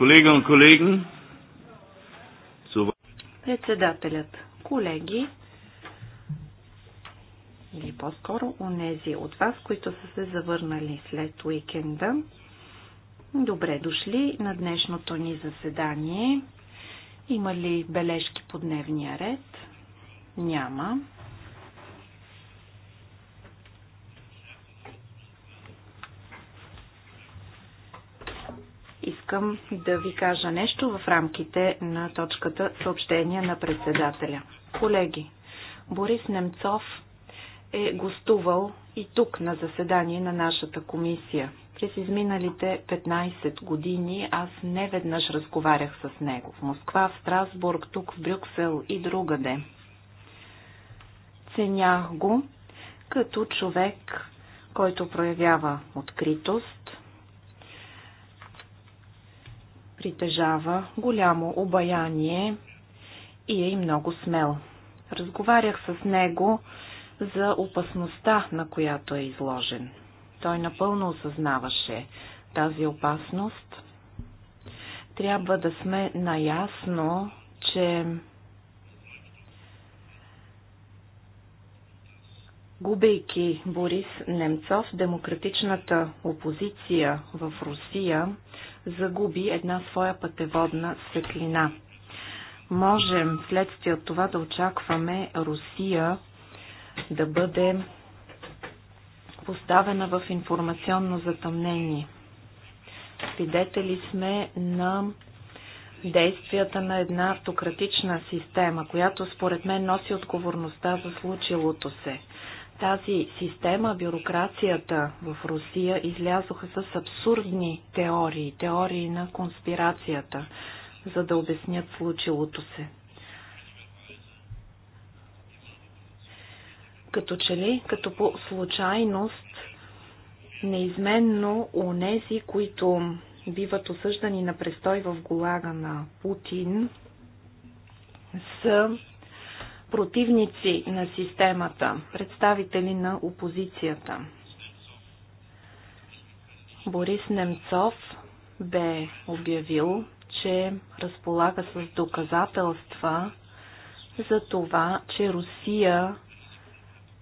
Колеги и колеги, председателят, колеги, или по-скоро унези от вас, които са се завърнали след уикенда, добре дошли на днешното ни заседание. Има ли бележки по дневния ред? Няма. искам да ви кажа нещо в рамките на точката съобщения на председателя. Колеги, Борис Немцов е гостувал и тук на заседание на нашата комисия. През изминалите 15 години аз не веднъж разговарях с него. В Москва, в Страсбург, тук в Брюксел и другаде. Ценях го като човек, който проявява откритост, притежава голямо обаяние и е и много смел. Разговарях с него за опасността, на която е изложен. Той напълно осъзнаваше тази опасност. Трябва да сме наясно, че губейки Борис Немцов, демократичната опозиция в Русия загуби една своя пътеводна светлина. Можем следствие от това да очакваме Русия да бъде поставена в информационно затъмнение. Свидетели сме на действията на една автократична система, която според мен носи отговорността за случилото се тази система, бюрокрацията в Русия излязоха с абсурдни теории, теории на конспирацията, за да обяснят случилото се. Като че ли, като по случайност, неизменно онези, които биват осъждани на престой в голага на Путин, са противници на системата, представители на опозицията. Борис Немцов бе обявил, че разполага с доказателства за това, че Русия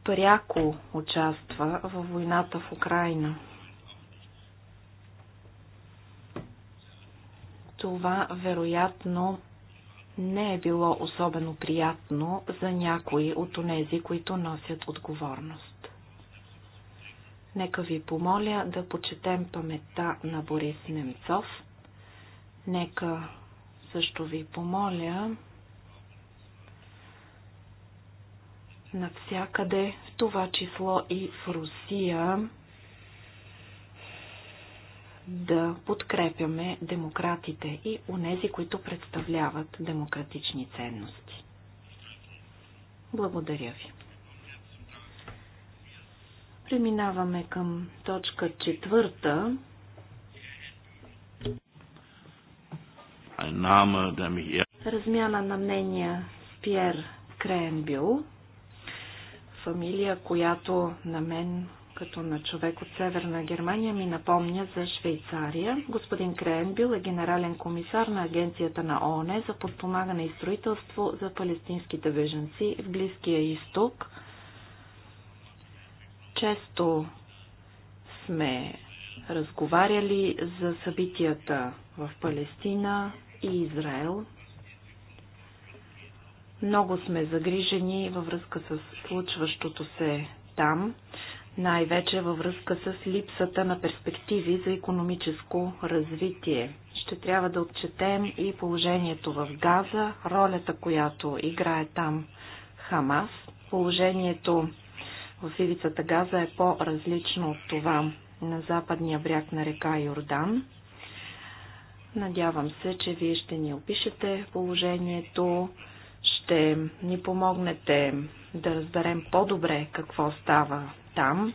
пряко участва във войната в Украина. Това вероятно не е било особено приятно за някои от онези, които носят отговорност. Нека ви помоля да почетем паметта на Борис Немцов. Нека също ви помоля навсякъде, в това число и в Русия, да подкрепяме демократите и онези, които представляват демократични ценности. Благодаря ви. Преминаваме към точка четвърта. Размяна на мнения с Пьер Кренбил, фамилия, която на мен като на човек от Северна Германия ми напомня за Швейцария. Господин Кренбил е генерален комисар на Агенцията на ООН за подпомагане и строителство за палестинските беженци в Близкия изток. Често сме разговаряли за събитията в Палестина и Израел. Много сме загрижени във връзка с случващото се там най-вече във връзка с липсата на перспективи за економическо развитие. Ще трябва да отчетем и положението в Газа, ролята, която играе там Хамас. Положението в ивицата Газа е по-различно от това на западния бряг на река Йордан. Надявам се, че вие ще ни опишете положението, ще ни помогнете да разберем по-добре какво става там.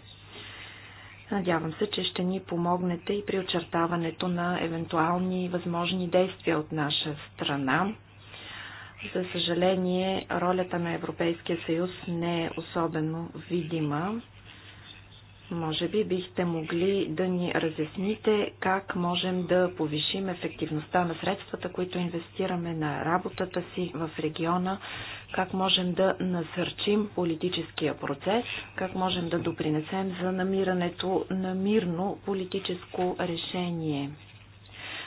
Надявам се, че ще ни помогнете и при очертаването на евентуални възможни действия от наша страна. За съжаление, ролята на Европейския съюз не е особено видима. Може би бихте могли да ни разясните как можем да повишим ефективността на средствата, които инвестираме на работата си в региона, как можем да насърчим политическия процес, как можем да допринесем за намирането на мирно политическо решение.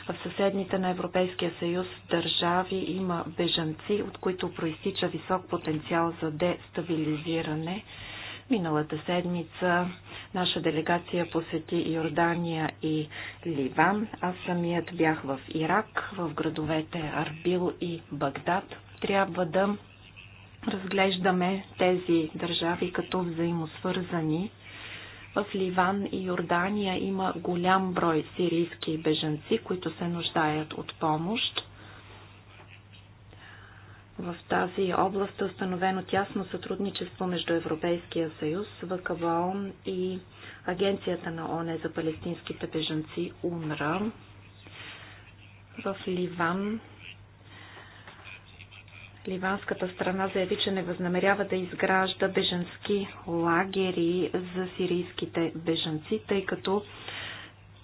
В съседните на Европейския съюз държави има бежанци, от които проистича висок потенциал за дестабилизиране. Миналата седмица наша делегация посети Йордания и Ливан. Аз самият бях в Ирак, в градовете Арбил и Багдад. Трябва да разглеждаме тези държави като взаимосвързани. В Ливан и Йордания има голям брой сирийски бежанци, които се нуждаят от помощ. В тази област е установено тясно сътрудничество между Европейския съюз, ВКВО и Агенцията на ОНЕ за палестинските бежанци УНРА. В Ливан ливанската страна заяви, че не възнамерява да изгражда бежански лагери за сирийските бежанци, тъй като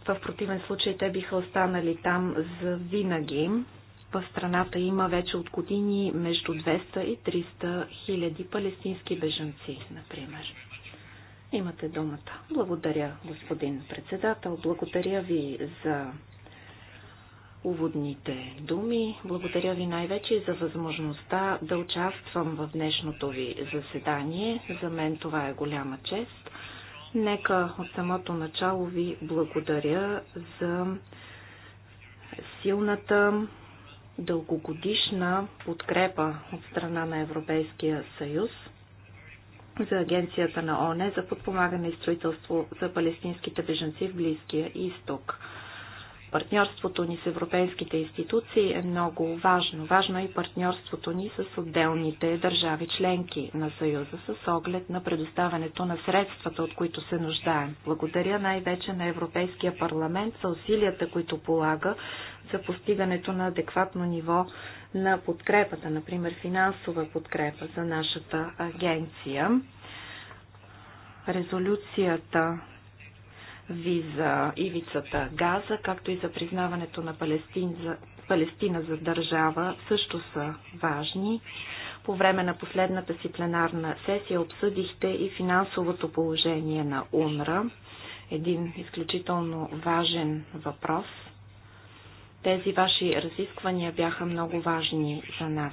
в противен случай те биха останали там за винаги. В страната има вече от години между 200 и 300 хиляди палестински бежанци, например. Имате думата. Благодаря, господин председател. Благодаря ви за уводните думи. Благодаря ви най-вече за възможността да участвам в днешното ви заседание. За мен това е голяма чест. Нека от самото начало ви благодаря за силната дългогодишна подкрепа от страна на Европейския съюз за Агенцията на ОНЕ за подпомагане и строителство за палестинските беженци в Близкия изток. Партньорството ни с европейските институции е много важно. Важно е и партньорството ни с отделните държави членки на Съюза с оглед на предоставянето на средствата, от които се нуждаем. Благодаря най-вече на Европейския парламент за усилията, които полага за постигането на адекватно ниво на подкрепата, например финансова подкрепа за нашата агенция. Резолюцията ви за ивицата Газа, както и за признаването на Палестин за, Палестина за държава, също са важни. По време на последната си пленарна сесия обсъдихте и финансовото положение на УНРА. Един изключително важен въпрос. Тези ваши разисквания бяха много важни за нас.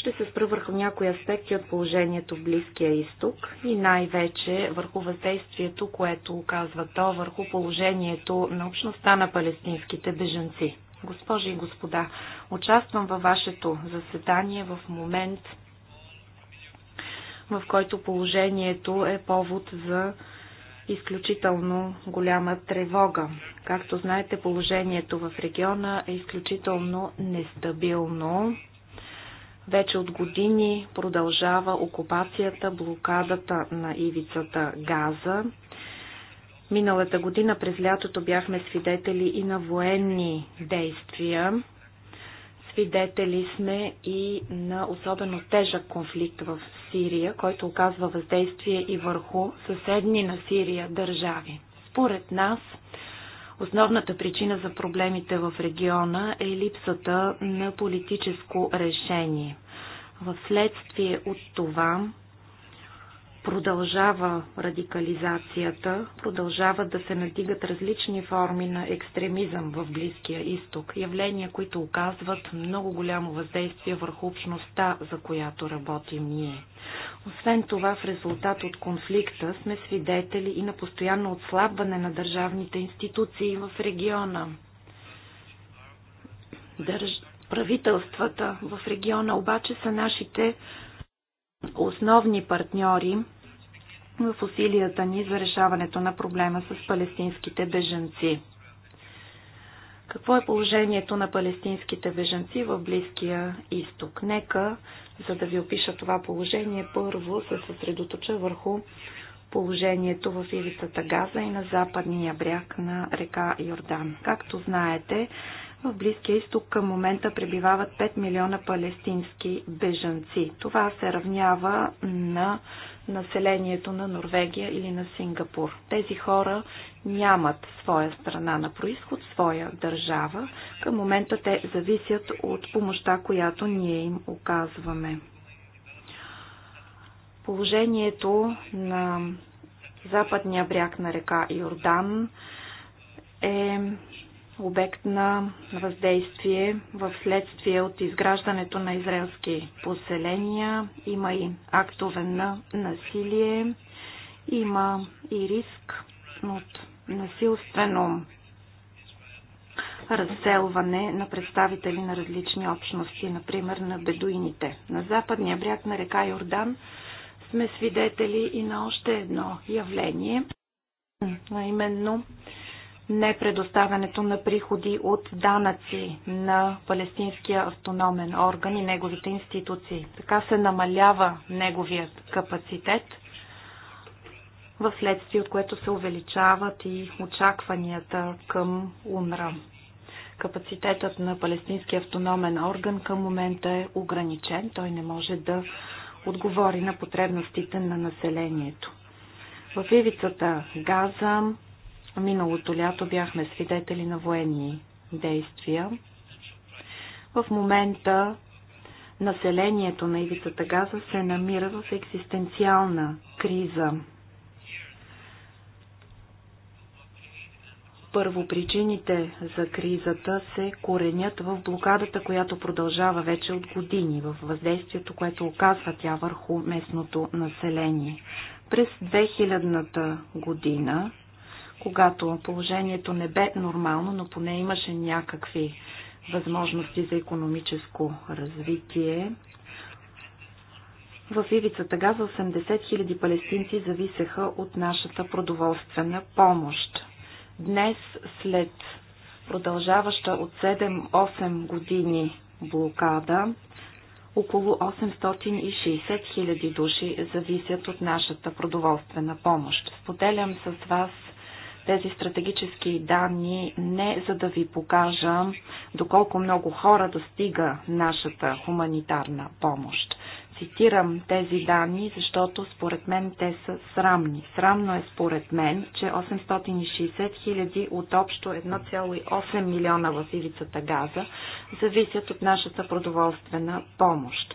Ще се спра върху някои аспекти от положението в Близкия изток и най-вече върху въздействието, което оказва то върху положението на общността на палестинските бежанци. Госпожи и господа, участвам във вашето заседание в момент, в който положението е повод за изключително голяма тревога. Както знаете, положението в региона е изключително нестабилно. Вече от години продължава окупацията, блокадата на ивицата Газа. Миналата година през лятото бяхме свидетели и на военни действия. Свидетели сме и на особено тежък конфликт в Сирия, който оказва въздействие и върху съседни на Сирия държави. Според нас, основната причина за проблемите в региона е липсата на политическо решение – в следствие от това продължава радикализацията, продължават да се надигат различни форми на екстремизъм в Близкия изток, явления, които оказват много голямо въздействие върху общността, за която работим ние. Освен това, в резултат от конфликта сме свидетели и на постоянно отслабване на държавните институции в региона. Държ... Правителствата в региона обаче са нашите основни партньори в усилията ни за решаването на проблема с палестинските беженци. Какво е положението на палестинските беженци в Близкия изток? Нека, за да ви опиша това положение, първо се съсредоточа върху положението в ивицата Газа и на западния бряг на река Йордан. Както знаете, в Близкия изток към момента пребивават 5 милиона палестински бежанци. Това се равнява на населението на Норвегия или на Сингапур. Тези хора нямат своя страна на происход, своя държава. Към момента те зависят от помощта, която ние им оказваме. Положението на западния бряг на река Йордан е обект на въздействие в следствие от изграждането на израелски поселения. Има и актове на насилие, има и риск от насилствено разселване на представители на различни общности, например на бедуините. На западния бряг на река Йордан сме свидетели и на още едно явление, а именно непредоставянето на приходи от данъци на Палестинския автономен орган и неговите институции. Така се намалява неговият капацитет, в следствие от което се увеличават и очакванията към УНРА. Капацитетът на Палестинския автономен орган към момента е ограничен. Той не може да отговори на потребностите на населението. В ивицата Газа Миналото лято бяхме свидетели на военни действия. В момента населението на ивицата Газа се намира в екзистенциална криза. Първо причините за кризата се коренят в блокадата, която продължава вече от години, в въздействието, което оказва тя върху местното население. През 2000-та година когато положението не бе нормално, но поне имаше някакви възможности за економическо развитие. В Ивицата Газа 80 000 палестинци зависеха от нашата продоволствена помощ. Днес, след продължаваща от 7-8 години блокада, около 860 000 души зависят от нашата продоволствена помощ. Споделям с вас тези стратегически данни не за да ви покажа доколко много хора достига нашата хуманитарна помощ. Цитирам тези данни, защото според мен те са срамни. Срамно е според мен, че 860 хиляди от общо 1,8 милиона в ивицата газа зависят от нашата продоволствена помощ.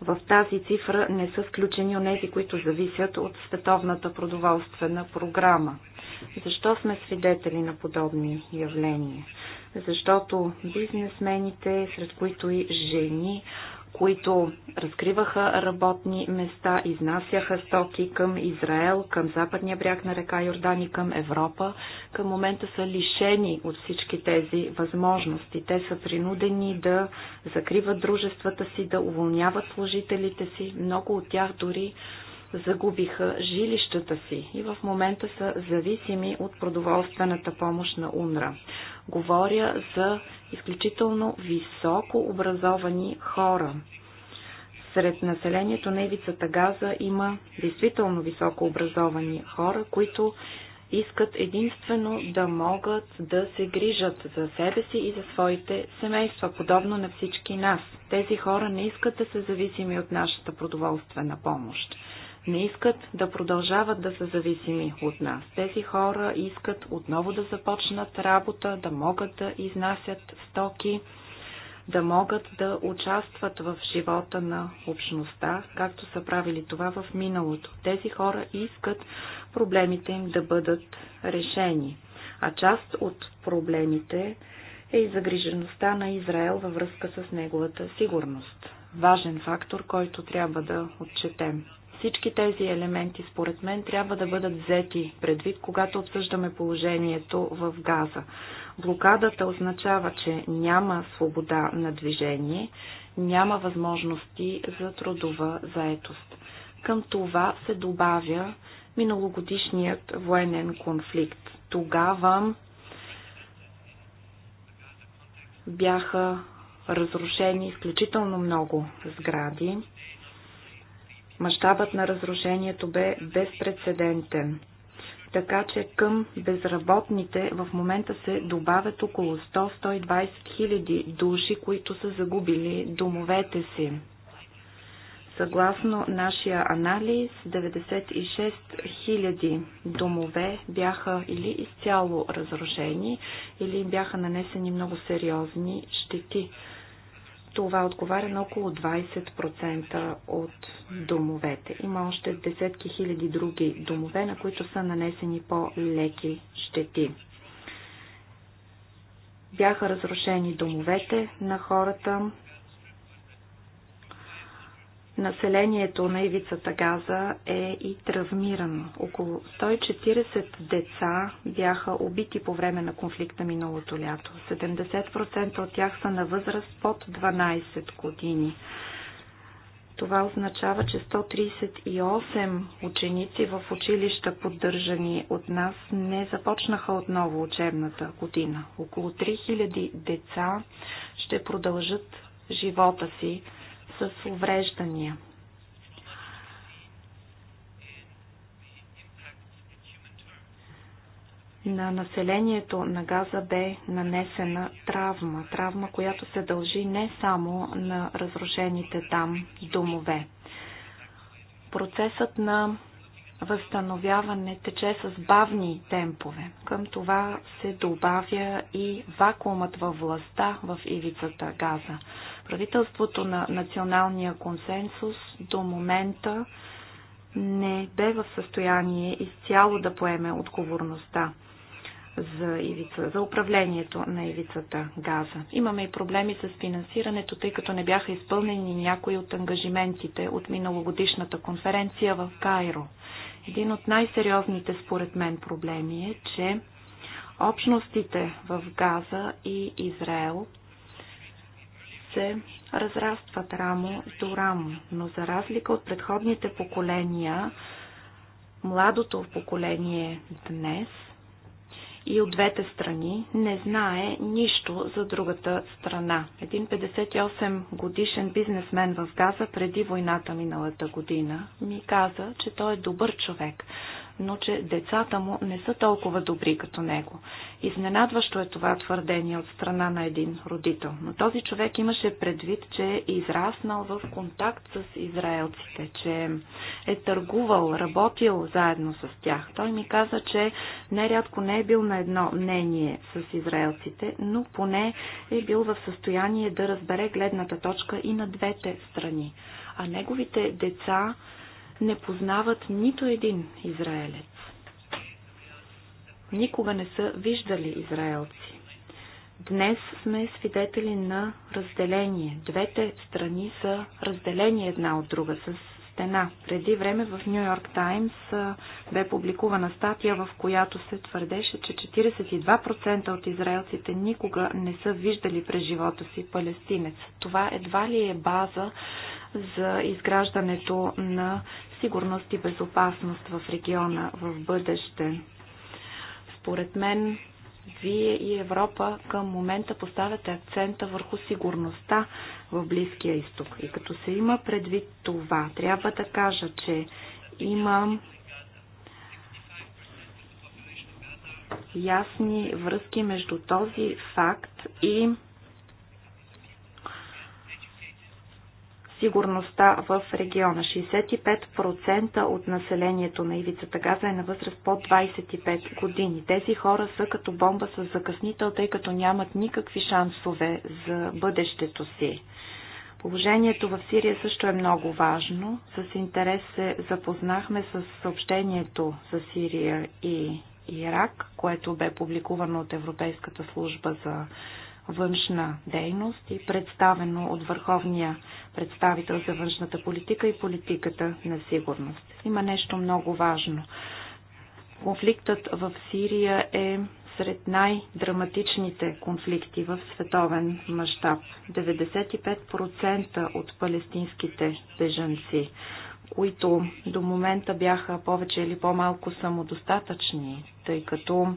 В тази цифра не са включени онези, които зависят от Световната продоволствена програма. Защо сме свидетели на подобни явления? Защото бизнесмените, сред които и жени, които разкриваха работни места, изнасяха стоки към Израел, към западния бряг на река Йордан и към Европа, към момента са лишени от всички тези възможности. Те са принудени да закриват дружествата си, да уволняват служителите си. Много от тях дори загубиха жилищата си и в момента са зависими от продоволствената помощ на УНРА. Говоря за изключително високо образовани хора. Сред населението на ивицата Газа има действително високо образовани хора, които искат единствено да могат да се грижат за себе си и за своите семейства, подобно на всички нас. Тези хора не искат да са зависими от нашата продоволствена помощ не искат да продължават да са зависими от нас. Тези хора искат отново да започнат работа, да могат да изнасят стоки, да могат да участват в живота на общността, както са правили това в миналото. Тези хора искат проблемите им да бъдат решени. А част от проблемите е и загрижеността на Израел във връзка с неговата сигурност. Важен фактор, който трябва да отчетем. Всички тези елементи, според мен, трябва да бъдат взети предвид, когато обсъждаме положението в Газа. Блокадата означава, че няма свобода на движение, няма възможности за трудова заетост. Към това се добавя миналогодишният военен конфликт. Тогава бяха разрушени изключително много сгради. Мащабът на разрушението бе безпредседентен. Така че към безработните в момента се добавят около 100-120 хиляди души, които са загубили домовете си. Съгласно нашия анализ, 96 000 домове бяха или изцяло разрушени, или им бяха нанесени много сериозни щети. Това отговаря на около 20% от домовете. Има още десетки хиляди други домове, на които са нанесени по-леки щети. Бяха разрушени домовете на хората, Населението на ивицата Газа е и травмирано. Около 140 деца бяха убити по време на конфликта миналото лято. 70% от тях са на възраст под 12 години. Това означава, че 138 ученици в училища, поддържани от нас, не започнаха отново учебната година. Около 3000 деца ще продължат живота си с увреждания. на населението на Газа бе нанесена травма. Травма, която се дължи не само на разрушените там домове. Процесът на възстановяване тече с бавни темпове. Към това се добавя и вакуумът във властта в ивицата Газа. Правителството на националния консенсус до момента не бе в състояние изцяло да поеме отговорността за, ивица, за управлението на ивицата газа. Имаме и проблеми с финансирането, тъй като не бяха изпълнени някои от ангажиментите от миналогодишната конференция в Кайро. Един от най-сериозните според мен проблеми е, че общностите в Газа и Израел се разрастват рамо до рамо, но за разлика от предходните поколения, младото поколение днес и от двете страни не знае нищо за другата страна. Един 58 годишен бизнесмен в Газа преди войната миналата година ми каза, че той е добър човек, но че децата му не са толкова добри като него. Изненадващо е това твърдение от страна на един родител. Но този човек имаше предвид, че е израснал в контакт с израелците, че е търгувал, работил заедно с тях. Той ми каза, че нерядко не е бил на едно мнение с израелците, но поне е бил в състояние да разбере гледната точка и на двете страни. А неговите деца не познават нито един израелец. Никога не са виждали израелци. Днес сме свидетели на разделение. Двете страни са разделени една от друга с стена. Преди време в Нью Йорк Таймс бе публикувана статия, в която се твърдеше, че 42% от израелците никога не са виждали през живота си палестинец. Това едва ли е база за изграждането на сигурност и безопасност в региона в бъдеще. Според мен, вие и Европа към момента поставяте акцента върху сигурността в Близкия изток. И като се има предвид това, трябва да кажа, че има ясни връзки между този факт и сигурността в региона. 65% от населението на ивицата Газа е на възраст под 25 години. Тези хора са като бомба с закъснител, тъй като нямат никакви шансове за бъдещето си. Положението в Сирия също е много важно. С интерес се запознахме с съобщението за Сирия и Ирак, което бе публикувано от Европейската служба за външна дейност и представено от върховния представител за външната политика и политиката на сигурност. Има нещо много важно. Конфликтът в Сирия е сред най-драматичните конфликти в световен мащаб. 95% от палестинските бежанци, които до момента бяха повече или по-малко самодостатъчни, тъй като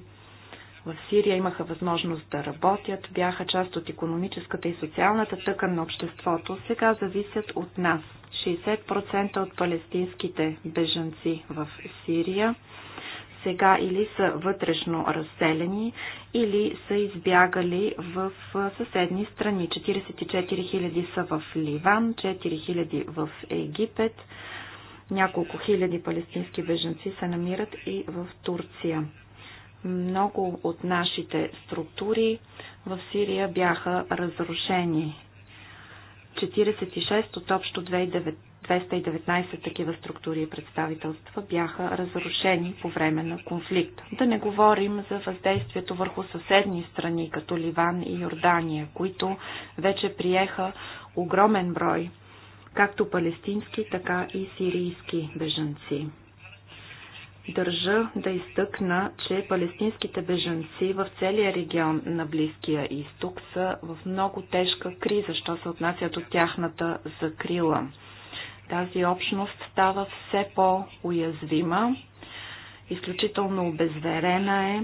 в Сирия имаха възможност да работят, бяха част от економическата и социалната тъкан на обществото, сега зависят от нас. 60% от палестинските бежанци в Сирия сега или са вътрешно разселени, или са избягали в съседни страни. 44 000 са в Ливан, 4 000 в Египет, няколко хиляди палестински бежанци се намират и в Турция. Много от нашите структури в Сирия бяха разрушени. 46 от общо 219 такива структури и представителства бяха разрушени по време на конфликт. Да не говорим за въздействието върху съседни страни, като Ливан и Йордания, които вече приеха огромен брой както палестински, така и сирийски бежанци. Държа да изтъкна, че палестинските бежанци в целия регион на Близкия изток са в много тежка криза, що се отнася до тяхната закрила. Тази общност става все по-уязвима, изключително обезверена е.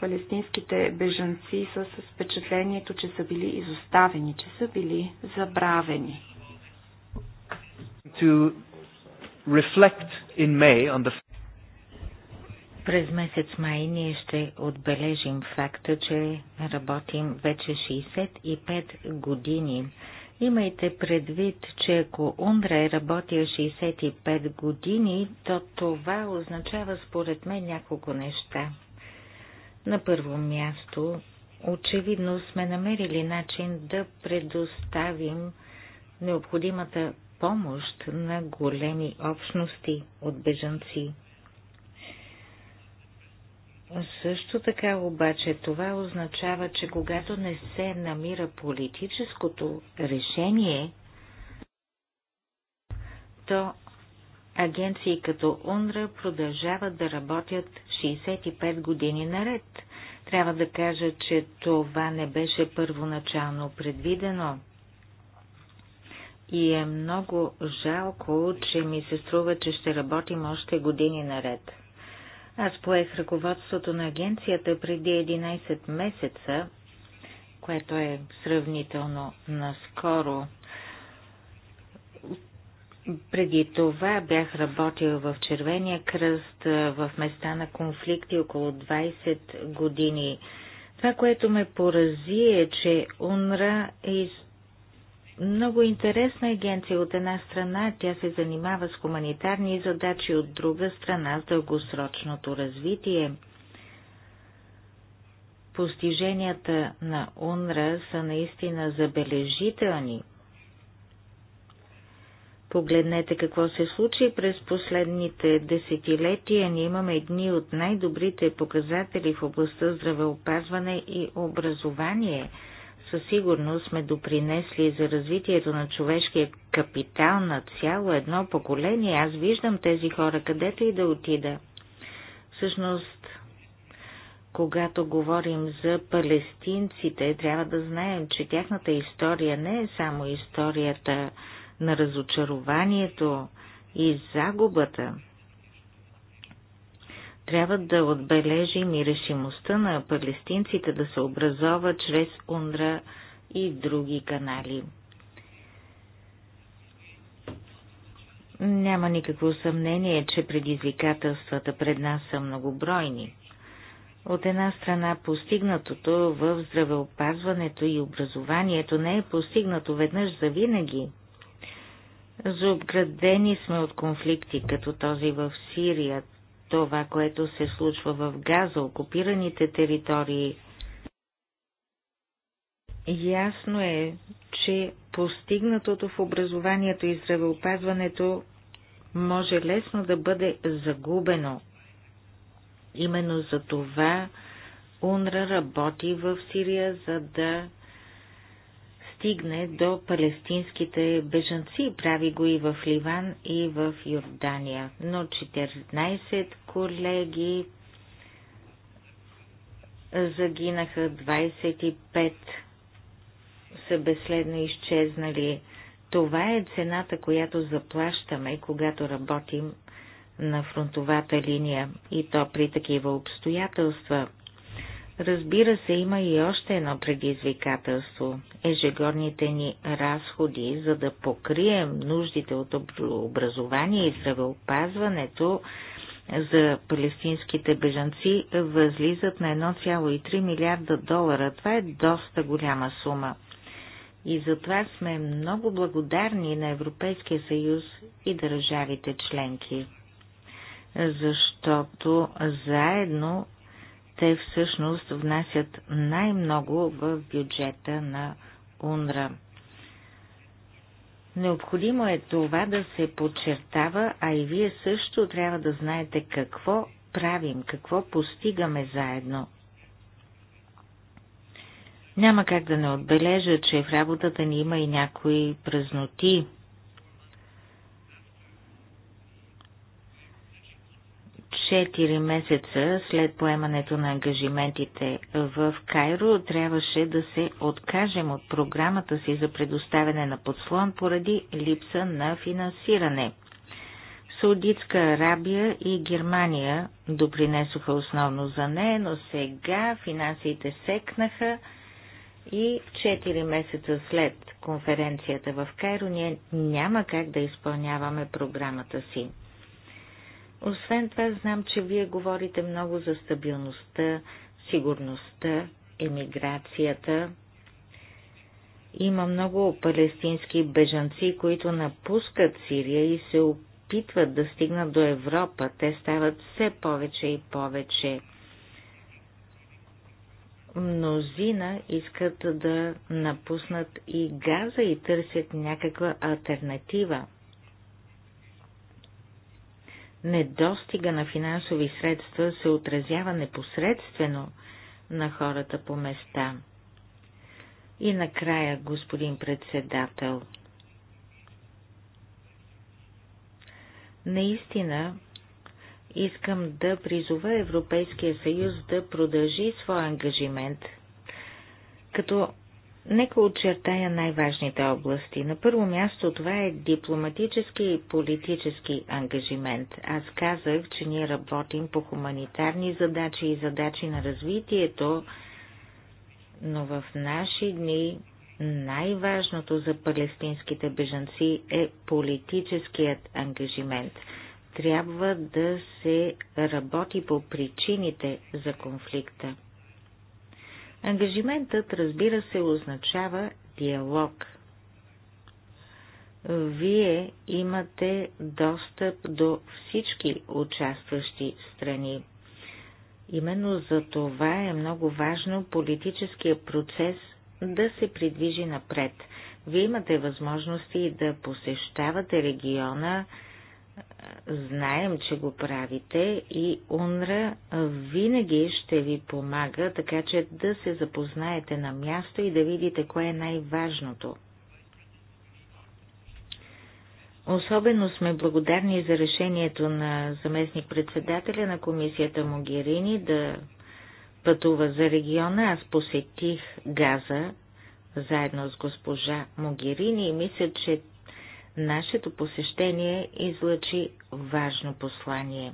Палестинските бежанци са с впечатлението, че са били изоставени, че са били забравени. To reflect in May on the през месец май ние ще отбележим факта, че работим вече 65 години. Имайте предвид, че ако Ундра е работил 65 години, то това означава според мен няколко неща. На първо място, очевидно сме намерили начин да предоставим необходимата помощ на големи общности от бежанци. Също така обаче това означава, че когато не се намира политическото решение, то агенции като УНРА продължават да работят 65 години наред. Трябва да кажа, че това не беше първоначално предвидено. И е много жалко, че ми се струва, че ще работим още години наред. Аз поех ръководството на агенцията преди 11 месеца, което е сравнително наскоро. Преди това бях работил в Червения кръст, в места на конфликти около 20 години. Това, което ме порази е, че УНРА е много интересна агенция. От една страна тя се занимава с хуманитарни задачи, от друга страна с дългосрочното развитие. Постиженията на УНРА са наистина забележителни. Погледнете какво се случи през последните десетилетия. Ние имаме едни от най-добрите показатели в областта здравеопазване и образование – със сигурност сме допринесли за развитието на човешкия капитал на цяло едно поколение. Аз виждам тези хора, където и да отида. Всъщност, когато говорим за палестинците, трябва да знаем, че тяхната история не е само историята на разочарованието и загубата. Трябва да отбележим и решимостта на палестинците да се образоват чрез УНДРА и други канали. Няма никакво съмнение, че предизвикателствата пред нас са многобройни. От една страна постигнатото в здравеопазването и образованието не е постигнато веднъж за винаги. Заобградени сме от конфликти, като този в Сирия, това, което се случва в Газа, окупираните територии. Ясно е, че постигнатото в образованието и здравеопазването може лесно да бъде загубено. Именно за това УНРА работи в Сирия, за да стигне до палестинските бежанци. Прави го и в Ливан, и в Йордания. Но 14 колеги загинаха, 25 са безследно изчезнали. Това е цената, която заплащаме, когато работим на фронтовата линия и то при такива обстоятелства. Разбира се, има и още едно предизвикателство – ежегодните ни разходи, за да покрием нуждите от образование и здравеопазването за палестинските бежанци възлизат на 1,3 милиарда долара. Това е доста голяма сума. И затова сме много благодарни на Европейския съюз и държавите членки, защото заедно те всъщност внасят най-много в бюджета на УНРА. Необходимо е това да се подчертава, а и вие също трябва да знаете какво правим, какво постигаме заедно. Няма как да не отбележа, че в работата ни има и някои празноти. 4 месеца след поемането на ангажиментите в Кайро трябваше да се откажем от програмата си за предоставяне на подслон поради липса на финансиране. Саудитска Арабия и Германия допринесоха основно за нея, но сега финансите секнаха и 4 месеца след конференцията в Кайро ние няма как да изпълняваме програмата си. Освен това, знам, че вие говорите много за стабилността, сигурността, емиграцията. Има много палестински бежанци, които напускат Сирия и се опитват да стигнат до Европа. Те стават все повече и повече. Мнозина искат да напуснат и Газа и търсят някаква альтернатива недостига на финансови средства се отразява непосредствено на хората по места. И накрая, господин председател, наистина искам да призова Европейския съюз да продължи своя ангажимент, като Нека очертая най-важните области. На първо място това е дипломатически и политически ангажимент. Аз казах, че ние работим по хуманитарни задачи и задачи на развитието, но в наши дни най-важното за палестинските бежанци е политическият ангажимент. Трябва да се работи по причините за конфликта. Ангажиментът, разбира се, означава диалог. Вие имате достъп до всички участващи страни. Именно за това е много важно политическия процес да се придвижи напред. Вие имате възможности да посещавате региона, знаем, че го правите и УНРА винаги ще ви помага, така че да се запознаете на място и да видите кое е най-важното. Особено сме благодарни за решението на заместник-председателя на комисията Могерини да пътува за региона. Аз посетих Газа заедно с госпожа Могерини и мисля, че Нашето посещение излъчи важно послание.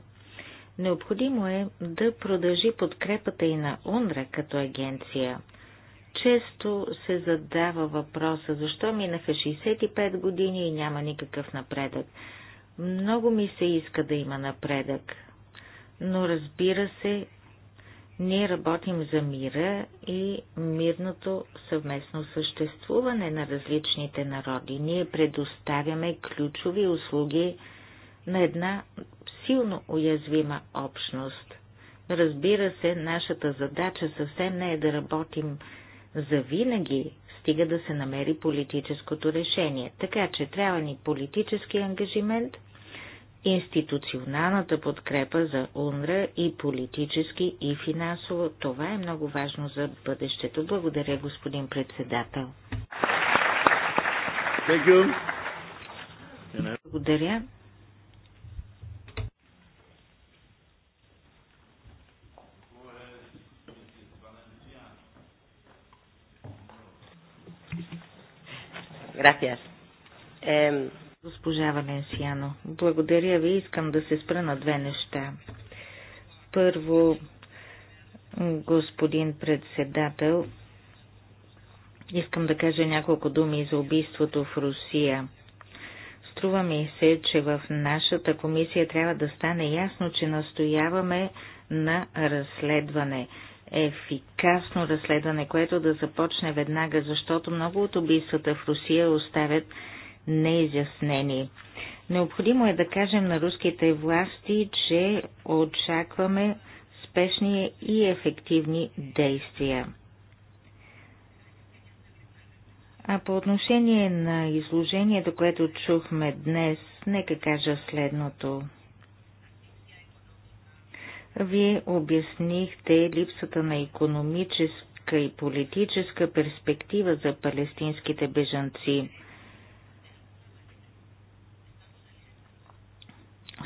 Необходимо е да продължи подкрепата и на УНРА като агенция. Често се задава въпроса, защо минаха 65 години и няма никакъв напредък. Много ми се иска да има напредък, но разбира се, ние работим за мира и мирното съвместно съществуване на различните народи. Ние предоставяме ключови услуги на една силно уязвима общност. Разбира се, нашата задача съвсем не е да работим за винаги, стига да се намери политическото решение. Така че трябва ни политически ангажимент – институционалната подкрепа за УНРА и политически и финансово. Това е много важно за бъдещето. Благодаря, господин председател. Благодаря. Gracias. Eh, Госпожа Валенсиано, благодаря ви. Искам да се спра на две неща. Първо, господин председател, искам да кажа няколко думи за убийството в Русия. Струва ми се, че в нашата комисия трябва да стане ясно, че настояваме на разследване ефикасно разследване, което да започне веднага, защото много от убийствата в Русия оставят неизяснени. Необходимо е да кажем на руските власти, че очакваме спешни и ефективни действия. А по отношение на изложението, което чухме днес, нека кажа следното. Вие обяснихте липсата на економическа и политическа перспектива за палестинските бежанци –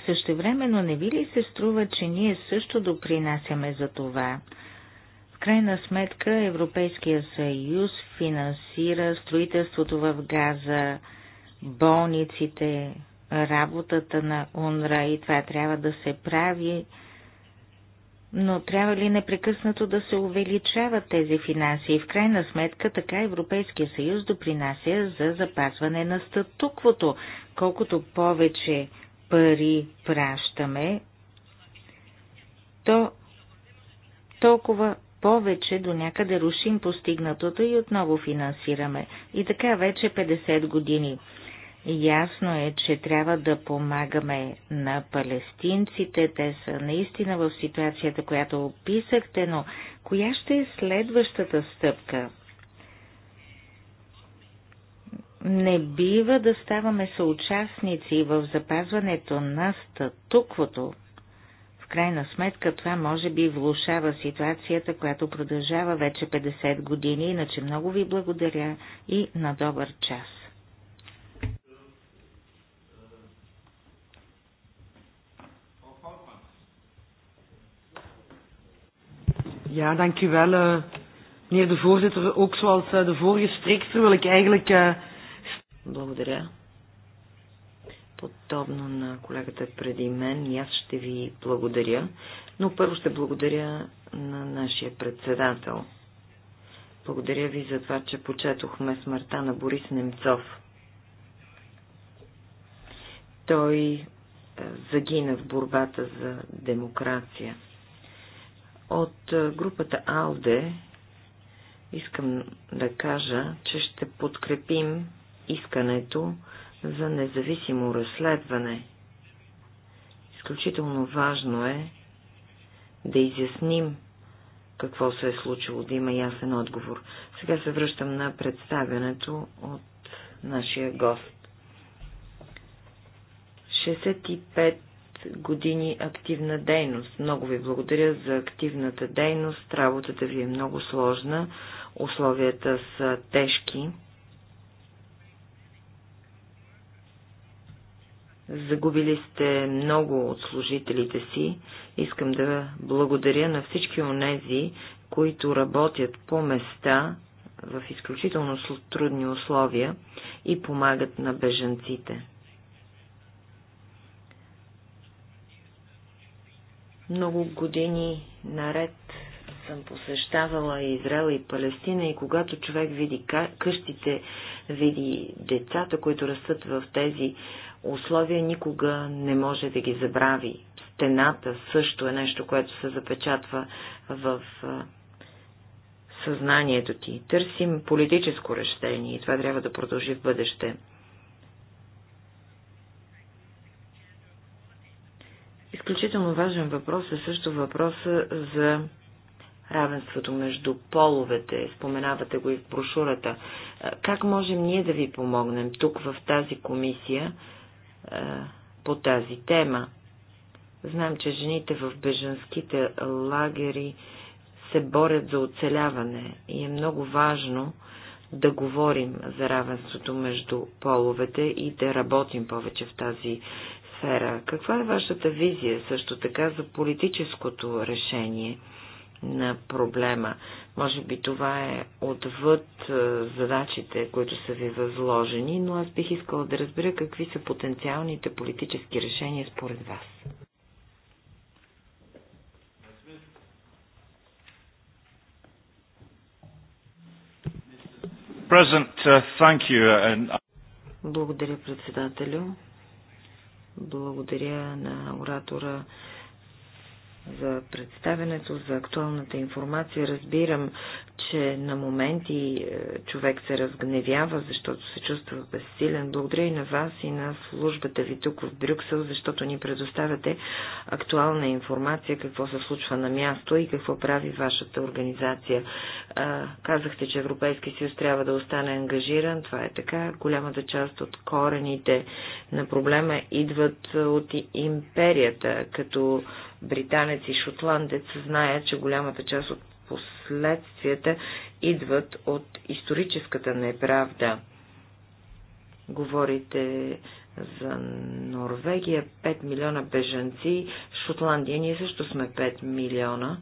Същевременно не ви ли се струва, че ние също допринасяме за това? В крайна сметка Европейския съюз финансира строителството в Газа, болниците, работата на УНРА и това трябва да се прави, но трябва ли непрекъснато да се увеличават тези финанси и в крайна сметка така Европейския съюз допринася за запазване на статуквото. Колкото повече пари пращаме, то толкова повече до някъде рушим постигнатото и отново финансираме. И така вече 50 години. Ясно е, че трябва да помагаме на палестинците. Те са наистина в ситуацията, която описахте, но коя ще е следващата стъпка? Не бива да ставаме съучастници в запазването на статуквото. В крайна сметка това може би влушава ситуацията, която продължава вече 50 години, иначе много ви благодаря и на добър час. Ja, dankjewel, uh, eh, meneer de voorzitter. Ook zoals uh, de vorige spreekster wil ik eigenlijk uh, благодаря. Подобно на колегата преди мен, и аз ще ви благодаря, но първо ще благодаря на нашия председател. Благодаря ви за това, че почетохме смъртта на Борис Немцов. Той е, загина в борбата за демокрация. От е, групата АЛДЕ искам да кажа, че ще подкрепим искането за независимо разследване. Изключително важно е да изясним какво се е случило, да има ясен отговор. Сега се връщам на представянето от нашия гост. 65 години активна дейност. Много ви благодаря за активната дейност. Работата ви е много сложна. Условията са тежки. Загубили сте много от служителите си. Искам да благодаря на всички онези, които работят по места в изключително трудни условия и помагат на бежанците. Много години наред съм посещавала Израел и Палестина и когато човек види къщите, види децата, които растат в тези условия никога не може да ги забрави. Стената също е нещо, което се запечатва в съзнанието ти. Търсим политическо решение и това трябва да продължи в бъдеще. Изключително важен въпрос е също въпроса за равенството между половете. Споменавате го и в брошурата. Как можем ние да ви помогнем тук в тази комисия по тази тема. Знам, че жените в беженските лагери се борят за оцеляване и е много важно да говорим за равенството между половете и да работим повече в тази сфера. Каква е вашата визия също така за политическото решение? на проблема. Може би това е отвъд е, задачите, които са ви възложени, но аз бих искала да разбера какви са потенциалните политически решения според вас. Uh, uh, Благодаря, председателю. Благодаря на оратора за представенето, за актуалната информация. Разбирам, че на моменти е, човек се разгневява, защото се чувства безсилен. Благодаря и на вас и на службата ви тук в Брюксел, защото ни предоставяте актуална информация, какво се случва на място и какво прави вашата организация. Е, казахте, че Европейски съюз трябва да остане ангажиран. Това е така. Голямата част от корените на проблема идват от империята, като британец и шотландец знаят, че голямата част от последствията идват от историческата неправда. Говорите за Норвегия 5 милиона бежанци, Шотландия ние също сме 5 милиона.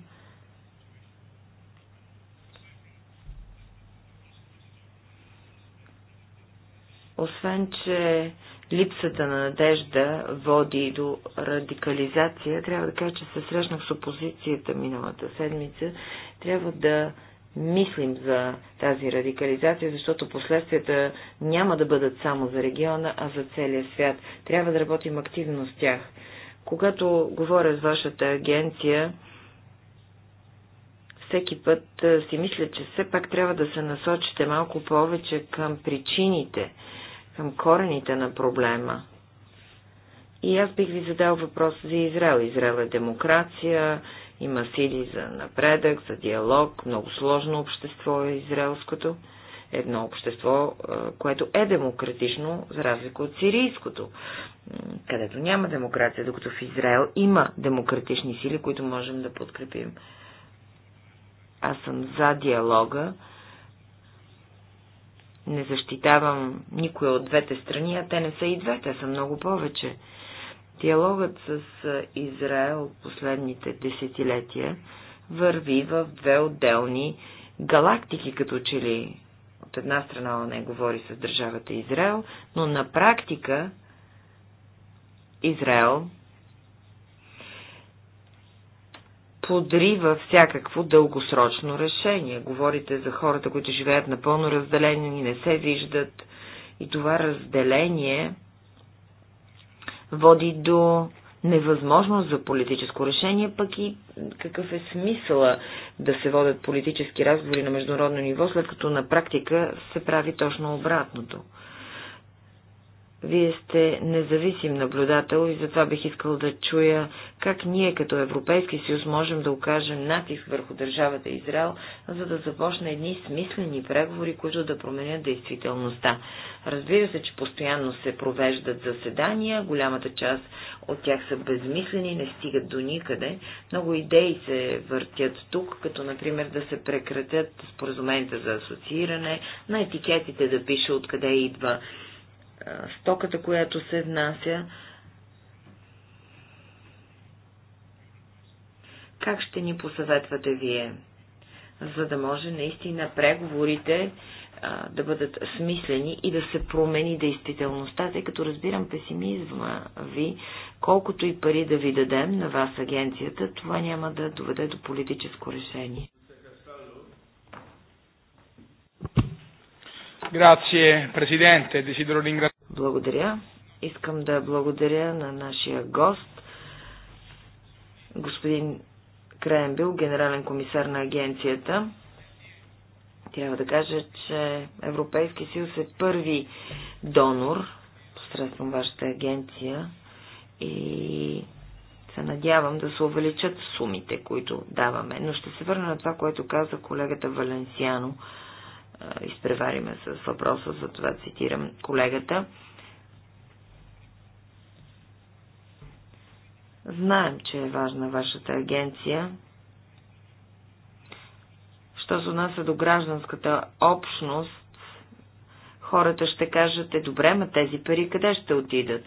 Освен, че липсата на надежда води до радикализация, трябва да кажа, че се срещнах с опозицията миналата седмица, трябва да мислим за тази радикализация, защото последствията няма да бъдат само за региона, а за целия свят. Трябва да работим активно с тях. Когато говоря с вашата агенция, всеки път си мисля, че все пак трябва да се насочите малко повече към причините към корените на проблема. И аз бих ви задал въпрос за Израел. Израел е демокрация, има сили за напредък, за диалог, много сложно общество е израелското. Едно общество, е, което е демократично, за разлика от сирийското, където няма демокрация, докато в Израел има демократични сили, които можем да подкрепим. Аз съм за диалога, не защитавам никоя от двете страни, а те не са и двете, те са много повече. Диалогът с Израел последните десетилетия върви в две отделни галактики, като че ли от една страна не говори с държавата Израел, но на практика Израел подрива всякакво дългосрочно решение. Говорите за хората, които живеят напълно разделени, не се виждат и това разделение води до невъзможност за политическо решение, пък и какъв е смисъла да се водят политически разговори на международно ниво, след като на практика се прави точно обратното. Вие сте независим наблюдател и затова бих искал да чуя как ние като Европейски съюз можем да окажем натиск върху държавата Израел, за да започне едни смислени преговори, които да променят действителността. Разбира се, че постоянно се провеждат заседания, голямата част от тях са безмислени, не стигат до никъде. Много идеи се въртят тук, като например да се прекратят споразумените за асоцииране, на етикетите да пише откъде идва стоката, която се внася, как ще ни посъветвате вие, за да може наистина преговорите да бъдат смислени и да се промени действителността, тъй като разбирам песимизма ви, колкото и пари да ви дадем на вас агенцията, това няма да доведе до политическо решение. президенте, Десидоро Благодаря. Искам да благодаря на нашия гост, господин Кренбил, генерален комисар на агенцията. Трябва да кажа, че Европейски съюз е първи донор посредством вашата агенция и се надявам да се увеличат сумите, които даваме. Но ще се върна на това, което каза колегата Валенсиано изпревариме с въпроса, за това цитирам колегата. Знаем, че е важна вашата агенция. Що се отнася до гражданската общност, хората ще кажат, е добре, ма тези пари къде ще отидат?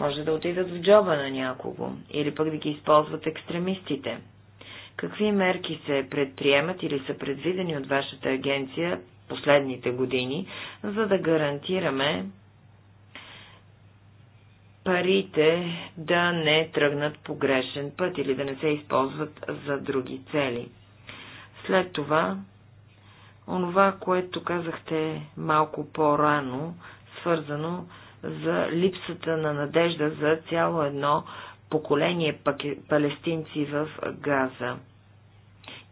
Може да отидат в джоба на някого, или пък да ги използват екстремистите. Какви мерки се предприемат или са предвидени от вашата агенция последните години, за да гарантираме парите да не тръгнат по грешен път или да не се използват за други цели? След това, онова, което казахте малко по-рано, свързано за липсата на надежда за цяло едно поколение палестинци в Газа.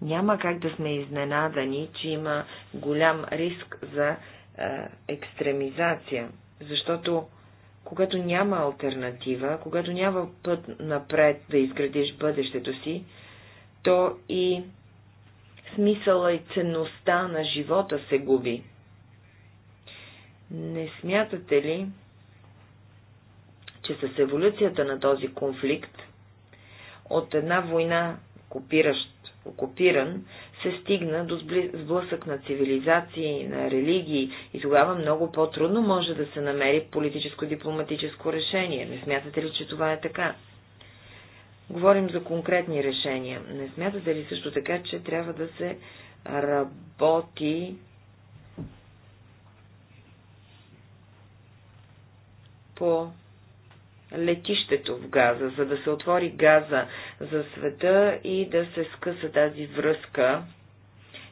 Няма как да сме изненадани, че има голям риск за е, екстремизация, защото когато няма альтернатива, когато няма път напред да изградиш бъдещето си, то и смисъла и ценността на живота се губи. Не смятате ли, че с еволюцията на този конфликт, от една война, копиращ окупиран, се стигна до сблъсък на цивилизации, на религии и тогава много по-трудно може да се намери политическо-дипломатическо решение. Не смятате ли, че това е така? Говорим за конкретни решения. Не смятате ли също така, че трябва да се работи по летището в Газа, за да се отвори Газа за света и да се скъса тази връзка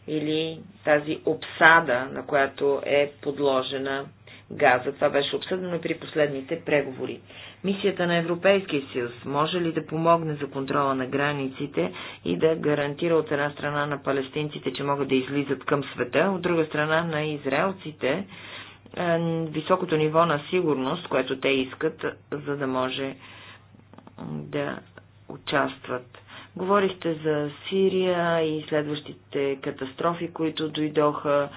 или тази обсада, на която е подложена Газа. Това беше обсъдено при последните преговори. Мисията на Европейския съюз може ли да помогне за контрола на границите и да гарантира от една страна на палестинците, че могат да излизат към света, от друга страна на израелците, е, високото ниво на сигурност, което те искат, за да може да участват. Говорихте за Сирия и следващите катастрофи, които дойдоха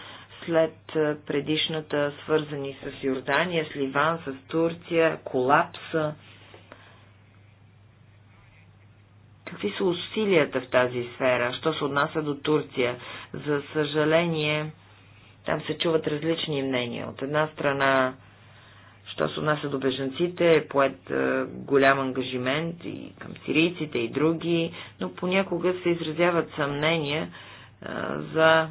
след е, предишната, свързани с Йордания, с Ливан, с Турция, колапса. Какви са усилията в тази сфера, що се отнася до Турция? За съжаление, там се чуват различни мнения. От една страна, що се отнася до бежанците, е поет е, голям ангажимент и към сирийците и други, но понякога се изразяват съмнения а, е, за е,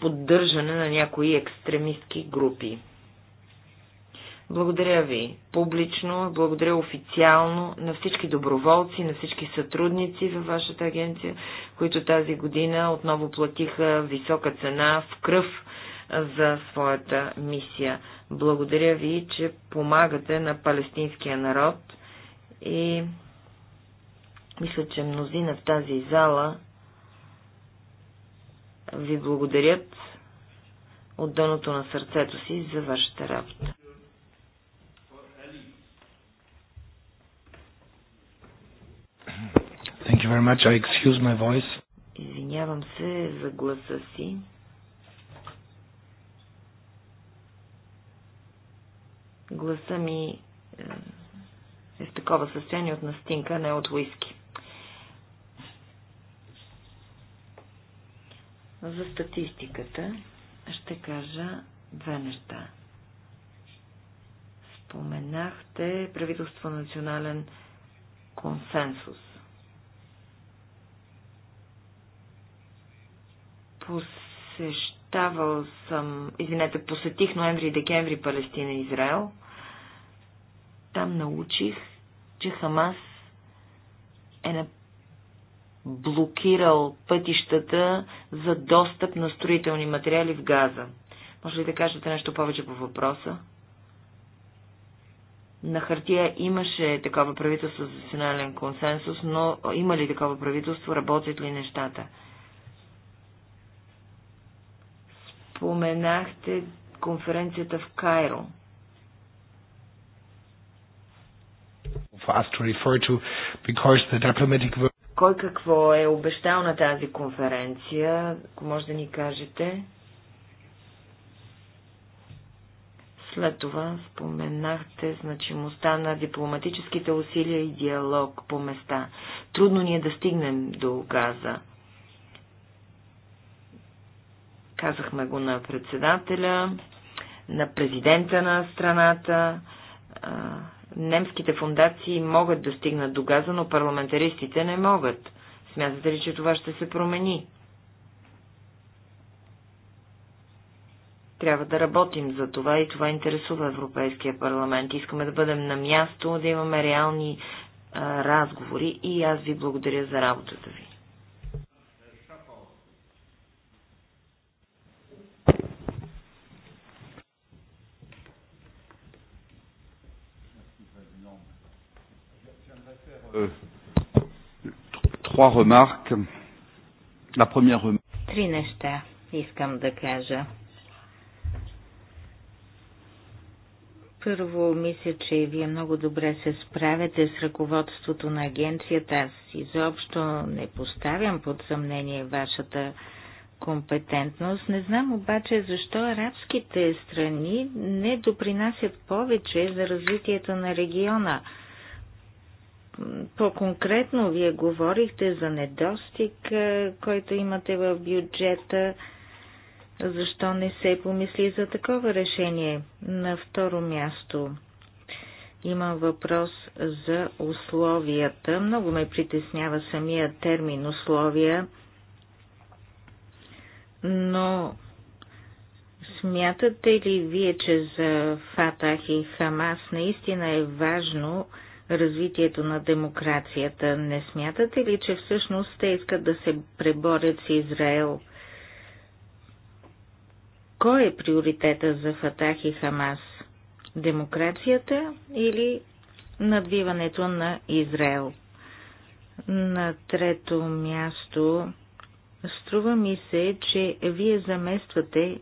поддържане на някои екстремистки групи. Благодаря ви публично, благодаря официално на всички доброволци, на всички сътрудници във вашата агенция, които тази година отново платиха висока цена в кръв за своята мисия. Благодаря ви, че помагате на палестинския народ и мисля, че мнозина в тази зала ви благодарят от дъното на сърцето си за вашата работа. you very much. I excuse my voice. Извинявам се за гласа си. Гласа ми е, е в такова състояние от настинка, не от уиски. За статистиката ще кажа две неща. Споменахте правителство национален консенсус. Посещавал съм, извинете, посетих ноември и декември Палестина и Израел. Там научих, че Хамас е на блокирал пътищата за достъп на строителни материали в Газа. Може ли да кажете нещо повече по въпроса? На хартия имаше такова правителство за национален консенсус, но има ли такова правителство, работят ли нещата? споменахте конференцията в Кайро. Кой какво е обещал на тази конференция, ако може да ни кажете? След това споменахте значимостта на дипломатическите усилия и диалог по места. Трудно ни е да стигнем до Газа. Казахме го на председателя, на президента на страната. Немските фундации могат да стигнат до газа, но парламентаристите не могат. Смятате ли, че това ще се промени? Трябва да работим за това и това интересува Европейския парламент. Искаме да бъдем на място, да имаме реални а, разговори и аз ви благодаря за работата ви. trois remarques. La première remarque. Три неща искам да кажа. Първо, мисля, че вие много добре се справяте с ръководството на агенцията. Аз изобщо не поставям под съмнение вашата компетентност. Не знам обаче защо арабските страни не допринасят повече за развитието на региона. По-конкретно вие говорихте за недостиг, е, който имате в бюджета. Защо не се помисли за такова решение? На второ място имам въпрос за условията. Много ме притеснява самия термин условия, но смятате ли вие, че за Фатах и Хамас наистина е важно развитието на демокрацията. Не смятате ли, че всъщност те искат да се преборят с Израел? Кой е приоритета за Фатах и Хамас? Демокрацията или надвиването на Израел? На трето място, струва ми се, че вие замествате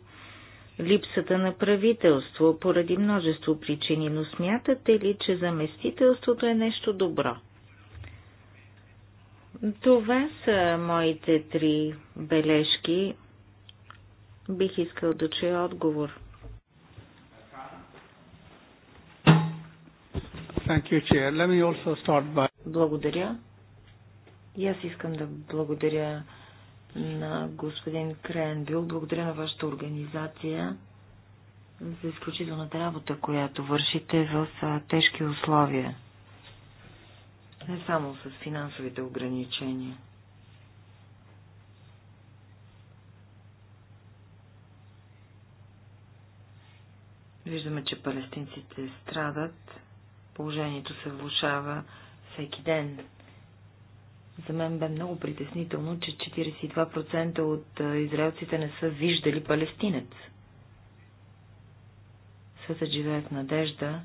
липсата на правителство поради множество причини, но смятате ли, че заместителството е нещо добро? Това са моите три бележки. Бих искал да чуя отговор. You, by... Благодаря. И аз искам да благодаря на господин Кренбил. Благодаря на вашата организация за изключителната работа, която вършите в тежки условия. Не само с финансовите ограничения. Виждаме, че палестинците страдат, положението се влушава всеки ден. За мен бе много притеснително, че 42% от израелците не са виждали палестинец. Светът живее в надежда,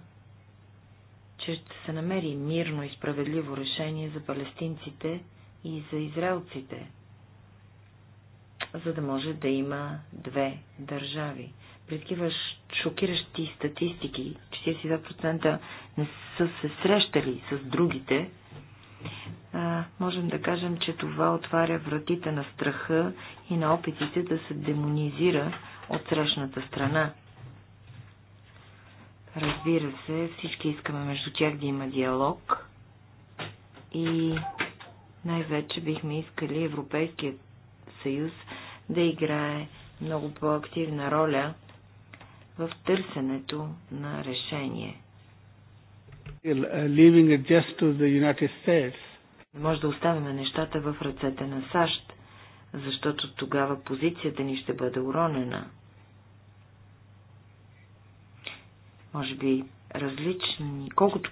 че ще се намери мирно и справедливо решение за палестинците и за израелците, за да може да има две държави. При такива шокиращи статистики, 42% не са се срещали с другите, а, можем да кажем, че това отваря вратите на страха и на опитите да се демонизира от срещната страна. Разбира се, всички искаме между тях да има диалог и най-вече бихме искали Европейският съюз да играе много по-активна роля в търсенето на решение. Leaving it just to the United States не може да оставяме нещата в ръцете на САЩ, защото тогава позицията ни ще бъде уронена. Може би различни, колкото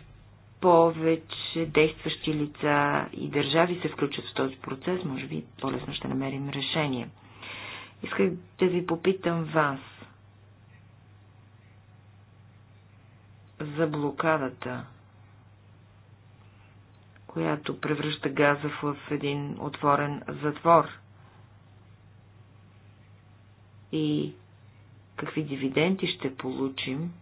повече действащи лица и държави се включат в този процес, може би по-лесно ще намерим решение. Исках да ви попитам вас за блокадата която превръща Газа в един отворен затвор. И какви дивиденти ще получим,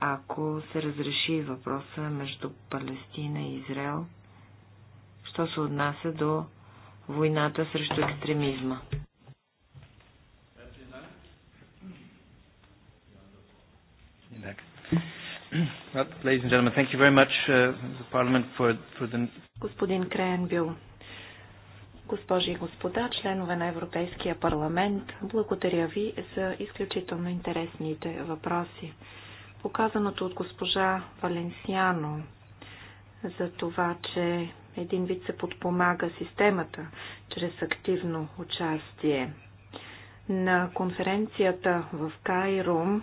ако се разреши въпроса между Палестина и Израел, що се отнася до войната срещу екстремизма. Инак. Uh, Господин Кренбил, госпожи и господа, членове на Европейския парламент, благодаря ви за изключително интересните въпроси. Показаното от госпожа Валенсиано за това, че един вид се подпомага системата чрез активно участие. На конференцията в Кайрум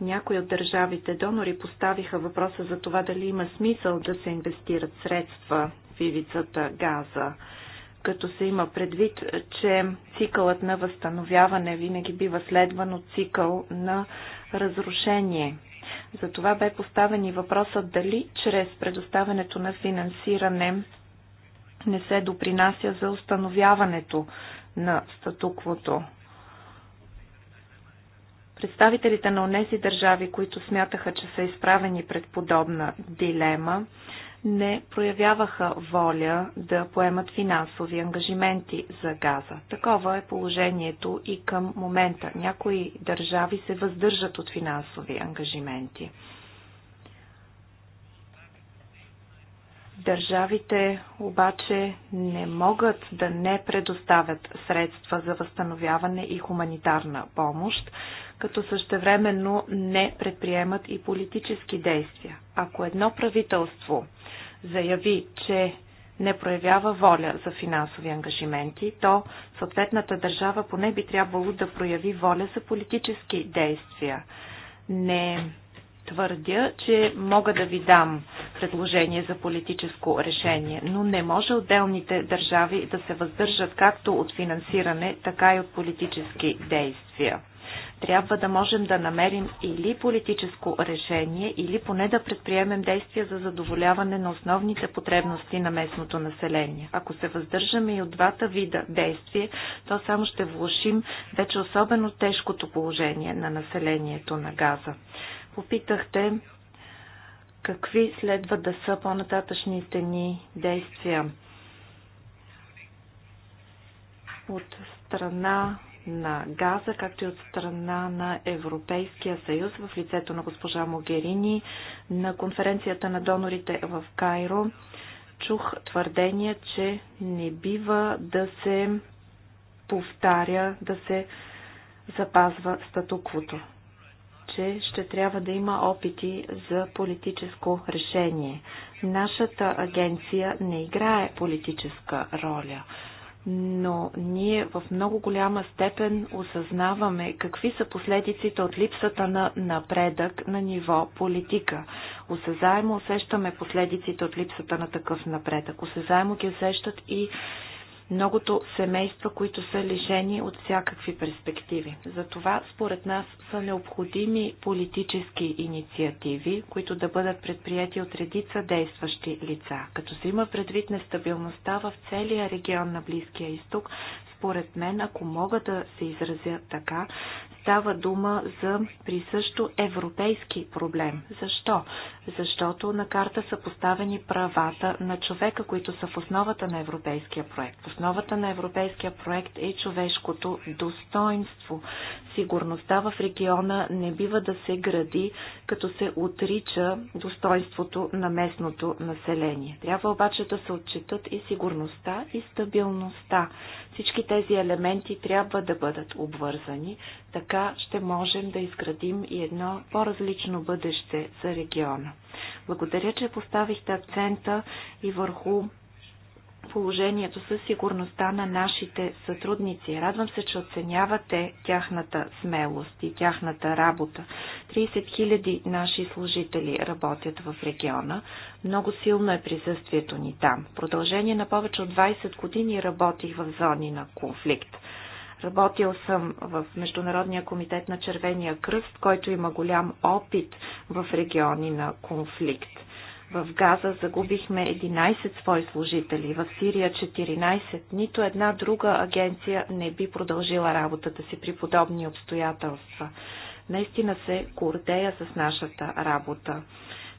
някои от държавите донори поставиха въпроса за това дали има смисъл да се инвестират средства в ивицата Газа, като се има предвид, че цикълът на възстановяване винаги бива следван от цикъл на разрушение. Затова бе поставен и въпросът дали чрез предоставянето на финансиране не се допринася за установяването на статуквото Представителите на онези държави, които смятаха, че са изправени пред подобна дилема, не проявяваха воля да поемат финансови ангажименти за газа. Такова е положението и към момента. Някои държави се въздържат от финансови ангажименти. Държавите обаче не могат да не предоставят средства за възстановяване и хуманитарна помощ, като същевременно не предприемат и политически действия. Ако едно правителство заяви, че не проявява воля за финансови ангажименти, то съответната държава поне би трябвало да прояви воля за политически действия. Не твърдя, че мога да ви дам предложение за политическо решение, но не може отделните държави да се въздържат както от финансиране, така и от политически действия. Трябва да можем да намерим или политическо решение, или поне да предприемем действия за задоволяване на основните потребности на местното население. Ако се въздържаме и от двата вида действие, то само ще влушим вече особено тежкото положение на населението на Газа. Попитахте какви следва да са по-нататъчните ни действия от страна на газа, както и от страна на Европейския съюз в лицето на госпожа Могерини на конференцията на донорите в Кайро. Чух твърдение, че не бива да се повтаря, да се запазва статуквото, че ще трябва да има опити за политическо решение. Нашата агенция не играе политическа роля но ние в много голяма степен осъзнаваме какви са последиците от липсата на напредък на ниво политика. Осезаемо усещаме последиците от липсата на такъв напредък. Осезаемо ги усещат и многото семейства, които са лишени от всякакви перспективи. Затова, според нас, са необходими политически инициативи, които да бъдат предприяти от редица действащи лица. Като се има предвид нестабилността в целия регион на Близкия изток, според мен, ако мога да се изразя така, става дума за присъщо европейски проблем. Защо? Защото на карта са поставени правата на човека, които са в основата на европейския проект. В основата на европейския проект е човешкото достоинство. Сигурността в региона не бива да се гради, като се отрича достоинството на местното население. Трябва обаче да се отчитат и сигурността и стабилността. Всички тези елементи трябва да бъдат обвързани, така ще можем да изградим и едно по-различно бъдеще за региона. Благодаря, че поставихте акцента и върху положението със сигурността на нашите сътрудници. Радвам се, че оценявате тяхната смелост и тяхната работа. 30 000 наши служители работят в региона. Много силно е присъствието ни там. В продължение на повече от 20 години работих в зони на конфликт. Работил съм в Международния комитет на Червения кръст, който има голям опит в региони на конфликт. В Газа загубихме 11 свои служители, в Сирия 14. Нито една друга агенция не би продължила работата си при подобни обстоятелства. Наистина се гордея с нашата работа.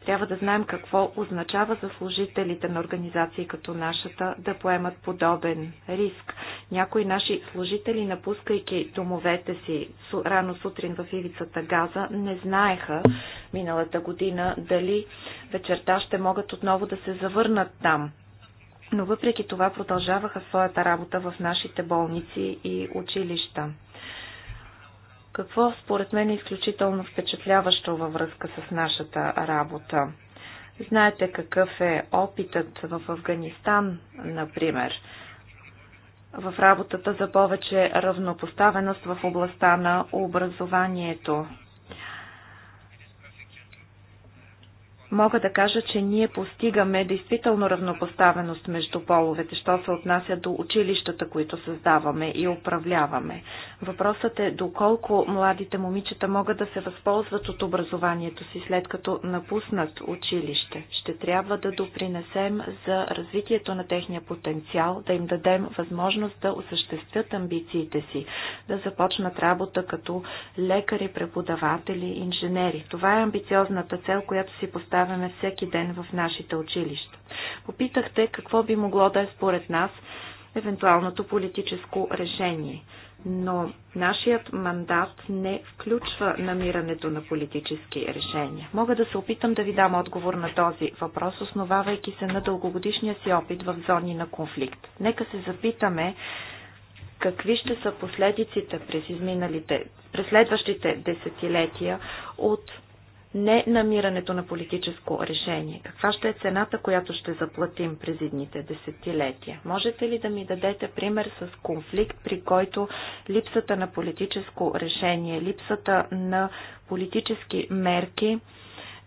Трябва да знаем какво означава за служителите на организации като нашата да поемат подобен риск. Някои наши служители, напускайки домовете си рано сутрин в ивицата Газа, не знаеха миналата година дали вечерта ще могат отново да се завърнат там но въпреки това продължаваха своята работа в нашите болници и училища. Какво според мен е изключително впечатляващо във връзка с нашата работа? Знаете какъв е опитът в Афганистан, например, в работата за повече равнопоставеност в областта на образованието. мога да кажа, че ние постигаме действително равнопоставеност между половете, що се отнася до училищата, които създаваме и управляваме. Въпросът е доколко младите момичета могат да се възползват от образованието си след като напуснат училище. Ще трябва да допринесем за развитието на техния потенциал, да им дадем възможност да осъществят амбициите си, да започнат работа като лекари, преподаватели, инженери. Това е амбициозната цел, която си поставя поставяме всеки ден в нашите училища. Попитахте какво би могло да е според нас евентуалното политическо решение. Но нашият мандат не включва намирането на политически решения. Мога да се опитам да ви дам отговор на този въпрос, основавайки се на дългогодишния си опит в зони на конфликт. Нека се запитаме какви ще са последиците през, изминалите, през следващите десетилетия от не намирането на политическо решение? Каква ще е цената, която ще заплатим през едните десетилетия? Можете ли да ми дадете пример с конфликт, при който липсата на политическо решение, липсата на политически мерки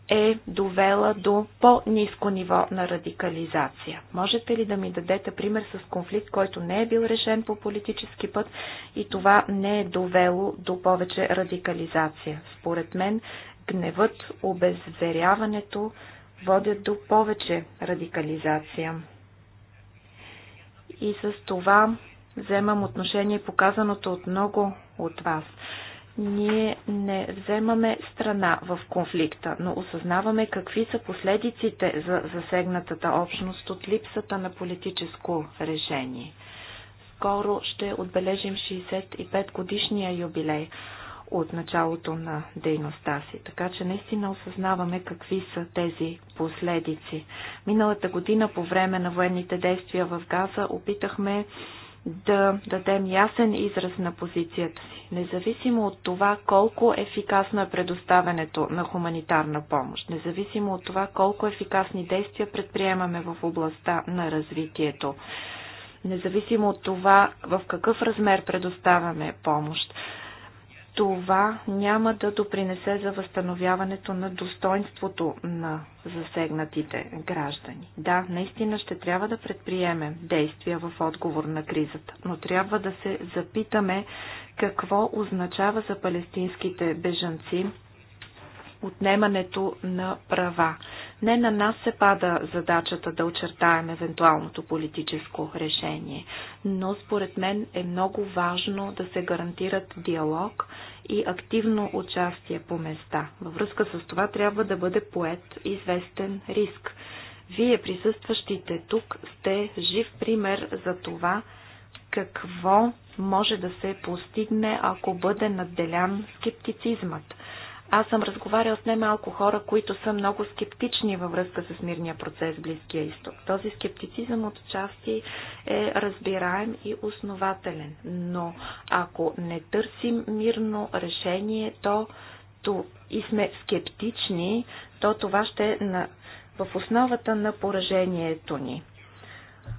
е довела до по-низко ниво на радикализация. Можете ли да ми дадете пример с конфликт, който не е бил решен по политически път и това не е довело до повече радикализация? Според мен гневът, обезверяването водят до повече радикализация. И с това вземам отношение показаното от много от вас. Ние не вземаме страна в конфликта, но осъзнаваме какви са последиците за засегнатата общност от липсата на политическо решение. Скоро ще отбележим 65 годишния юбилей от началото на дейността си. Така че наистина осъзнаваме какви са тези последици. Миналата година по време на военните действия в Газа опитахме да дадем ясен израз на позицията си, независимо от това колко ефикасно е предоставянето на хуманитарна помощ, независимо от това колко ефикасни действия предприемаме в областта на развитието, независимо от това в какъв размер предоставяме помощ това няма да допринесе за възстановяването на достоинството на засегнатите граждани. Да, наистина ще трябва да предприемем действия в отговор на кризата, но трябва да се запитаме какво означава за палестинските бежанци отнемането на права. Не на нас се пада задачата да очертаем евентуалното политическо решение, но според мен е много важно да се гарантират диалог и активно участие по места. Във връзка с това трябва да бъде поет известен риск. Вие, присъстващите тук, сте жив пример за това, какво може да се постигне, ако бъде надделян скептицизмът. Аз съм разговарял с немалко хора, които са много скептични във връзка с мирния процес в Близкия изток. Този скептицизъм от части е разбираем и основателен. Но ако не търсим мирно решение, то, то и сме скептични, то това ще е на, в основата на поражението ни.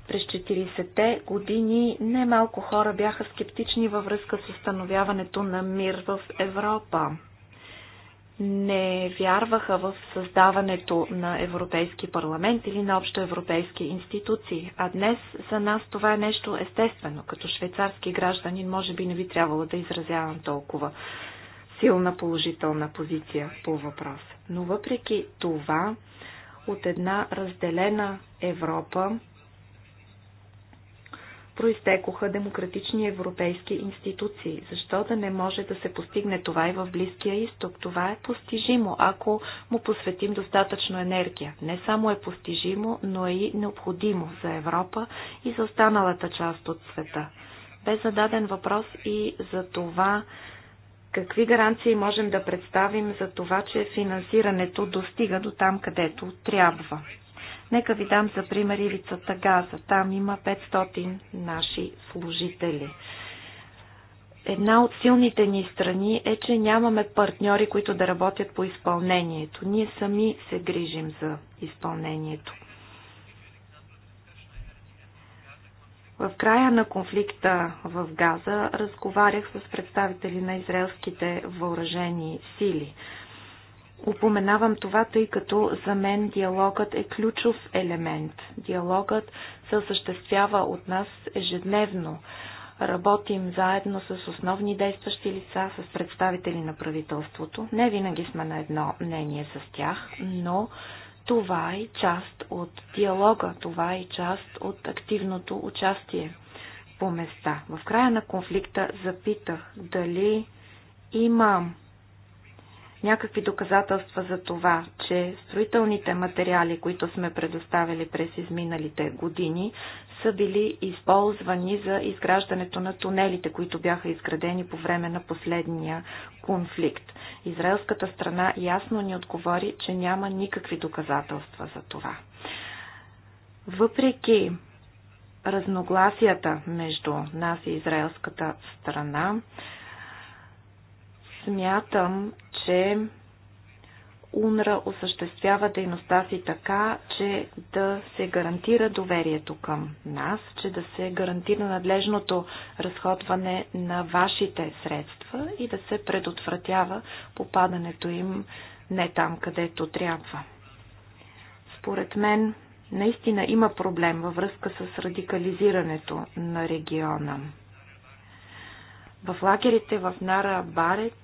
През 40-те години немалко хора бяха скептични във връзка с установяването на мир в Европа не вярваха в създаването на Европейски парламент или на общо европейски институции. А днес за нас това е нещо естествено. Като швейцарски гражданин може би не би трябвало да изразявам толкова силна положителна позиция по въпроса. Но въпреки това, от една разделена Европа проистекоха демократични европейски институции. Защо да не може да се постигне това и в Близкия изток? Това е постижимо, ако му посветим достатъчно енергия. Не само е постижимо, но е и необходимо за Европа и за останалата част от света. Бе зададен въпрос и за това, какви гаранции можем да представим за това, че финансирането достига до там, където трябва. Нека ви дам за пример ивицата Газа. Там има 500 наши служители. Една от силните ни страни е, че нямаме партньори, които да работят по изпълнението. Ние сами се грижим за изпълнението. В края на конфликта в Газа разговарях с представители на израелските въоръжени сили. Упоменавам това, тъй като за мен диалогът е ключов елемент. Диалогът се осъществява от нас ежедневно. Работим заедно с основни действащи лица, с представители на правителството. Не винаги сме на едно мнение с тях, но това е част от диалога, това е част от активното участие по места. В края на конфликта запитах дали има някакви доказателства за това, че строителните материали, които сме предоставили през изминалите години, са били използвани за изграждането на тунелите, които бяха изградени по време на последния конфликт. Израелската страна ясно ни отговори, че няма никакви доказателства за това. Въпреки разногласията между нас и израелската страна, смятам, че УНРА осъществява дейността си така, че да се гарантира доверието към нас, че да се гарантира надлежното разходване на вашите средства и да се предотвратява попадането им не там, където трябва. Според мен, наистина има проблем във връзка с радикализирането на региона. В лагерите в Нара Барет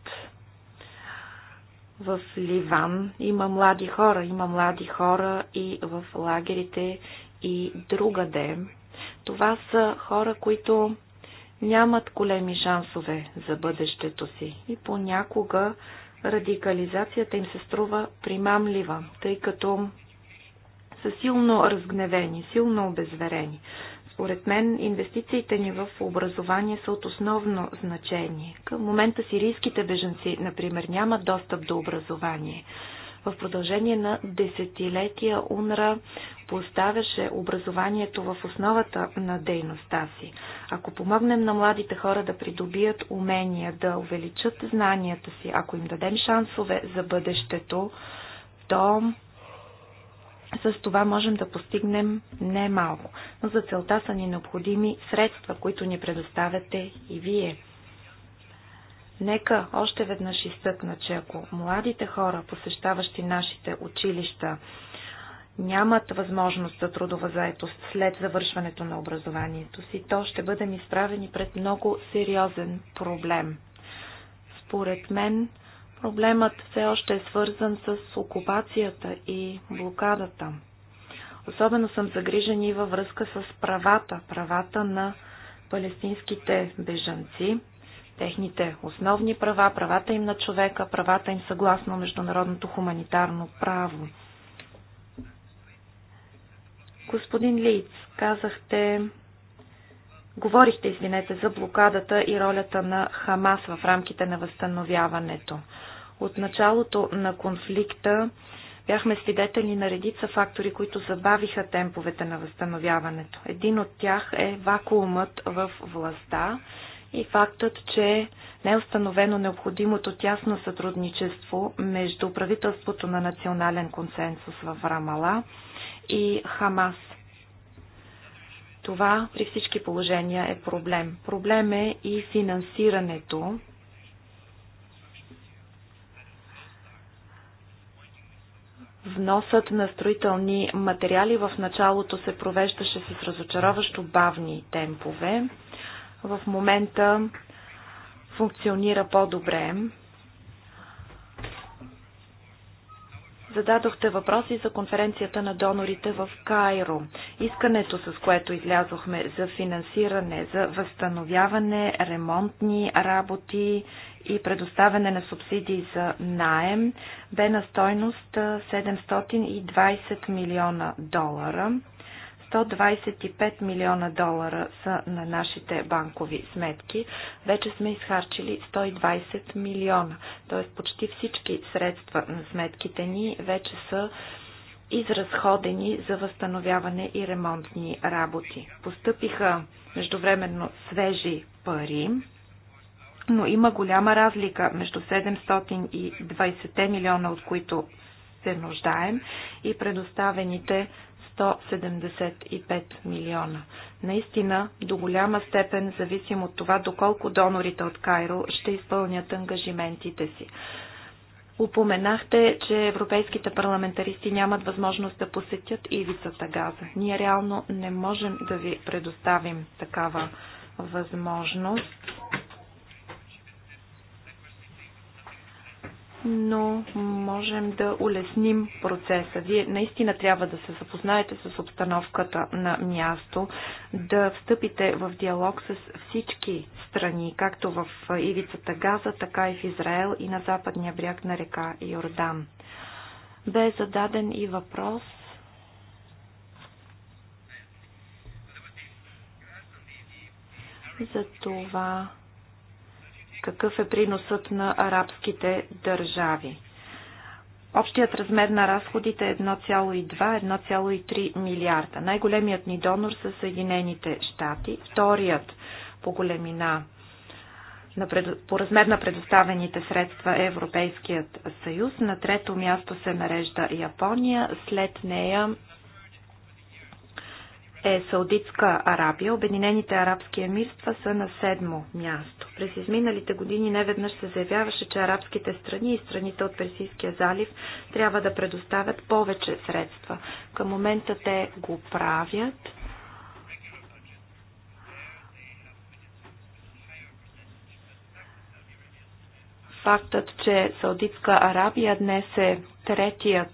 в Ливан има млади хора. Има млади хора и в лагерите и другаде. Това са хора, които нямат големи шансове за бъдещето си и понякога радикализацията им се струва примамлива, тъй като са силно разгневени, силно обезверени. Според мен инвестициите ни в образование са от основно значение. Към момента сирийските беженци, например, нямат достъп до образование. В продължение на десетилетия УНРА поставяше образованието в основата на дейността си. Ако помогнем на младите хора да придобият умения, да увеличат знанията си, ако им дадем шансове за бъдещето, то с това можем да постигнем не малко, но за целта са ни необходими средства, които ни предоставяте и вие. Нека още веднъж изтъкна, че ако младите хора, посещаващи нашите училища, нямат възможност за трудова заетост след завършването на образованието си, то ще бъдем изправени пред много сериозен проблем. Според мен, Проблемът все още е свързан с окупацията и блокадата. Особено съм загрижен и във връзка с правата, правата на палестинските бежанци, техните основни права, правата им на човека, правата им съгласно международното хуманитарно право. Господин Лиц, казахте, говорихте, извинете, за блокадата и ролята на Хамас в рамките на възстановяването. От началото на конфликта бяхме свидетели на редица фактори, които забавиха темповете на възстановяването. Един от тях е вакуумът в властта и фактът, че не е установено необходимото тясно сътрудничество между правителството на национален консенсус в Рамала и Хамас. Това при всички положения е проблем. Проблем е и финансирането Вносът на строителни материали в началото се провеждаше с разочароващо бавни темпове. В момента функционира по-добре. Зададохте въпроси за конференцията на донорите в Кайро. Искането, с което излязохме за финансиране, за възстановяване, ремонтни работи и предоставяне на субсидии за наем, бе на стойност 720 милиона долара. 125 милиона долара са на нашите банкови сметки. Вече сме изхарчили 120 милиона. Т.е. почти всички средства на сметките ни вече са изразходени за възстановяване и ремонтни работи. Постъпиха междувременно свежи пари, но има голяма разлика между 720 милиона, от които се нуждаем и предоставените 175 милиона. Наистина, до голяма степен зависим от това, доколко донорите от Кайро ще изпълнят ангажиментите си. Упоменахте, че европейските парламентаристи нямат възможност да посетят ивицата Газа. Ние реално не можем да ви предоставим такава възможност. но можем да улесним процеса. Вие наистина трябва да се запознаете с обстановката на място, да встъпите в диалог с всички страни, както в ивицата Газа, така и в Израел и на западния бряг на река Йордан. Бе зададен и въпрос за това какъв е приносът на арабските държави? Общият размер на разходите е 1,2-1,3 милиарда. Най-големият ни донор са Съединените щати, вторият по големина по размер на предоставените средства е Европейският съюз. На трето място се нарежда Япония, след нея е Саудитска Арабия. Обединените арабски емирства са на седмо място. През изминалите години неведнъж се заявяваше, че арабските страни и страните от Персийския залив трябва да предоставят повече средства. Към момента те го правят. Фактът, че Саудитска Арабия днес е третият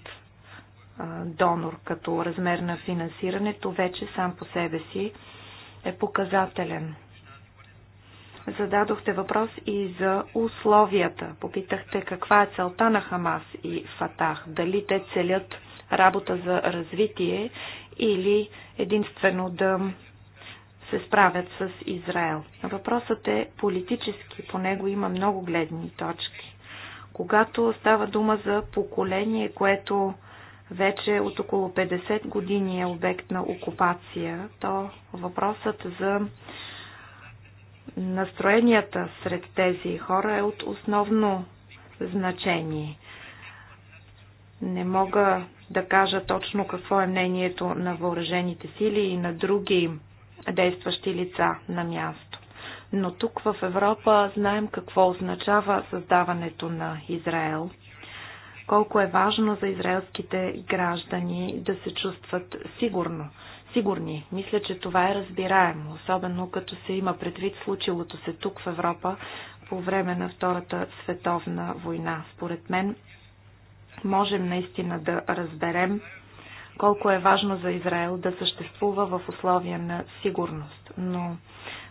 донор като размер на финансирането вече сам по себе си е показателен. Зададохте въпрос и за условията. Попитахте каква е целта на Хамас и Фатах. Дали те целят работа за развитие или единствено да се справят с Израел. Въпросът е политически, по него има много гледни точки. Когато става дума за поколение, което вече от около 50 години е обект на окупация, то въпросът за настроенията сред тези хора е от основно значение. Не мога да кажа точно какво е мнението на въоръжените сили и на други действащи лица на място. Но тук в Европа знаем какво означава създаването на Израел – колко е важно за израелските граждани да се чувстват сигурно. Сигурни. Мисля, че това е разбираемо, особено като се има предвид случилото се тук в Европа по време на Втората световна война. Според мен можем наистина да разберем колко е важно за Израел да съществува в условия на сигурност. Но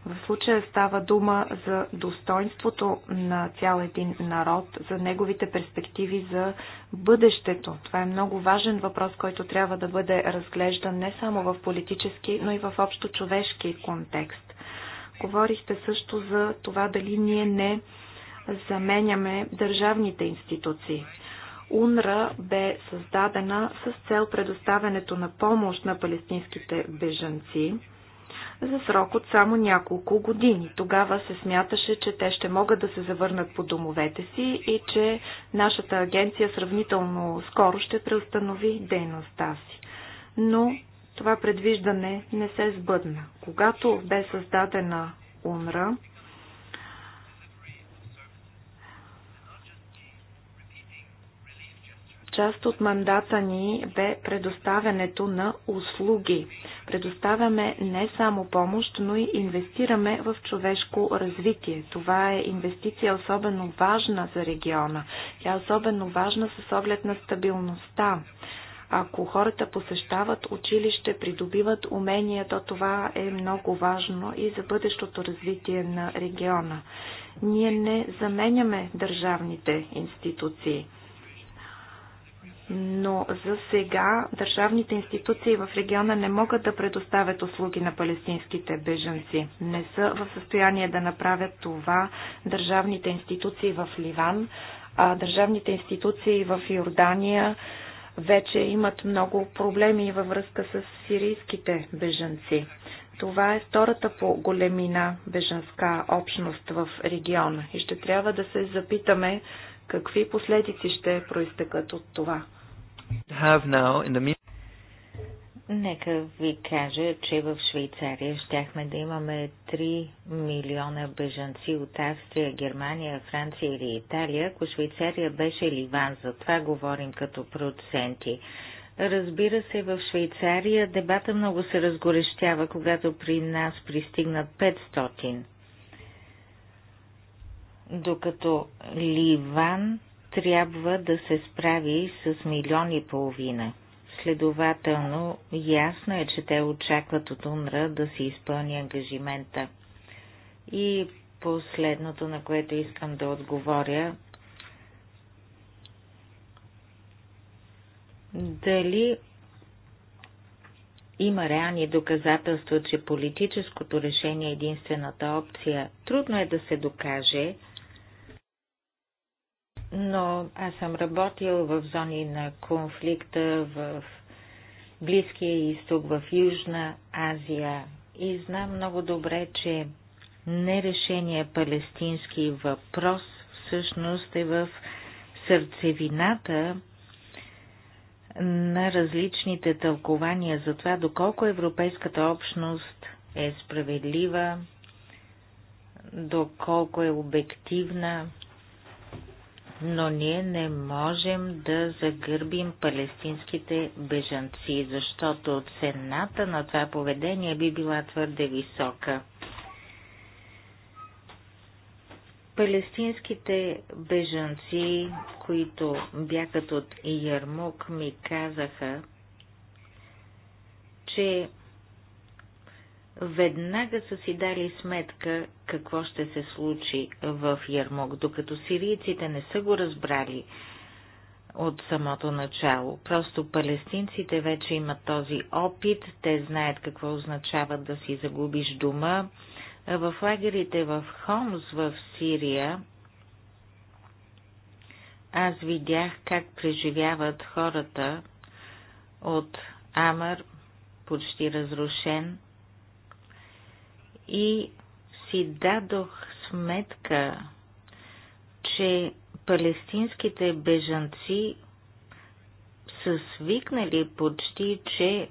в случая става дума за достоинството на цял един народ, за неговите перспективи за бъдещето. Това е много важен въпрос, който трябва да бъде разглеждан не само в политически, но и в общо човешки контекст. Говорихте също за това дали ние не заменяме държавните институции. УНРА бе създадена с цел предоставянето на помощ на палестинските бежанци за срок от само няколко години. Тогава се смяташе, че те ще могат да се завърнат по домовете си и че нашата агенция сравнително скоро ще преустанови дейността си. Но това предвиждане не се сбъдна. Когато бе създадена УНРА, Част от мандата ни бе предоставянето на услуги. Предоставяме не само помощ, но и инвестираме в човешко развитие. Това е инвестиция особено важна за региона. Тя е особено важна с оглед на стабилността. Ако хората посещават училище, придобиват умения, то това е много важно и за бъдещото развитие на региона. Ние не заменяме държавните институции но за сега държавните институции в региона не могат да предоставят услуги на палестинските бежанци. Не са в състояние да направят това държавните институции в Ливан, а държавните институции в Йордания вече имат много проблеми във връзка с сирийските бежанци. Това е втората по големина бежанска общност в региона и ще трябва да се запитаме Какви последици ще проистъкат от това? Нека ви кажа, че в Швейцария щяхме да имаме 3 милиона бежанци от Австрия, Германия, Франция или Италия, ако Швейцария беше Ливан. За това говорим като проценти. Разбира се, в Швейцария дебата много се разгорещява, когато при нас пристигнат 500 докато Ливан трябва да се справи с милион и половина. Следователно, ясно е, че те очакват от УНРА да се изпълни ангажимента. И последното, на което искам да отговоря, дали има реални доказателства, че политическото решение е единствената опция. Трудно е да се докаже, но аз съм работил в зони на конфликта в Близкия изток, в Южна Азия и знам много добре, че нерешения палестински въпрос всъщност е в сърцевината на различните тълкования за това, доколко европейската общност е справедлива, доколко е обективна, но ние не можем да загърбим палестинските бежанци, защото цената на това поведение би била твърде висока. Палестинските бежанци, които бягат от Ярмук, ми казаха, че веднага са си дали сметка какво ще се случи в Ярмок, докато сирийците не са го разбрали от самото начало. Просто палестинците вече имат този опит, те знаят какво означава да си загубиш дома. В лагерите в Хомс в Сирия аз видях как преживяват хората от Амър, почти разрушен, и си дадох сметка, че палестинските бежанци са свикнали почти, че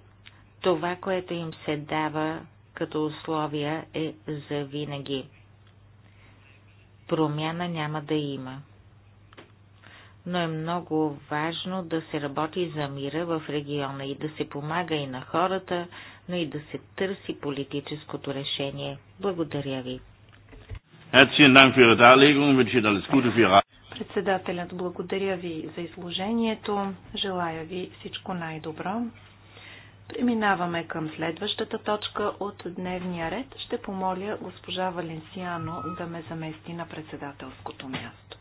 това, което им се дава като условия е за винаги. Промяна няма да има. Но е много важно да се работи за мира в региона и да се помага и на хората, но и да се търси политическото решение. Благодаря ви. Председателят, благодаря ви за изложението. Желая ви всичко най-добро. Преминаваме към следващата точка от дневния ред. Ще помоля госпожа Валенсиано да ме замести на председателското място.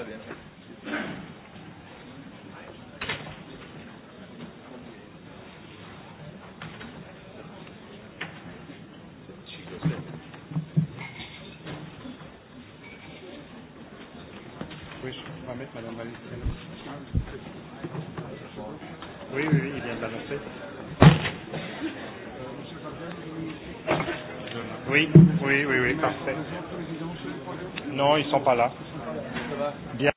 está bien. Oui, oui, oui, il vient Oui, oui, oui, oui, parfait. Non, ils sont pas là. Yeah.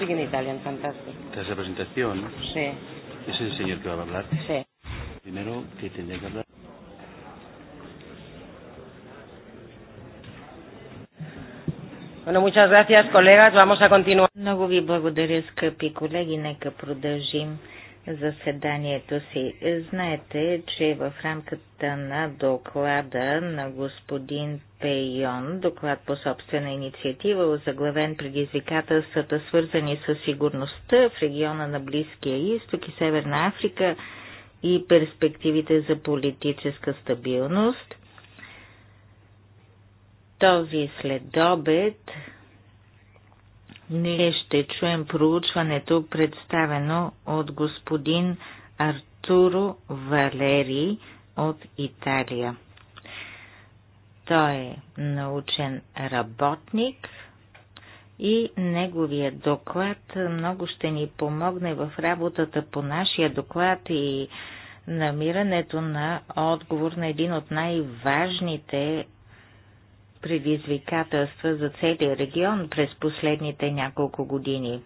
Big in Italian, fantástico. Tras la presentación, sí. es el señor que va a hablar. Sí. Primero, que tendría que hablar. Bueno, muchas gracias, colegas. Vamos a continuar. Много ви благодаря, скъпи колеги. Нека продължим заседанието си. Знаете, че в рамката на доклада на господин Пейон, доклад по собствена инициатива, заглавен предизвикателствата, свързани с сигурността в региона на Близкия изток и Северна Африка и перспективите за политическа стабилност. Този следобед ние ще чуем проучването, представено от господин Артуро Валери от Италия. Той е научен работник и неговият доклад много ще ни помогне в работата по нашия доклад и намирането на отговор на един от най-важните предизвикателства за целия регион през последните няколко години.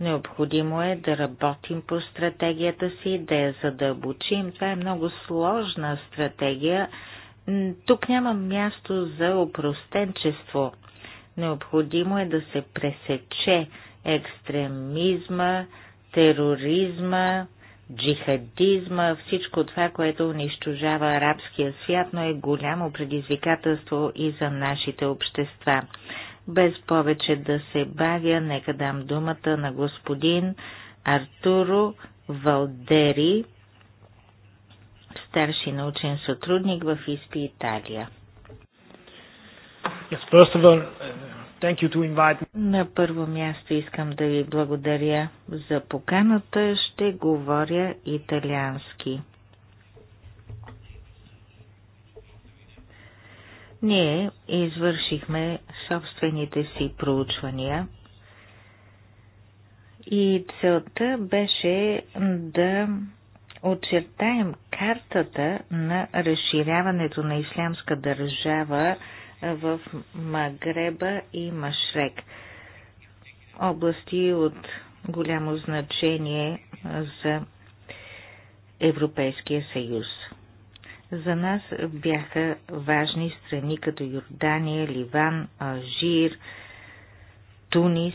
Необходимо е да работим по стратегията си, да я задълбочим. Това е много сложна стратегия, тук няма място за опростенчество. Необходимо е да се пресече екстремизма, тероризма, джихадизма, всичко това, което унищожава арабския свят, но е голямо предизвикателство и за нашите общества. Без повече да се бавя, нека дам думата на господин Артуро Валдери, старши научен сътрудник в ИСПИ Италия. Yes, first of all, thank you to invite me. На първо място искам да ви благодаря за поканата. Ще говоря италиански. Ние извършихме собствените си проучвания и целта беше да очертаем картата на разширяването на ислямска държава в Магреба и Машрек. Области от голямо значение за Европейския съюз. За нас бяха важни страни като Йордания, Ливан, Алжир, Тунис.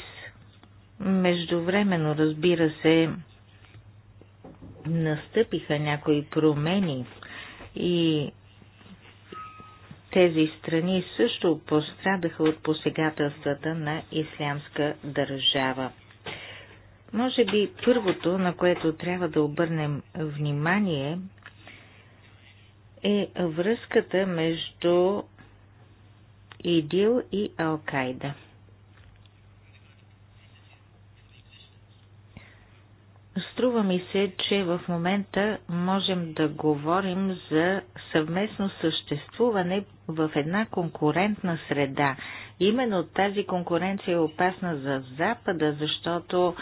Междувременно, разбира се, настъпиха някои промени и тези страни също пострадаха от посегателствата на ислямска държава. Може би първото, на което трябва да обърнем внимание, е връзката между ИДИЛ и Алкайда. Струва ми се, че в момента можем да говорим за съвместно съществуване в една конкурентна среда. Именно тази конкуренция е опасна за Запада, защото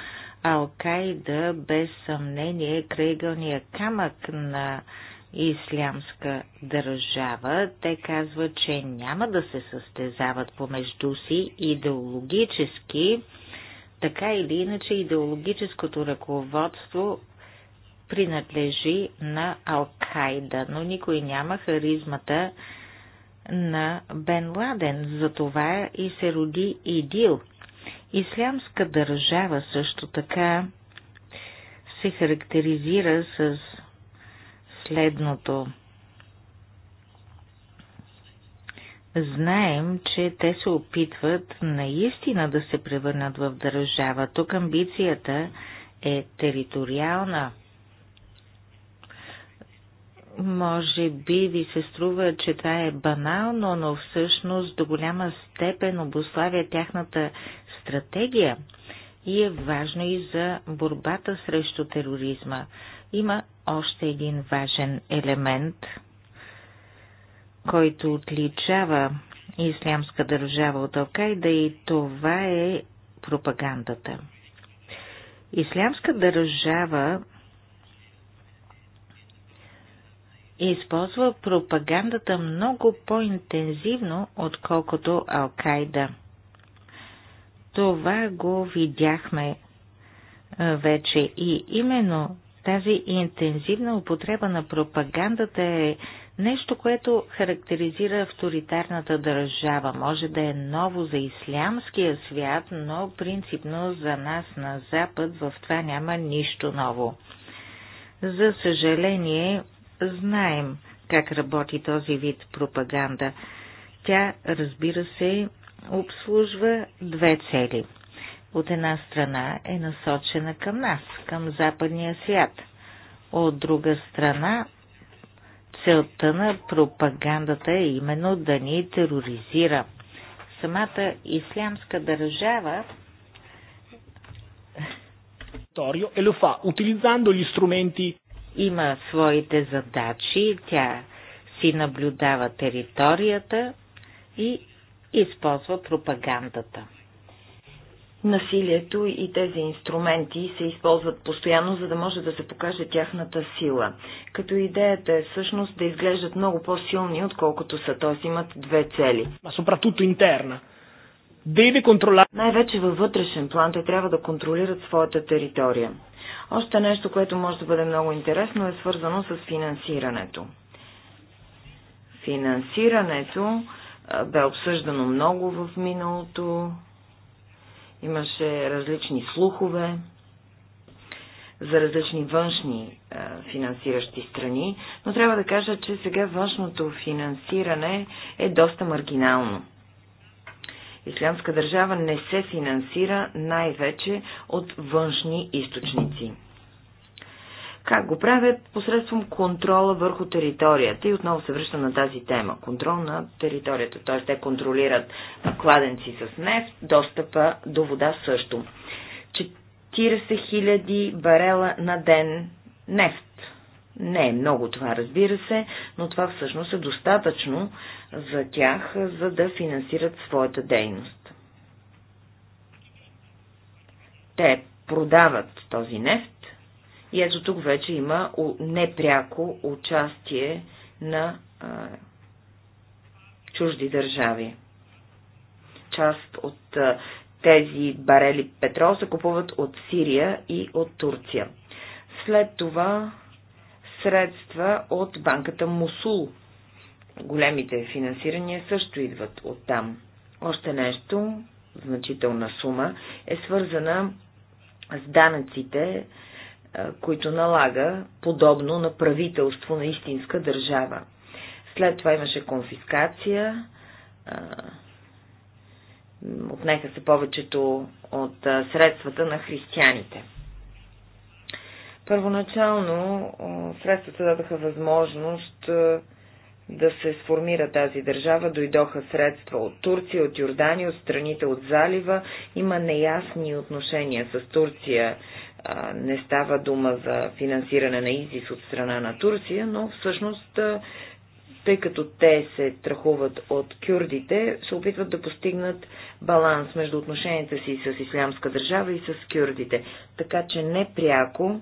Алкайда без съмнение е крайгълния камък на ислямска държава. Те казват, че няма да се състезават помежду си идеологически, така или иначе идеологическото ръководство принадлежи на Алкайда, но никой няма харизмата на Бен Ладен. Затова и се роди ИДИЛ. Ислямска държава също така се характеризира с следното – Знаем, че те се опитват наистина да се превърнат в държава. Тук амбицията е териториална. Може би ви се струва, че това е банално, но всъщност до голяма степен обославя тяхната стратегия и е важно и за борбата срещу тероризма. Има още един важен елемент – който отличава ислямска държава от Алкайда и това е пропагандата. Ислямска държава използва пропагандата много по-интензивно, отколкото Алкайда. Това го видяхме вече и именно тази интензивна употреба на пропагандата е Нещо, което характеризира авторитарната държава, може да е ново за ислямския свят, но принципно за нас на Запад в това няма нищо ново. За съжаление, знаем как работи този вид пропаганда. Тя, разбира се, обслужва две цели. От една страна е насочена към нас, към западния свят. От друга страна Целта на пропагандата е именно да ни тероризира. Самата ислямска държава e lo fa utilizzando gli strumenti. Има своите задачи, тя си наблюдава територията и използва пропагандата насилието и тези инструменти се използват постоянно, за да може да се покаже тяхната сила. Като идеята е всъщност да изглеждат много по-силни, отколкото са, т.е. имат две цели. А soprattutto интерна. Деви контрола... Най-вече във вътрешен план те трябва да контролират своята територия. Още нещо, което може да бъде много интересно, е свързано с финансирането. Финансирането бе обсъждано много в миналото, Имаше различни слухове за различни външни а, е, финансиращи страни, но трябва да кажа, че сега външното финансиране е доста маргинално. Ислямска държава не се финансира най-вече от външни източници. Как го правят? Посредством контрола върху територията. И отново се връща на тази тема. Контрол на територията. Т.е. те контролират кладенци с нефт, достъпа до вода също. 40 000 барела на ден нефт. Не е много това, разбира се, но това всъщност е достатъчно за тях, за да финансират своята дейност. Те продават този нефт и ето тук вече има непряко участие на а, чужди държави. Част от а, тези барели петрол се купуват от Сирия и от Турция. След това средства от банката Мусул. Големите финансирания също идват от там. Още нещо, значителна сума, е свързана с данъците които налага, подобно на правителство на истинска държава. След това имаше конфискация, отнеха се повечето от средствата на християните. Първоначално средствата дадаха възможност да се сформира тази държава. Дойдоха средства от Турция, от Йордания, от страните от залива. Има неясни отношения с Турция не става дума за финансиране на ИЗИС от страна на Турция, но всъщност, тъй като те се страхуват от кюрдите, се опитват да постигнат баланс между отношенията си с ислямска държава и с кюрдите. Така че непряко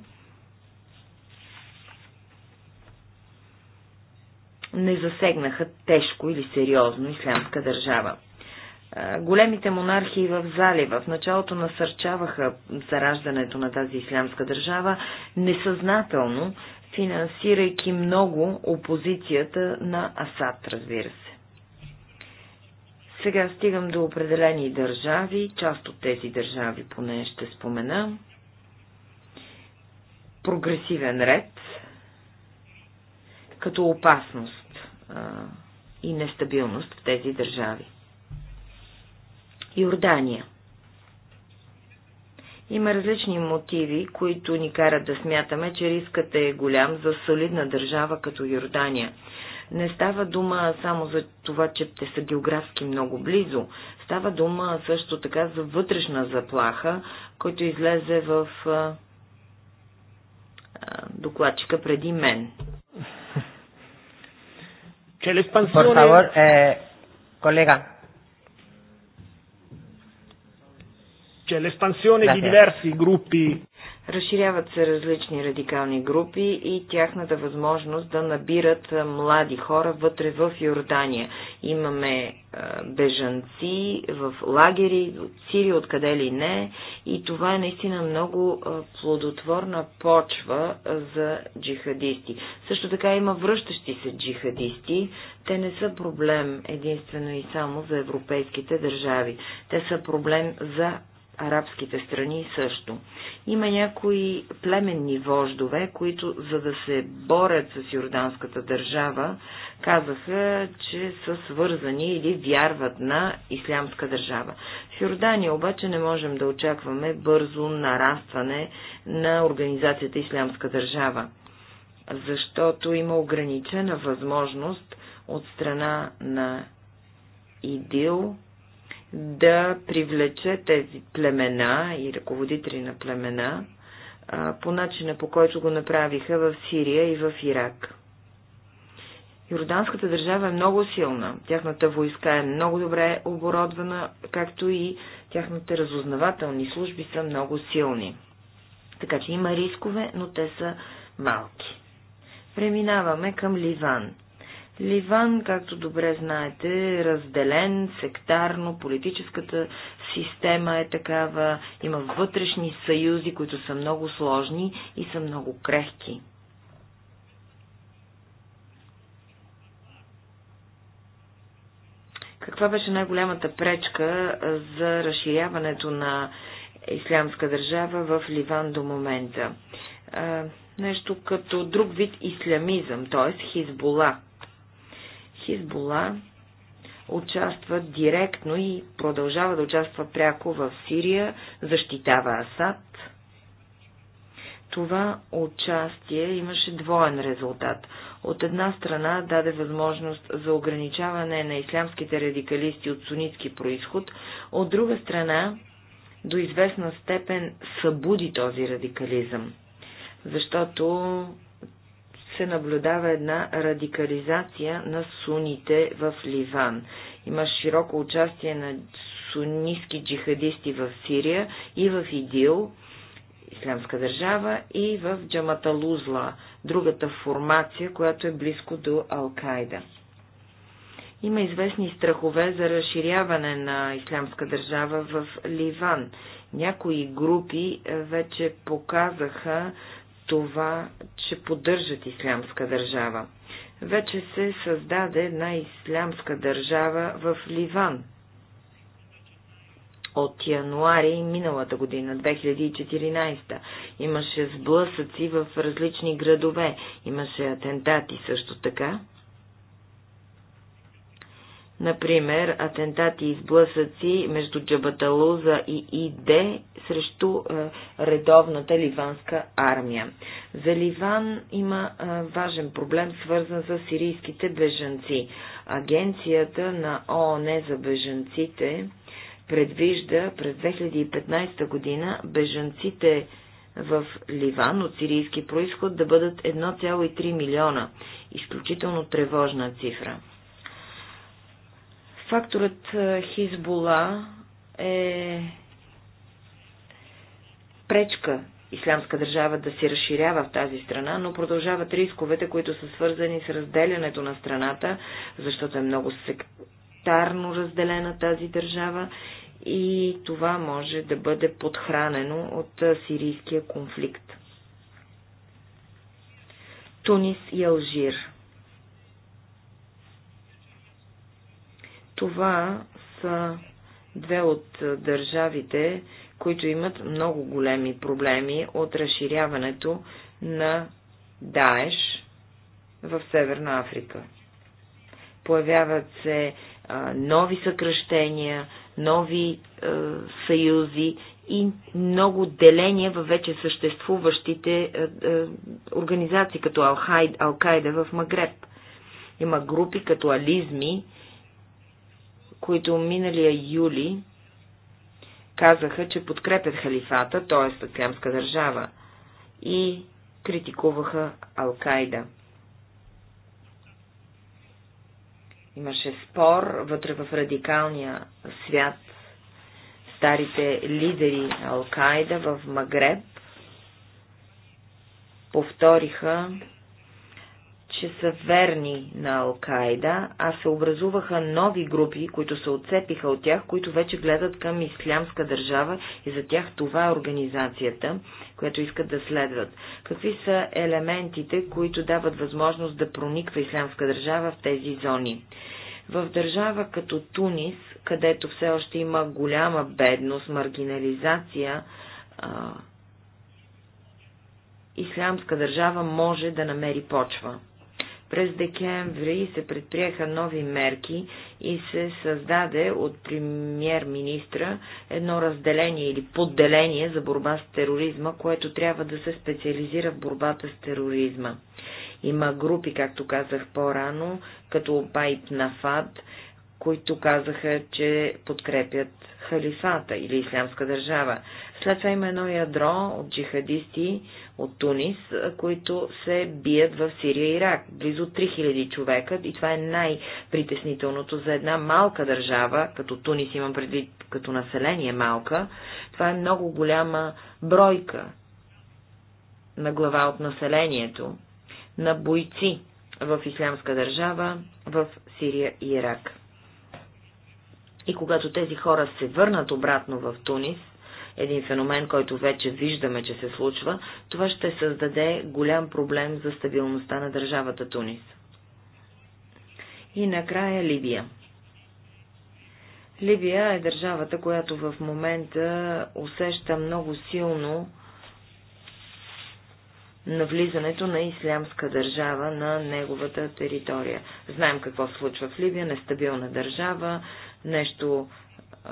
не засегнаха тежко или сериозно ислямска държава големите монархии в залива в началото насърчаваха зараждането на тази ислямска държава несъзнателно, финансирайки много опозицията на Асад, разбира се. Сега стигам до определени държави, част от тези държави поне ще спомена. Прогресивен ред като опасност и нестабилност в тези държави. Йордания. Има различни мотиви, които ни карат да смятаме, че рискът е голям за солидна държава като Йордания. Не става дума само за това, че те са географски много близо. Става дума също така за вътрешна заплаха, който излезе в докладчика преди мен. Чели е? favor, е, колега, че l'espansione да, di diversi gruppi Разширяват се различни радикални групи и тяхната възможност да набират млади хора вътре в Йордания. Имаме бежанци в лагери, от Сирия, откъде ли не. И това е наистина много плодотворна почва за джихадисти. Също така има връщащи се джихадисти. Те не са проблем единствено и само за европейските държави. Те са проблем за арабските страни също. Има някои племенни вождове, които, за да се борят с юрданската държава, казаха, че са свързани или вярват на ислямска държава. В Йордания обаче не можем да очакваме бързо нарастване на организацията Ислямска държава, защото има ограничена възможност от страна на ИДИЛ да привлече тези племена и ръководители на племена по начина по който го направиха в Сирия и в Ирак. Йорданската държава е много силна, тяхната войска е много добре оборудвана, както и тяхните разузнавателни служби са много силни. Така че има рискове, но те са малки. Преминаваме към Ливан. Ливан, както добре знаете, е разделен сектарно, политическата система е такава, има вътрешни съюзи, които са много сложни и са много крехки. Каква беше най-голямата пречка за разширяването на ислямска държава в Ливан до момента? нещо като друг вид ислямизъм, т.е. хизбола. Хизбола участва директно и продължава да участва пряко в Сирия, защитава Асад. Това участие имаше двоен резултат. От една страна даде възможност за ограничаване на ислямските радикалисти от сунитски происход, от друга страна до известна степен събуди този радикализъм, защото се наблюдава една радикализация на суните в Ливан. Има широко участие на сунистки джихадисти в Сирия и в ИДИЛ, Ислямска държава, и в Джаматалузла, другата формация, която е близко до Ал-Кайда. Има известни страхове за разширяване на Ислямска държава в Ливан. Някои групи вече показаха това, че поддържат ислямска държава. Вече се създаде една ислямска държава в Ливан. От януари миналата година, 2014, имаше сблъсъци в различни градове, имаше атентати също така. Например, атентати и сблъсъци между Джабаталуза и ИД срещу е, редовната ливанска армия. За Ливан има е, важен проблем, свързан с сирийските бежанци. Агенцията на ООН за бежанците предвижда през 2015 година бежанците в Ливан от сирийски происход да бъдат 1,3 милиона. Изключително тревожна цифра. Факторът е, Хизбола е пречка Ислямска държава да си разширява в тази страна, но продължават рисковете, които са свързани с разделянето на страната, защото е много сектарно разделена тази държава и това може да бъде подхранено от е, сирийския конфликт. Тунис и Алжир Това са две от държавите, които имат много големи проблеми от разширяването на Даеш в Северна Африка. Появяват се а, нови съкръщения, нови а, съюзи и много деления във вече съществуващите а, а, организации, като Ал-Кайда в Магреб. Има групи като ализми, които миналия юли казаха, че подкрепят халифата, т.е. Атлямска държава, и критикуваха Алкайда. Имаше спор вътре в радикалния свят. Старите лидери Алкайда в Магреб повториха че са верни на Алкайда, а се образуваха нови групи, които се отцепиха от тях, които вече гледат към ислямска държава и за тях това е организацията, която искат да следват. Какви са елементите, които дават възможност да прониква ислямска държава в тези зони? В държава като Тунис, където все още има голяма бедност, маргинализация, ислямска държава може да намери почва. През декември се предприеха нови мерки и се създаде от премьер-министра едно разделение или подделение за борба с тероризма, което трябва да се специализира в борбата с тероризма. Има групи, както казах по-рано, като Байт Нафад които казаха, че подкрепят халифата или ислямска държава. След това има едно ядро от джихадисти от Тунис, които се бият в Сирия и Ирак. Близо 3000 човека и това е най-притеснителното за една малка държава, като Тунис имам предвид като население малка. Това е много голяма бройка на глава от населението на бойци в Ислямска държава в Сирия и Ирак. И когато тези хора се върнат обратно в Тунис, един феномен, който вече виждаме, че се случва, това ще създаде голям проблем за стабилността на държавата Тунис. И накрая Либия. Либия е държавата, която в момента усеща много силно навлизането на ислямска държава на неговата територия. Знаем какво случва в Либия, нестабилна държава, нещо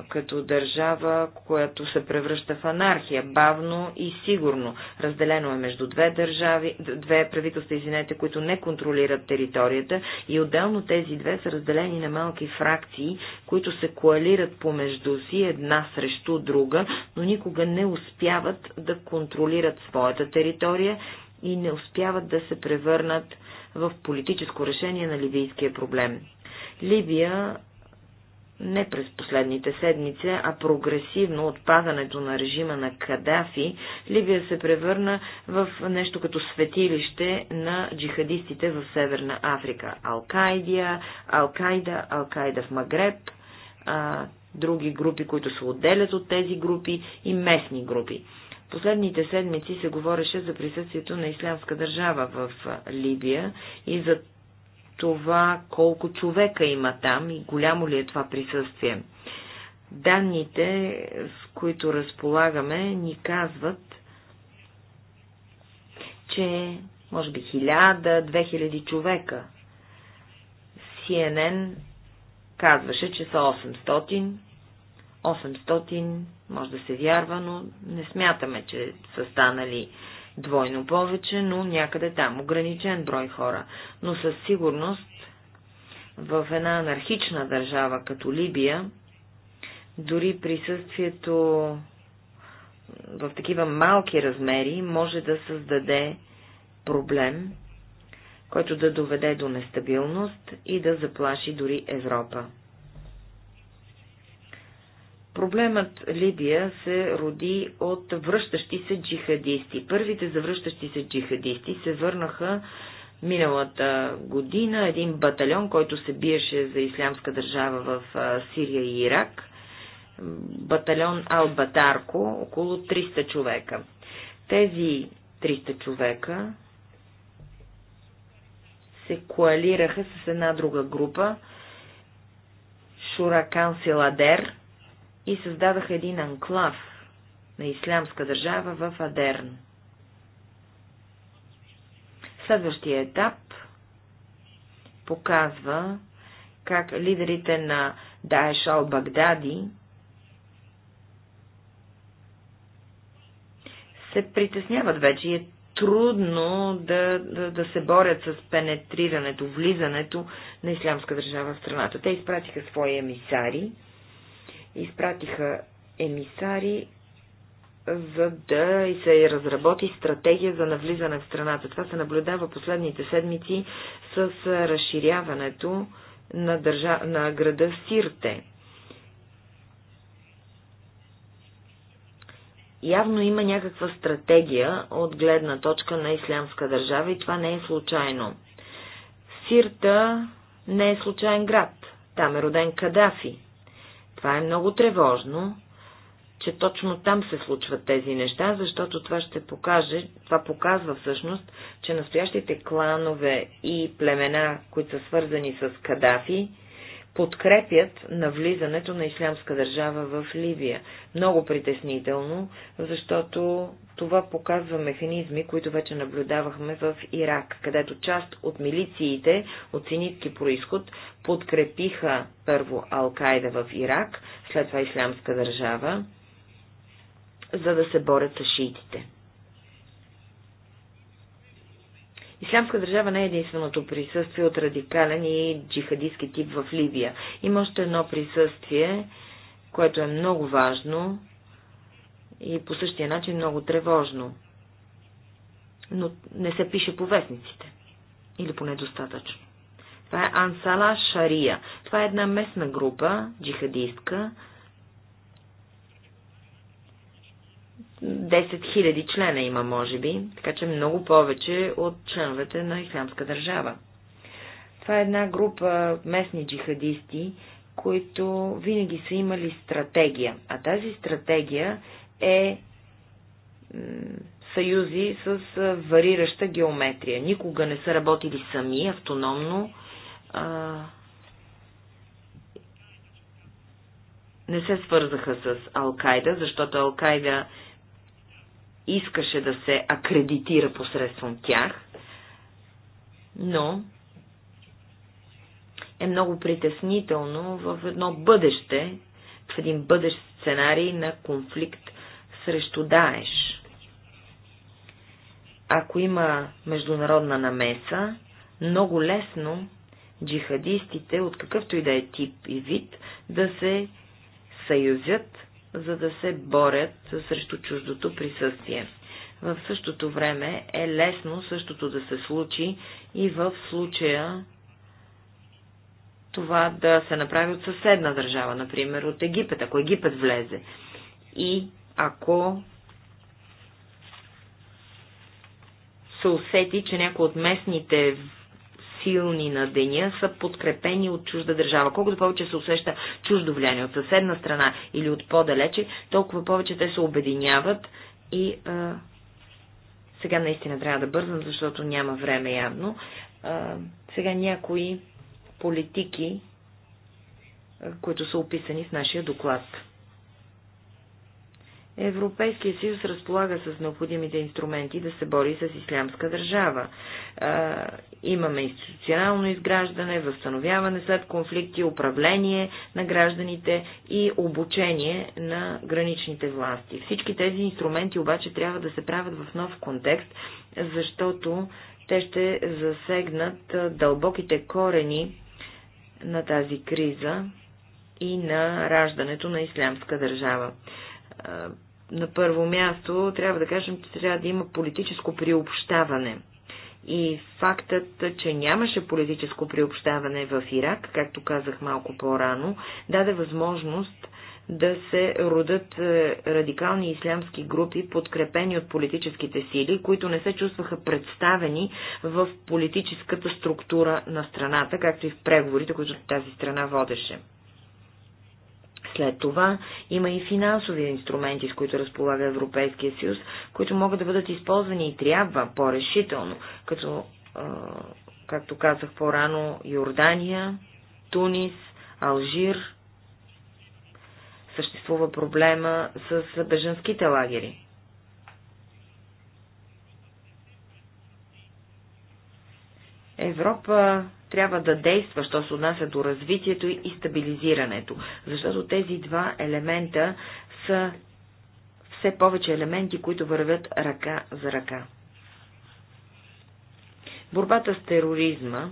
като държава, която се превръща в анархия, бавно и сигурно. Разделено е между две държави, две правителства, извинете, които не контролират територията и отделно тези две са разделени на малки фракции, които се коалират помежду си една срещу друга, но никога не успяват да контролират своята територия и не успяват да се превърнат в политическо решение на ливийския проблем. Либия не през последните седмици, а прогресивно отпадането на режима на Кадафи, Либия се превърна в нещо като светилище на джихадистите в Северна Африка. Алкайдия, Алкайда, Алкайда в Магреб, а, други групи, които се отделят от тези групи и местни групи. Последните седмици се говореше за присъствието на Ислямска държава в Либия и за това колко човека има там и голямо ли е това присъствие. Данните, с които разполагаме, ни казват, че може би 1000-2000 човека. CNN казваше, че са 800. 800 може да се вярва, но не смятаме, че са станали двойно повече, но някъде там, ограничен брой хора. Но със сигурност в една анархична държава като Либия, дори присъствието в такива малки размери може да създаде проблем, който да доведе до нестабилност и да заплаши дори Европа. Проблемът Либия се роди от връщащи се джихадисти. Първите завръщащи се джихадисти се върнаха миналата година един батальон, който се биеше за ислямска държава в Сирия и Ирак. Батальон Ал-Батарко, около 300 човека. Тези 300 човека се коалираха с една друга група, Шуракан Силадер, и създадаха един анклав на ислямска държава в Адерн. Следващия етап показва как лидерите на Даеш багдади се притесняват вече и е трудно да, да, да се борят с пенетрирането, влизането на ислямска държава в страната. Те изпратиха свои емисари, изпратиха емисари, за да и се разработи стратегия за навлизане в страната. Това се наблюдава последните седмици с разширяването на, държа... на града Сирте. Явно има някаква стратегия от гледна точка на ислямска държава и това не е случайно. Сирта не е случайен град. Там е роден Кадафи. Това е много тревожно, че точно там се случват тези неща, защото това ще покаже, това показва всъщност, че настоящите кланове и племена, които са свързани с Кадафи, подкрепят навлизането на ислямска държава в Ливия. Много притеснително, защото това показва механизми, които вече наблюдавахме в Ирак, където част от милициите от синитки происход подкрепиха първо Алкайда в Ирак, след това ислямска държава, за да се борят с шиитите. Ислямска държава не е единственото присъствие от радикален и джихадистски тип в Ливия. Има още едно присъствие, което е много важно и по същия начин много тревожно. Но не се пише по вестниците. Или поне достатъчно. Това е Ансала Шария. Това е една местна група, джихадистка, 10 000 члена има, може би, така че много повече от членовете на Исламска държава. Това е една група местни джихадисти, които винаги са имали стратегия. А тази стратегия е съюзи с варираща геометрия. Никога не са работили сами, автономно. А... Не се свързаха с Алкайда, защото Алкайда искаше да се акредитира посредством тях, но е много притеснително в едно бъдеще, в един бъдещ сценарий на конфликт срещу Даеш. Ако има международна намеса, много лесно джихадистите от какъвто и да е тип и вид да се съюзят за да се борят срещу чуждото присъствие. В същото време е лесно същото да се случи и в случая това да се направи от съседна държава, например от Египет, ако Египет влезе. И ако се усети, че някои от местните силни на деня са подкрепени от чужда държава. Колкото повече се усеща чуждо влияние от съседна страна или от по-далече, толкова повече те се обединяват и а, сега наистина трябва да бързам, защото няма време явно. А, сега някои политики, които са описани в нашия доклад. Европейския съюз разполага с необходимите инструменти да се бори с ислямска държава. А, имаме институционално изграждане, възстановяване след конфликти, управление на гражданите и обучение на граничните власти. Всички тези инструменти обаче трябва да се правят в нов контекст, защото те ще засегнат дълбоките корени на тази криза и на раждането на ислямска държава на първо място трябва да кажем, че трябва да има политическо приобщаване. И фактът, че нямаше политическо приобщаване в Ирак, както казах малко по-рано, даде възможност да се родат е, радикални ислямски групи, подкрепени от политическите сили, които не се чувстваха представени в политическата структура на страната, както и в преговорите, които тази страна водеше. След това има и финансови инструменти, с които разполага Европейския съюз, които могат да бъдат използвани и трябва по-решително, като, е, както казах по-рано, Йордания, Тунис, Алжир. Съществува проблема с беженските лагери. Европа трябва да действа, що се отнася до развитието и стабилизирането, защото тези два елемента са все повече елементи, които вървят ръка за ръка. Борбата с тероризма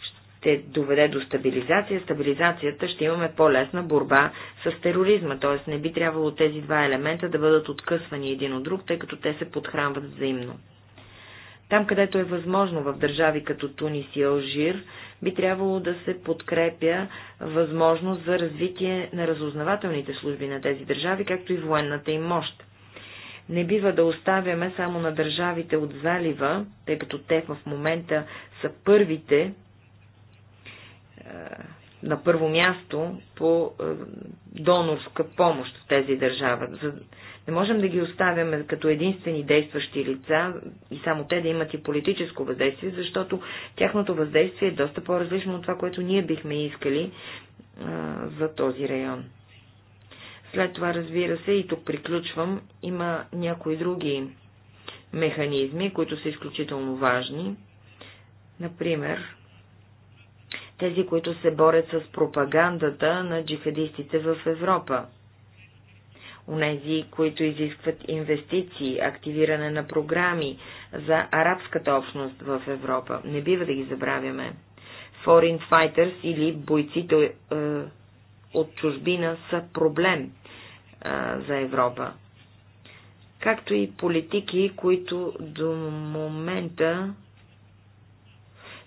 ще доведе до стабилизация. Стабилизацията ще имаме по-лесна борба с тероризма, т.е. не би трябвало тези два елемента да бъдат откъсвани един от друг, тъй като те се подхранват взаимно. Там, където е възможно в държави като Тунис и Алжир, би трябвало да се подкрепя възможност за развитие на разузнавателните служби на тези държави, както и военната им мощ. Не бива да оставяме само на държавите от залива, тъй като те в момента са първите, е, на първо място по е, донорска помощ в тези държави. Не можем да ги оставяме като единствени действащи лица и само те да имат и политическо въздействие, защото тяхното въздействие е доста по-различно от това, което ние бихме искали е, за този район. След това, разбира се, и тук приключвам, има някои други механизми, които са изключително важни. Например, тези, които се борят с пропагандата на джихадистите в Европа. Унези, които изискват инвестиции, активиране на програми за арабската общност в Европа. Не бива да ги забравяме. Foreign fighters или бойците е, от чужбина са проблем е, за Европа. Както и политики, които до момента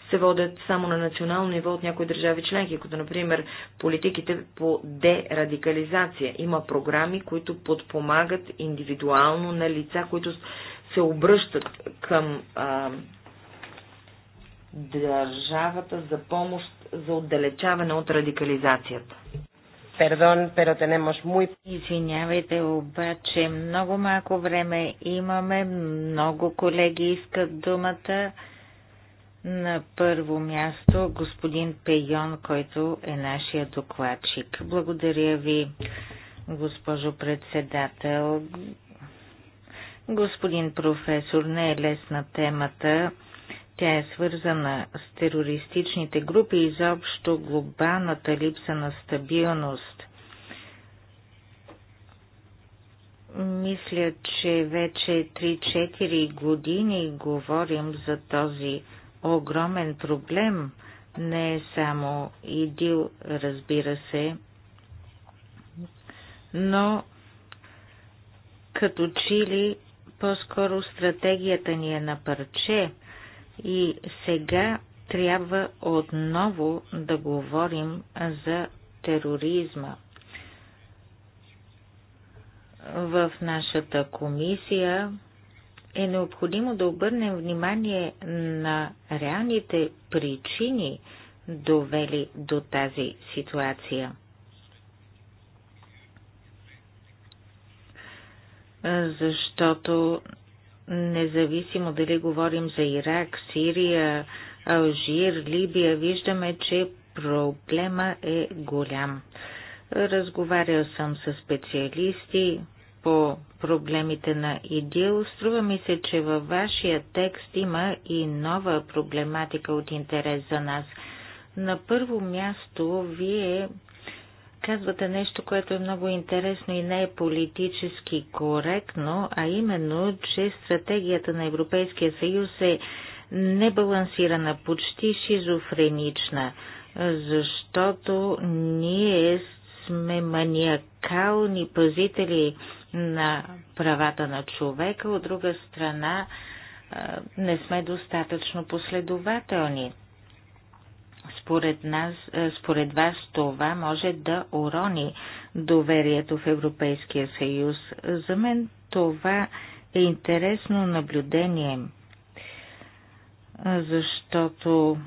се водят само на национално ниво от някои държави членки, като например политиките по дерадикализация. Има програми, които подпомагат индивидуално на лица, които се обръщат към а, държавата за помощ за отдалечаване от радикализацията. Пердон, pero tenemos muy... Извинявайте, обаче много малко време имаме, много колеги искат думата. На първо място господин Пейон, който е нашия докладчик. Благодаря ви, госпожо председател. Господин професор, не е лесна темата. Тя е свързана с терористичните групи и изобщо глобалната липса на стабилност. Мисля, че вече 3-4 години говорим за този огромен проблем. Не е само идил, разбира се, но като чили по-скоро стратегията ни е на парче и сега трябва отново да говорим за тероризма. В нашата комисия е необходимо да обърнем внимание на реалните причини, довели до тази ситуация. Защото независимо дали говорим за Ирак, Сирия, Алжир, Либия, виждаме, че проблема е голям. Разговарял съм с специалисти, по проблемите на ИДИЛ, струва ми се, че във вашия текст има и нова проблематика от интерес за нас. На първо място, вие казвате нещо, което е много интересно и не е политически коректно, а именно, че стратегията на Европейския съюз е небалансирана, почти шизофренична, защото ние сме маниакални пазители на правата на човека, от друга страна не сме достатъчно последователни. Според, нас, според вас това може да урони доверието в Европейския съюз. За мен това е интересно наблюдение, защото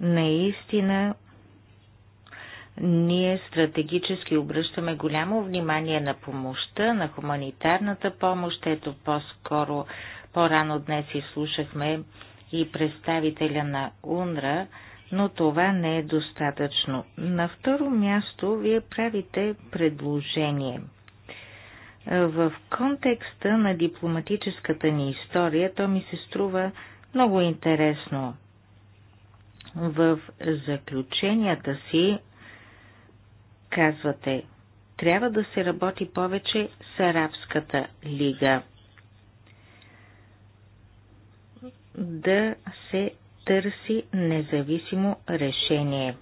наистина ние стратегически обръщаме голямо внимание на помощта, на хуманитарната помощ. Ето по-скоро, по-рано днес изслушахме и представителя на УНРА, но това не е достатъчно. На второ място вие правите предложение. В контекста на дипломатическата ни история, то ми се струва много интересно. В заключенията си Казвате, трябва да се работи повече с Арабската лига. Да се търси независимо решение.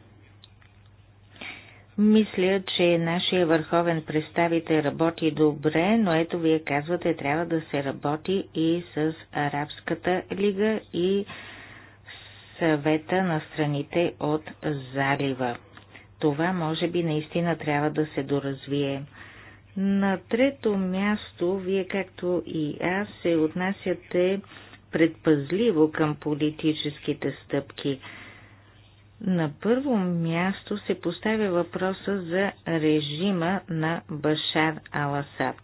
Мисля, че нашия върховен представител работи добре, но ето вие казвате, трябва да се работи и с Арабската лига и съвета на страните от залива. Това може би наистина трябва да се доразвие. На трето място, вие както и аз се отнасяте предпазливо към политическите стъпки. На първо място се поставя въпроса за режима на Башар Аласад.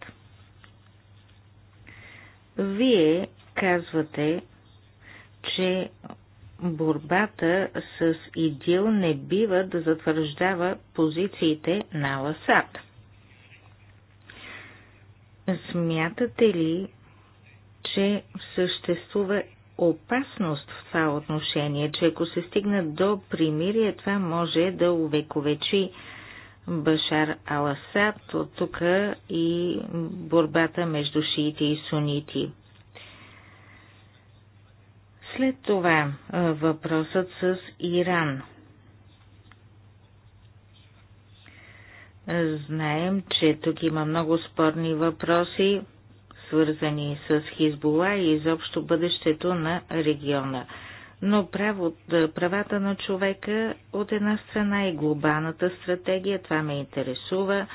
Вие казвате, че борбата с ИДИЛ не бива да затвърждава позициите на Ласад. Смятате ли, че съществува опасност в това отношение, че ако се стигна до примирие, това може да увековечи Башар Аласад, от тук и борбата между шиите и сунити. След това въпросът с Иран. Знаем, че тук има много спорни въпроси, свързани с Хизбола и изобщо бъдещето на региона. Но право, правата на човека от една страна и глобалната стратегия, това ме интересува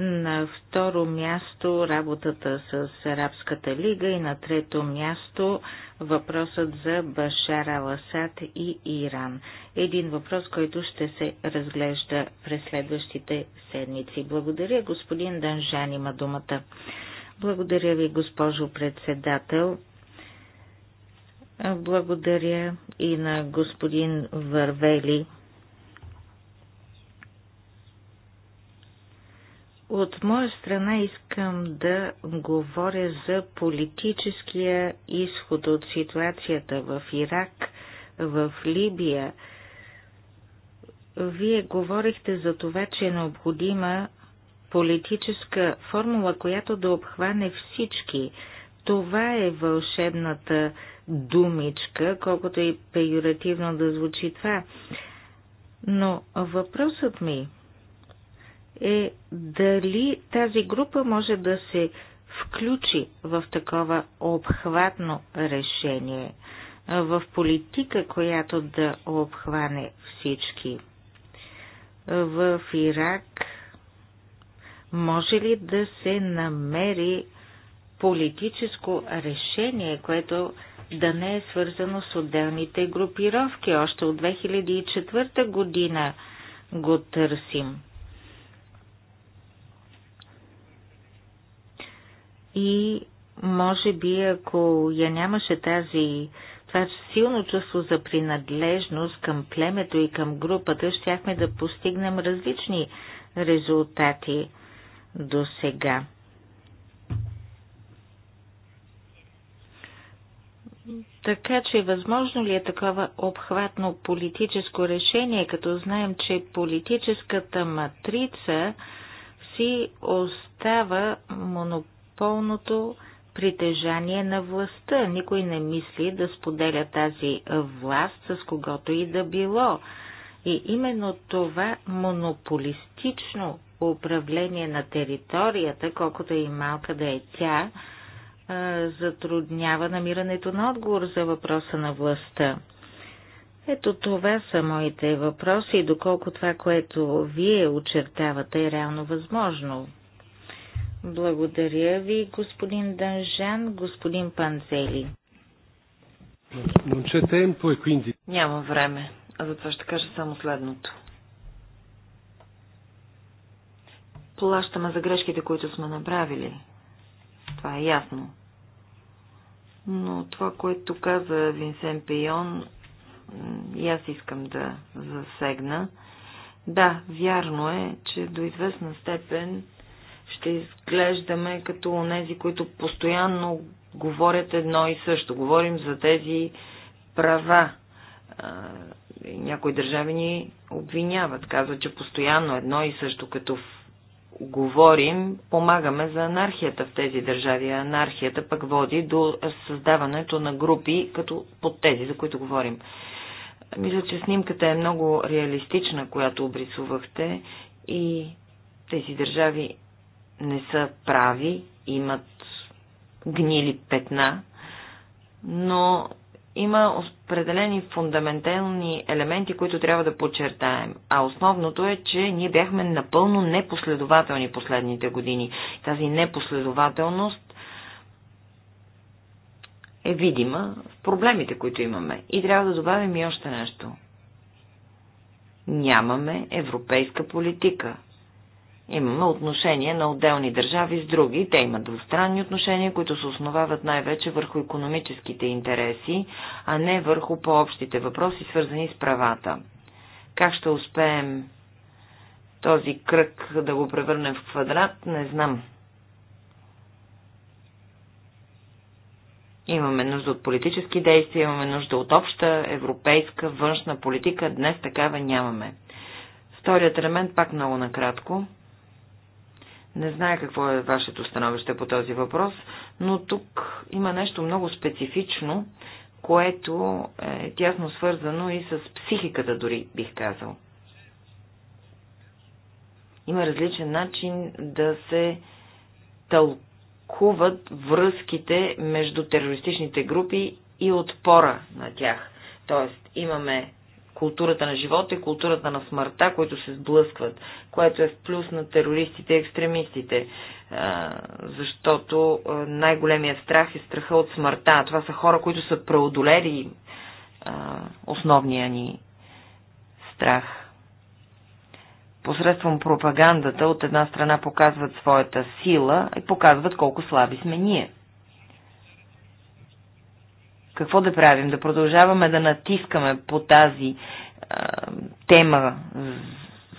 на второ място работата с Арабската лига и на трето място въпросът за Башар Аласад и Иран. Един въпрос, който ще се разглежда през следващите седмици. Благодаря, господин Данжан има думата. Благодаря ви, госпожо председател. Благодаря и на господин Вървели От моя страна искам да говоря за политическия изход от ситуацията в Ирак, в Либия. Вие говорихте за това, че е необходима политическа формула, която да обхване всички. Това е вълшебната думичка, колкото и пеюративно да звучи това. Но въпросът ми е дали тази група може да се включи в такова обхватно решение, в политика, която да обхване всички. В Ирак може ли да се намери политическо решение, което да не е свързано с отделните групировки. Още от 2004 година го търсим. И може би, ако я нямаше тази това силно чувство за принадлежност към племето и към групата, щяхме да постигнем различни резултати до сега. Така че възможно ли е такова обхватно политическо решение, като знаем, че политическата матрица си остава монополитична? пълното притежание на властта. Никой не мисли да споделя тази власт с когото и да било. И именно това монополистично управление на територията, колкото и малка да е тя, затруднява намирането на отговор за въпроса на властта. Ето това са моите въпроси и доколко това, което вие очертавате е реално възможно. Благодаря ви, господин Данжан, господин Панцели. E Няма време, а затова ще кажа само следното. Плащаме за грешките, които сме направили. Това е ясно. Но това, което каза Винсен Пейон, и аз искам да засегна. Да, вярно е, че до известна степен ще изглеждаме като онези, които постоянно говорят едно и също. Говорим за тези права. Някои държави ни обвиняват, казват, че постоянно едно и също като говорим, помагаме за анархията в тези държави. Анархията пък води до създаването на групи като под тези, за които говорим. Мисля, че снимката е много реалистична, която обрисувахте и тези държави не са прави, имат гнили петна, но има определени фундаментални елементи, които трябва да подчертаем. А основното е, че ние бяхме напълно непоследователни последните години. Тази непоследователност е видима в проблемите, които имаме. И трябва да добавим и още нещо. Нямаме европейска политика – Имаме отношения на отделни държави с други. Те имат двустранни отношения, които се основават най-вече върху економическите интереси, а не върху по-общите въпроси, свързани с правата. Как ще успеем този кръг да го превърнем в квадрат, не знам. Имаме нужда от политически действия, имаме нужда от обща европейска външна политика. Днес такава нямаме. Вторият елемент пак много накратко. Не знае какво е вашето становище по този въпрос, но тук има нещо много специфично, което е тясно свързано и с психиката дори, бих казал. Има различен начин да се тълкуват връзките между терористичните групи и отпора на тях. Тоест, имаме културата на живота и културата на смъртта, които се сблъскват, което е в плюс на терористите и екстремистите, защото най-големият страх е страха от смъртта. Това са хора, които са преодолели основния ни страх. Посредством пропагандата от една страна показват своята сила и показват колко слаби сме ние. Какво да правим? Да продължаваме да натискаме по тази а, тема,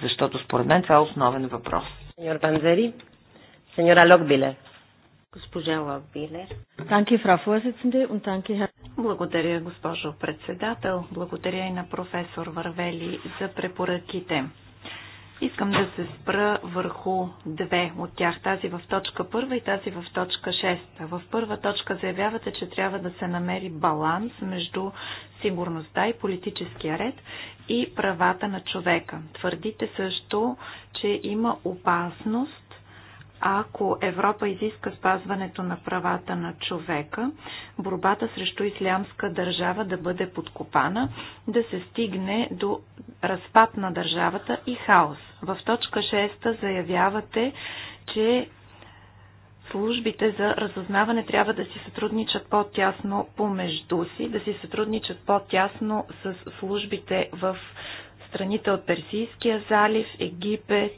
защото според мен това е основен въпрос. Сеньор Банзери, сеньора Локбиле. Госпожа Локбилер. Танки, und танки, Благодаря, госпожо председател. Благодаря и на професор Вървели за препоръките. Искам да се спра върху две от тях, тази в точка първа и тази в точка шеста. В първа точка заявявате, че трябва да се намери баланс между сигурността и политическия ред и правата на човека. Твърдите също, че има опасност ако Европа изиска спазването на правата на човека, борбата срещу ислямска държава да бъде подкопана, да се стигне до разпад на държавата и хаос. В точка 6 заявявате, че службите за разузнаване трябва да си сътрудничат по-тясно помежду си, да си сътрудничат по-тясно с службите в страните от Персийския залив, Египет,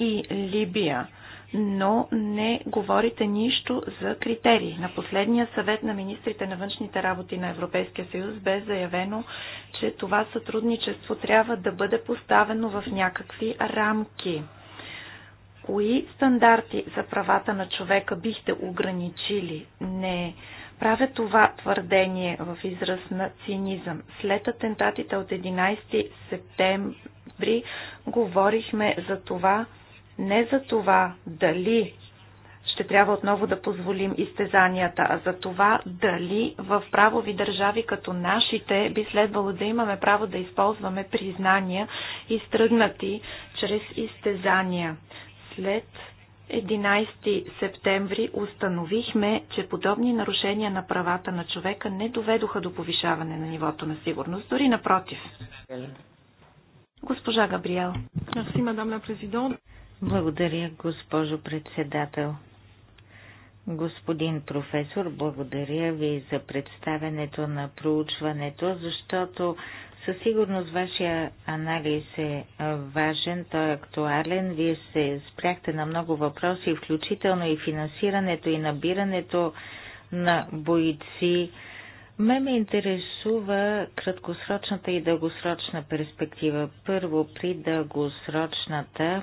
и Либия, но не говорите нищо за критерии. На последния съвет на министрите на външните работи на Европейския съюз бе заявено, че това сътрудничество трябва да бъде поставено в някакви рамки. Кои стандарти за правата на човека бихте ограничили? Не правя това твърдение в израз на цинизъм. След атентатите от 11 септември говорихме за това, не за това дали ще трябва отново да позволим изтезанията, а за това дали в правови държави като нашите би следвало да имаме право да използваме признания, изтръгнати чрез изтезания. След 11 септември установихме, че подобни нарушения на правата на човека не доведоха до повишаване на нивото на сигурност, дори напротив. Госпожа Габриел. Мерси, мадам президент. Благодаря, госпожо председател. Господин професор, благодаря ви за представенето на проучването, защото със сигурност вашия анализ е важен, той е актуален. Вие се спряхте на много въпроси, включително и финансирането и набирането на бойци. Ме ме интересува краткосрочната и дългосрочна перспектива. Първо, при дългосрочната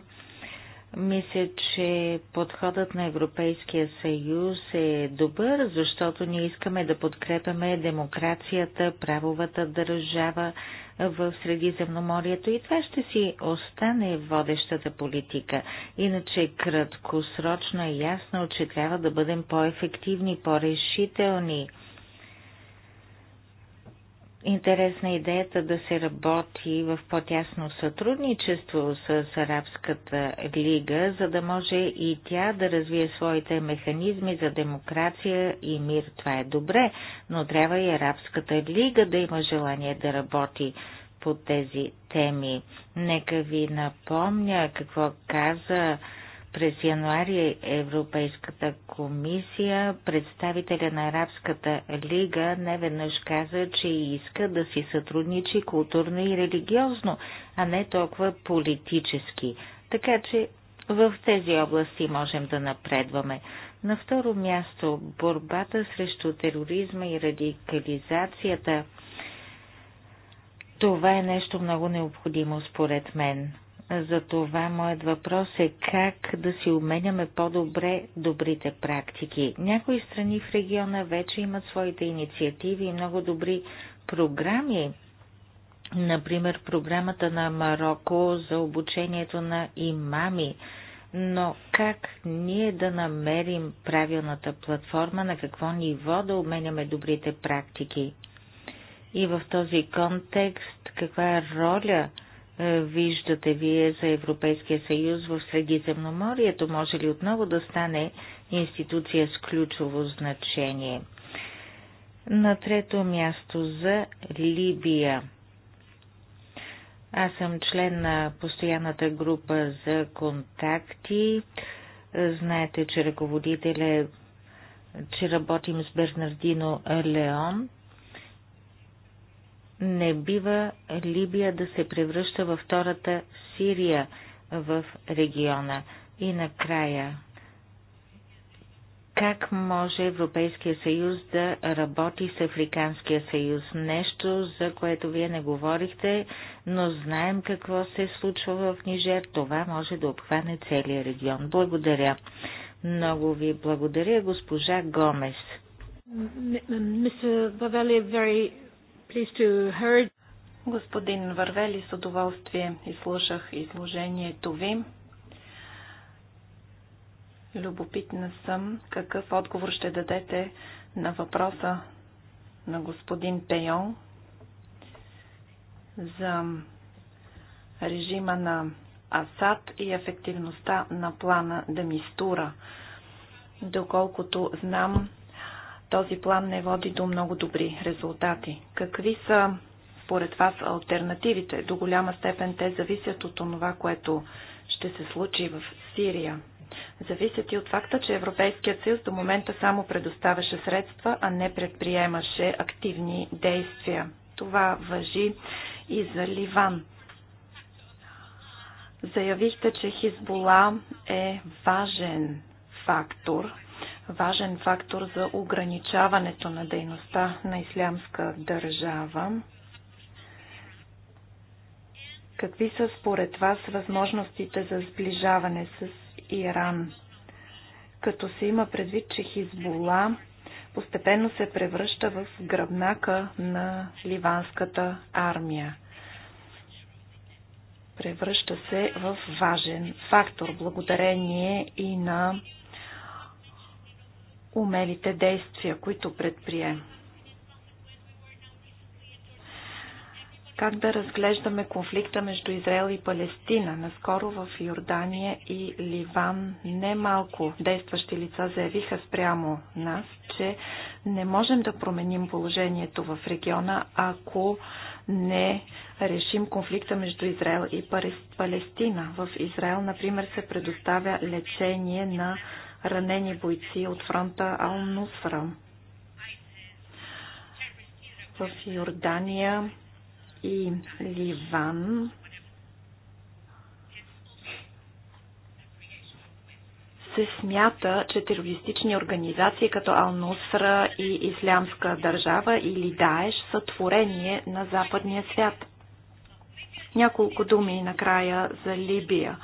мисля, че подходът на Европейския съюз е добър, защото ние искаме да подкрепяме демокрацията, правовата държава в Средиземноморието и това ще си остане водещата политика. Иначе краткосрочно е ясно, че трябва да бъдем по-ефективни, по-решителни интересна идеята да се работи в по-тясно сътрудничество с Арабската лига, за да може и тя да развие своите механизми за демокрация и мир. Това е добре, но трябва и Арабската лига да има желание да работи по тези теми. Нека ви напомня какво каза през януари Европейската комисия, представителя на Арабската лига, неведнъж каза, че иска да си сътрудничи културно и религиозно, а не толкова политически. Така че в тези области можем да напредваме. На второ място, борбата срещу тероризма и радикализацията. Това е нещо много необходимо според мен. Затова моят въпрос е как да си обменяме по-добре добрите практики. Някои страни в региона вече имат своите инициативи и много добри програми. Например, програмата на Марокко за обучението на имами. Но как ние да намерим правилната платформа, на какво ниво да обменяме добрите практики? И в този контекст, каква е роля – е, виждате вие за Европейския съюз в Средиземноморието? Може ли отново да стане институция с ключово значение? На трето място за Либия. Аз съм член на постоянната група за контакти. Знаете, че ръководителя, е, че работим с Бернардино Леон не бива Либия да се превръща във втората Сирия в региона. И накрая, как може Европейския съюз да работи с Африканския съюз? Нещо, за което вие не говорихте, но знаем какво се случва в Нижер. Това може да обхване целия регион. Благодаря. Много ви благодаря, госпожа Гомес. Mr. Bavelli, е very Господин Вървели, с удоволствие изслушах изложението ви. Любопитна съм какъв отговор ще дадете на въпроса на господин Пейон за режима на Асад и ефективността на плана Дамистура. Доколкото знам, този план не води до много добри резултати. Какви са според вас альтернативите? До голяма степен те зависят от това, което ще се случи в Сирия. Зависят и от факта, че Европейският съюз до момента само предоставяше средства, а не предприемаше активни действия. Това въжи и за Ливан. Заявихте, че Хизбола е важен фактор важен фактор за ограничаването на дейността на ислямска държава. Какви са според вас възможностите за сближаване с Иран? Като се има предвид, че Хизбола постепенно се превръща в гръбнака на ливанската армия. Превръща се в важен фактор благодарение и на умелите действия, които предприем. Как да разглеждаме конфликта между Израел и Палестина? Наскоро в Йордания и Ливан немалко действащи лица заявиха спрямо нас, че не можем да променим положението в региона, ако не решим конфликта между Израел и Палестина. В Израел, например, се предоставя лечение на ранени бойци от фронта Ал-Нусра. В Йордания и Ливан се смята, че терористични организации като Ал-Нусра и Ислямска държава или Даеш са творение на западния свят. Няколко думи накрая за Либия.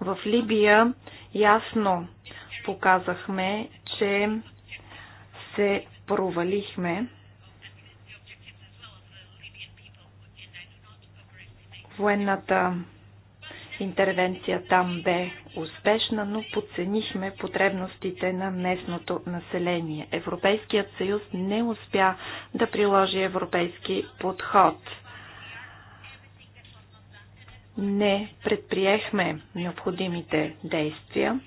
В Либия ясно показахме, че се провалихме. Военната интервенция там бе успешна, но подценихме потребностите на местното население. Европейският съюз не успя да приложи европейски подход. Не предприехме необходимите действия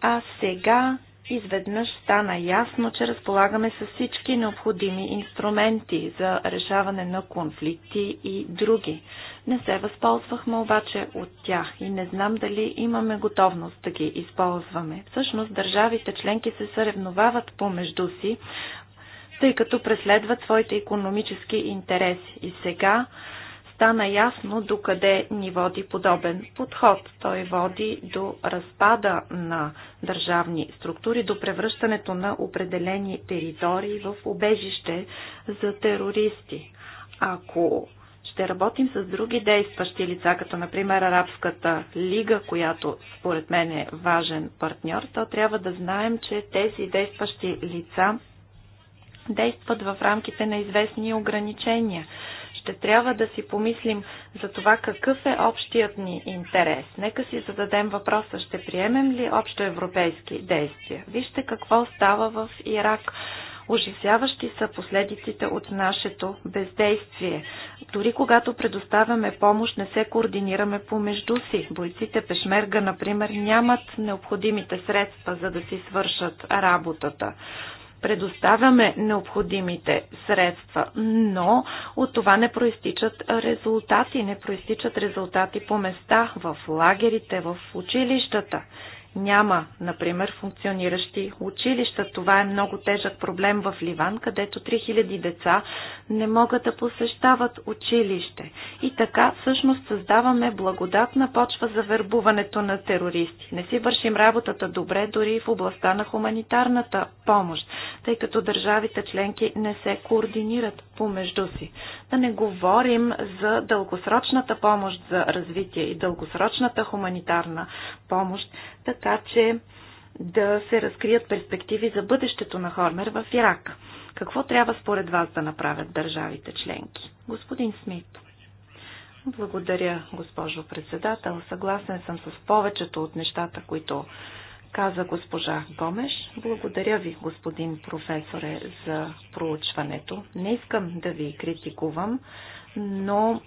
а сега изведнъж стана ясно, че разполагаме с всички необходими инструменти за решаване на конфликти и други. Не се възползвахме обаче от тях и не знам дали имаме готовност да ги използваме. Всъщност държавите членки се съревновават помежду си, тъй като преследват своите економически интереси. И сега стана ясно докъде ни води подобен подход. Той води до разпада на държавни структури, до превръщането на определени територии в обежище за терористи. Ако ще работим с други действащи лица, като например Арабската лига, която според мен е важен партньор, то трябва да знаем, че тези действащи лица действат в рамките на известни ограничения. Ще трябва да си помислим за това какъв е общият ни интерес. Нека си зададем въпроса, ще приемем ли общо европейски действия. Вижте какво става в Ирак. Ужасяващи са последиците от нашето бездействие. Дори когато предоставяме помощ, не се координираме помежду си. Бойците Пешмерга, например, нямат необходимите средства, за да си свършат работата предоставяме необходимите средства, но от това не проистичат резултати, не проистичат резултати по места, в лагерите, в училищата няма, например, функциониращи училища. Това е много тежък проблем в Ливан, където 3000 деца не могат да посещават училище. И така всъщност създаваме благодатна почва за вербуването на терористи. Не си вършим работата добре дори в областта на хуманитарната помощ, тъй като държавите членки не се координират помежду си. Да не говорим за дългосрочната помощ за развитие и дългосрочната хуманитарна помощ, така че да се разкрият перспективи за бъдещето на Хормер в Ирак. Какво трябва според вас да направят държавите членки? Господин Смит. Благодаря, госпожо председател. Съгласен съм с повечето от нещата, които каза госпожа Гомеш. Благодаря ви, господин професоре, за проучването. Не искам да ви критикувам, но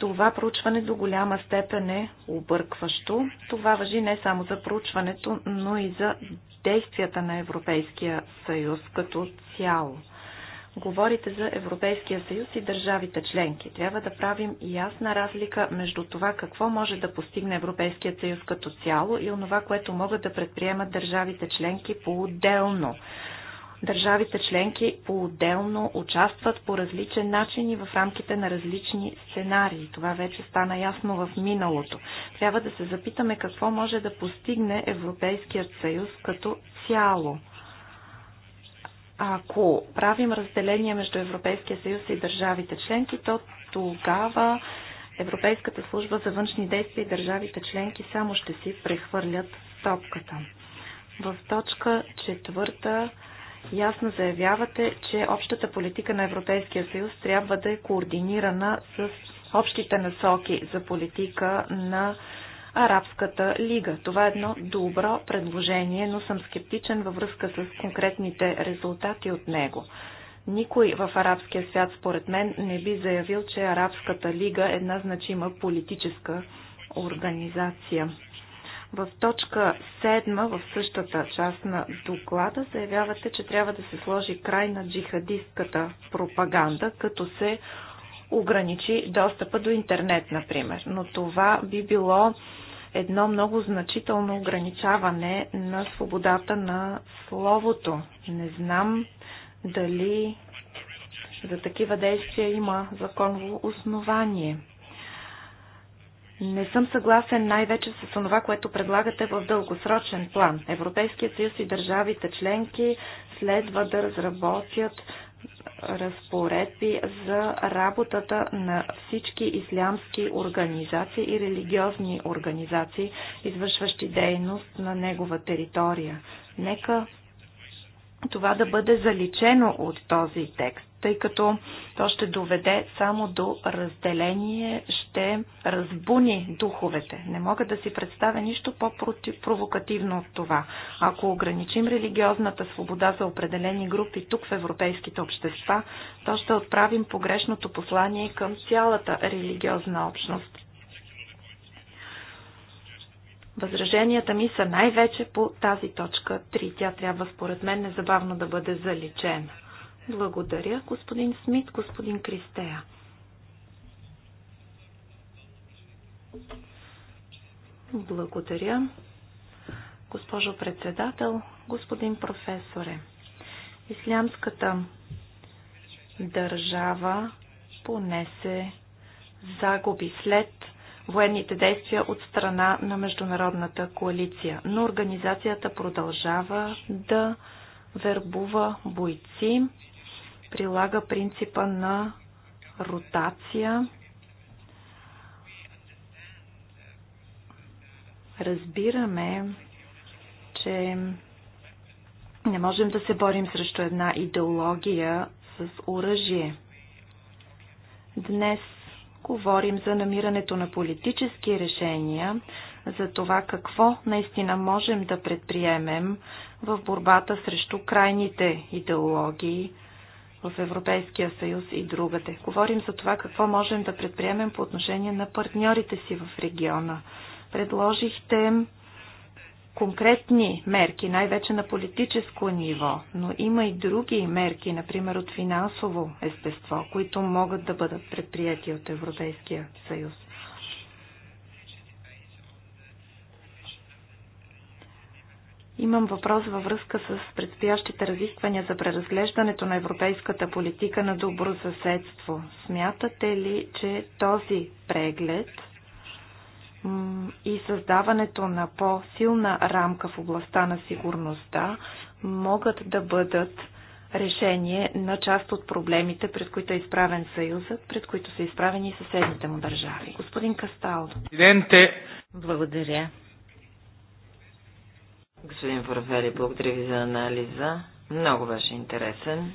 това проучване до голяма степен е объркващо. Това въжи не само за проучването, но и за действията на Европейския съюз като цяло. Говорите за Европейския съюз и държавите членки. Трябва да правим ясна разлика между това какво може да постигне Европейският съюз като цяло и онова, което могат да предприемат държавите членки по-отделно. Държавите членки по-отделно участват по различен начин и в рамките на различни сценарии. Това вече стана ясно в миналото. Трябва да се запитаме какво може да постигне Европейският съюз като цяло ако правим разделение между Европейския съюз и държавите членки, то тогава Европейската служба за външни действия и държавите членки само ще си прехвърлят топката. В точка четвърта ясно заявявате, че общата политика на Европейския съюз трябва да е координирана с общите насоки за политика на Арабската лига. Това е едно добро предложение, но съм скептичен във връзка с конкретните резултати от него. Никой в арабския свят, според мен, не би заявил, че Арабската лига е една значима политическа организация. В точка 7, в същата част на доклада, заявявате, че трябва да се сложи край на джихадистката пропаганда, като се ограничи достъпа до интернет, например. Но това би било едно много значително ограничаване на свободата на словото. Не знам дали за такива действия има законово основание. Не съм съгласен най-вече с това, което предлагате в дългосрочен план. Европейският съюз и държавите членки следва да разработят разпоредби за работата на всички ислямски организации и религиозни организации, извършващи дейност на негова територия. Нека това да бъде заличено от този текст, тъй като то ще доведе само до разделение, ще разбуни духовете. Не мога да си представя нищо по-провокативно от това. Ако ограничим религиозната свобода за определени групи тук в европейските общества, то ще отправим погрешното послание към цялата религиозна общност. Възраженията ми са най-вече по тази точка 3. Тя трябва според мен незабавно да бъде заличена. Благодаря, господин Смит, господин Кристея. Благодаря. Госпожо председател, господин професоре, Ислямската държава понесе загуби след военните действия от страна на международната коалиция. Но организацията продължава да вербува бойци, прилага принципа на ротация, разбираме, че не можем да се борим срещу една идеология с оръжие. Днес Говорим за намирането на политически решения, за това какво наистина можем да предприемем в борбата срещу крайните идеологии в Европейския съюз и другаде. Говорим за това какво можем да предприемем по отношение на партньорите си в региона. Предложихте конкретни мерки, най-вече на политическо ниво, но има и други мерки, например от финансово естество, които могат да бъдат предприяти от Европейския съюз. Имам въпрос във връзка с предстоящите разисквания за преразглеждането на европейската политика на добро съседство. Смятате ли, че този преглед – и създаването на по-силна рамка в областта на сигурността могат да бъдат решение на част от проблемите, пред които е изправен Съюзът, пред които са изправени и съседните му държави. Господин Касталдо. Благодаря. Господин Вървели, благодаря ви за анализа. Много беше интересен.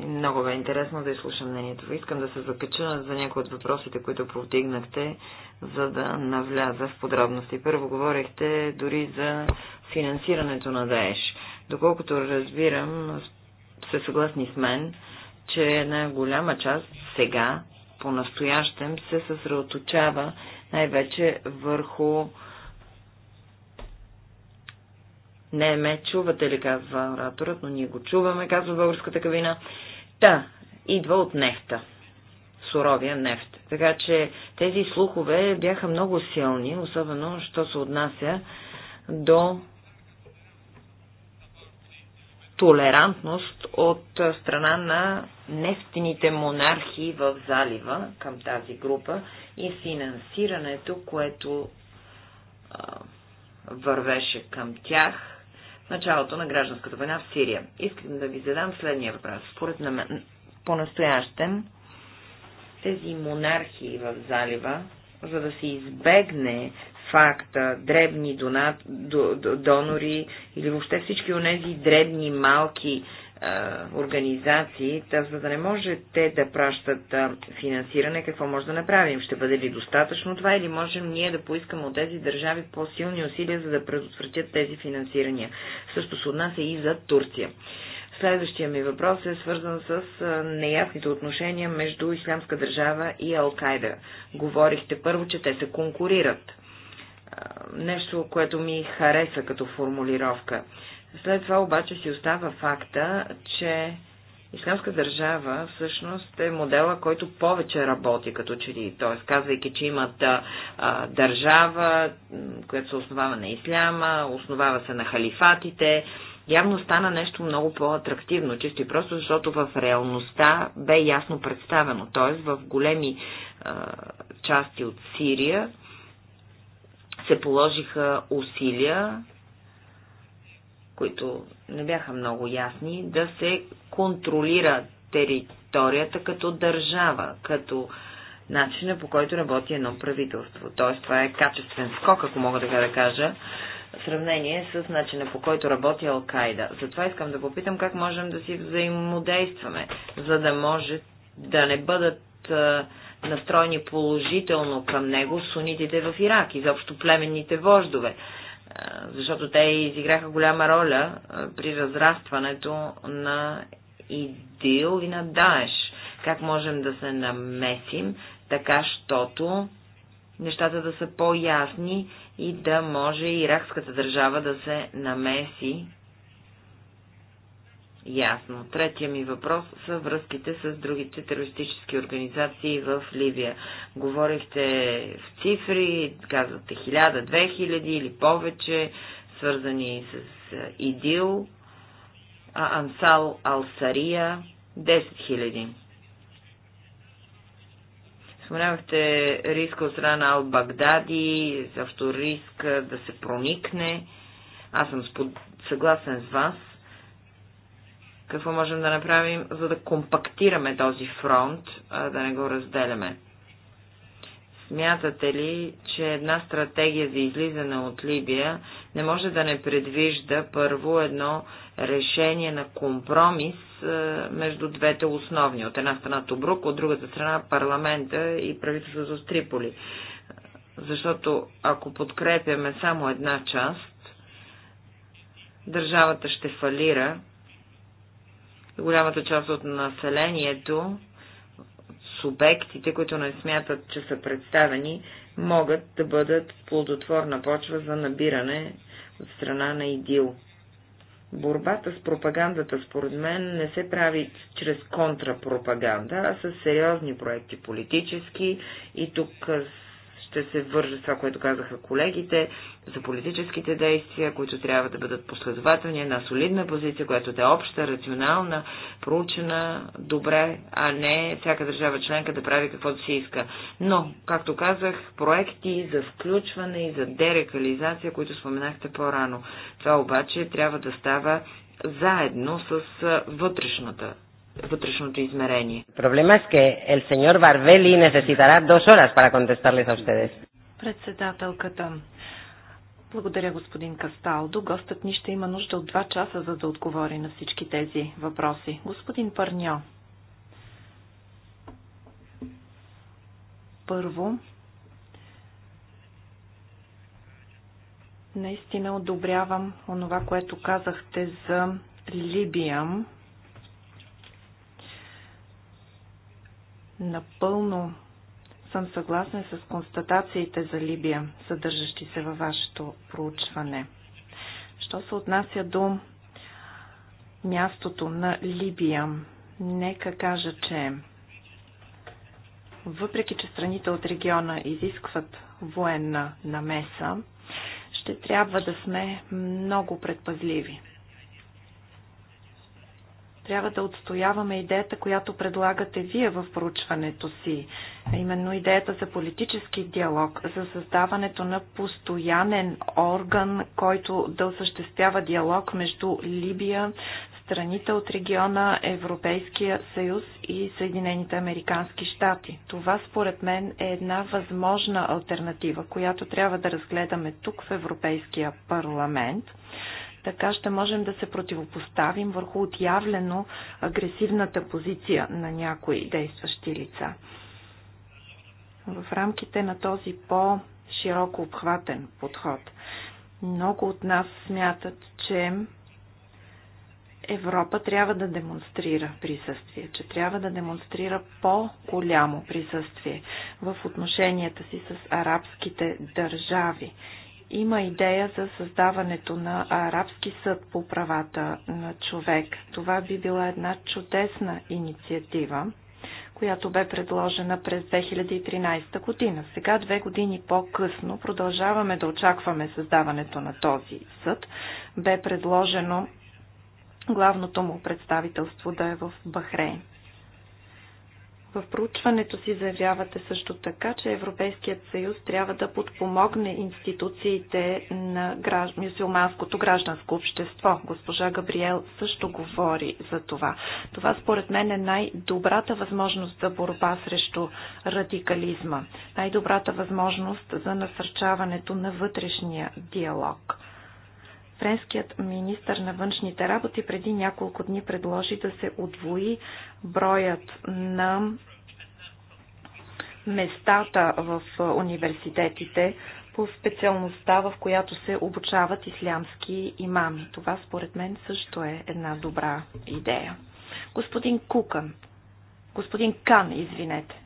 Много бе интересно да изслушам мнението ви. Искам да се закача за някои от въпросите, които повдигнахте, за да навляза в подробности. Първо говорихте дори за финансирането на ДАЕШ. Доколкото разбирам, се съгласни с мен, че една голяма част сега, по-настоящем, се съсредоточава най-вече върху не ме чувате ли, казва ораторът, но ние го чуваме, казва българската кабина. Та, идва от нефта. Суровия нефт. Така че тези слухове бяха много силни, особено, що се отнася до толерантност от страна на нефтените монархи в залива към тази група и финансирането, което а, вървеше към тях началото на гражданската война в Сирия. Искам да ви задам следния въпрос. Според на по-настоящем тези монархии в залива, за да се избегне факта, дребни донат, до, до, донори или въобще всички онези дребни, малки организации, та за да не може те да пращат финансиране, какво може да направим? Ще бъде ли достатъчно това или можем ние да поискаме от тези държави по-силни усилия, за да предотвратят тези финансирания? Също се отнася и за Турция. Следващия ми въпрос е свързан с неясните отношения между Ислямска държава и Алкайда. Говорихте първо, че те се конкурират. Нещо, което ми хареса като формулировка. След това обаче си остава факта, че Исламска държава всъщност е модела, който повече работи като че ли. Т.е. казвайки, че имат а, държава, която се основава на исляма, основава се на халифатите, явно стана нещо много по-атрактивно, чисто и просто, защото в реалността бе ясно представено. Т.е. в големи а, части от Сирия се положиха усилия които не бяха много ясни, да се контролира територията като държава, като начина по който работи едно правителство. Тоест, това е качествен скок, ако мога така да кажа, в сравнение с начина по който работи Алкайда. Затова искам да попитам как можем да си взаимодействаме, за да може да не бъдат настроени положително към него сунитите в Ирак, изобщо племенните вождове защото те изиграха голяма роля при разрастването на ИДИЛ и на ДАЕШ. Как можем да се намесим така, щото нещата да са по-ясни и да може иракската държава да се намеси ясно. Третия ми въпрос са връзките с другите терористически организации в Ливия. Говорихте в цифри, казвате 1000, 2000 или повече, свързани с ИДИЛ, а Ансал Алсария 10 000. Споменавахте риска от страна на багдади също риск да се проникне. Аз съм спод... съгласен с вас, какво можем да направим, за да компактираме този фронт, а да не го разделяме. Смятате ли, че една стратегия за излизане от Либия не може да не предвижда първо едно решение на компромис между двете основни? От една страна Тобрук, от другата страна парламента и правителството с Триполи. Защото ако подкрепяме само една част, държавата ще фалира Голямата част от населението, субектите, които не смятат, че са представени, могат да бъдат плодотворна почва за набиране от страна на ИДИЛ. Борбата с пропагандата, според мен, не се прави чрез контрапропаганда, а с сериозни проекти политически и тук ще се вържа с това, което казаха колегите, за политическите действия, които трябва да бъдат последователни, една солидна позиция, която да е обща, рационална, проучена, добре, а не всяка държава членка да прави каквото си иска. Но, както казах, проекти за включване и за дерекализация, които споменахте по-рано. Това обаче трябва да става заедно с вътрешната вътрешното измерение. Проблема е, че el señor Барвели necesitará dos horas para contestarles a ustedes. Председателката. Благодаря, господин Касталдо. Гостът ни ще има нужда от два часа, за да отговори на всички тези въпроси. Господин Парньо. Първо, наистина одобрявам онова, което казахте за Либия Напълно съм съгласен с констатациите за Либия, съдържащи се във вашето проучване. Що се отнася до мястото на Либия, нека кажа, че въпреки, че страните от региона изискват военна намеса, ще трябва да сме много предпазливи трябва да отстояваме идеята, която предлагате вие в проучването си, а именно идеята за политически диалог, за създаването на постоянен орган, който да осъществява диалог между Либия, страните от региона, Европейския съюз и Съединените Американски щати. Това според мен е една възможна альтернатива, която трябва да разгледаме тук в Европейския парламент. Така ще можем да се противопоставим върху отявлено агресивната позиция на някои действащи лица. В рамките на този по-широко обхватен подход, много от нас смятат, че Европа трябва да демонстрира присъствие, че трябва да демонстрира по-голямо присъствие в отношенията си с арабските държави има идея за създаването на Арабски съд по правата на човек. Това би била една чудесна инициатива, която бе предложена през 2013 година. Сега, две години по-късно, продължаваме да очакваме създаването на този съд. Бе предложено главното му представителство да е в Бахрейн. В проучването си заявявате също така, че Европейският съюз трябва да подпомогне институциите на гражд... мюсюлманското гражданско общество. Госпожа Габриел също говори за това. Това според мен е най-добрата възможност за борба срещу радикализма, най-добрата възможност за насърчаването на вътрешния диалог. Френският министр на външните работи преди няколко дни предложи да се отвои броят на местата в университетите по специалността, в която се обучават ислямски имами. Това според мен също е една добра идея. Господин Кукан, господин Кан, извинете.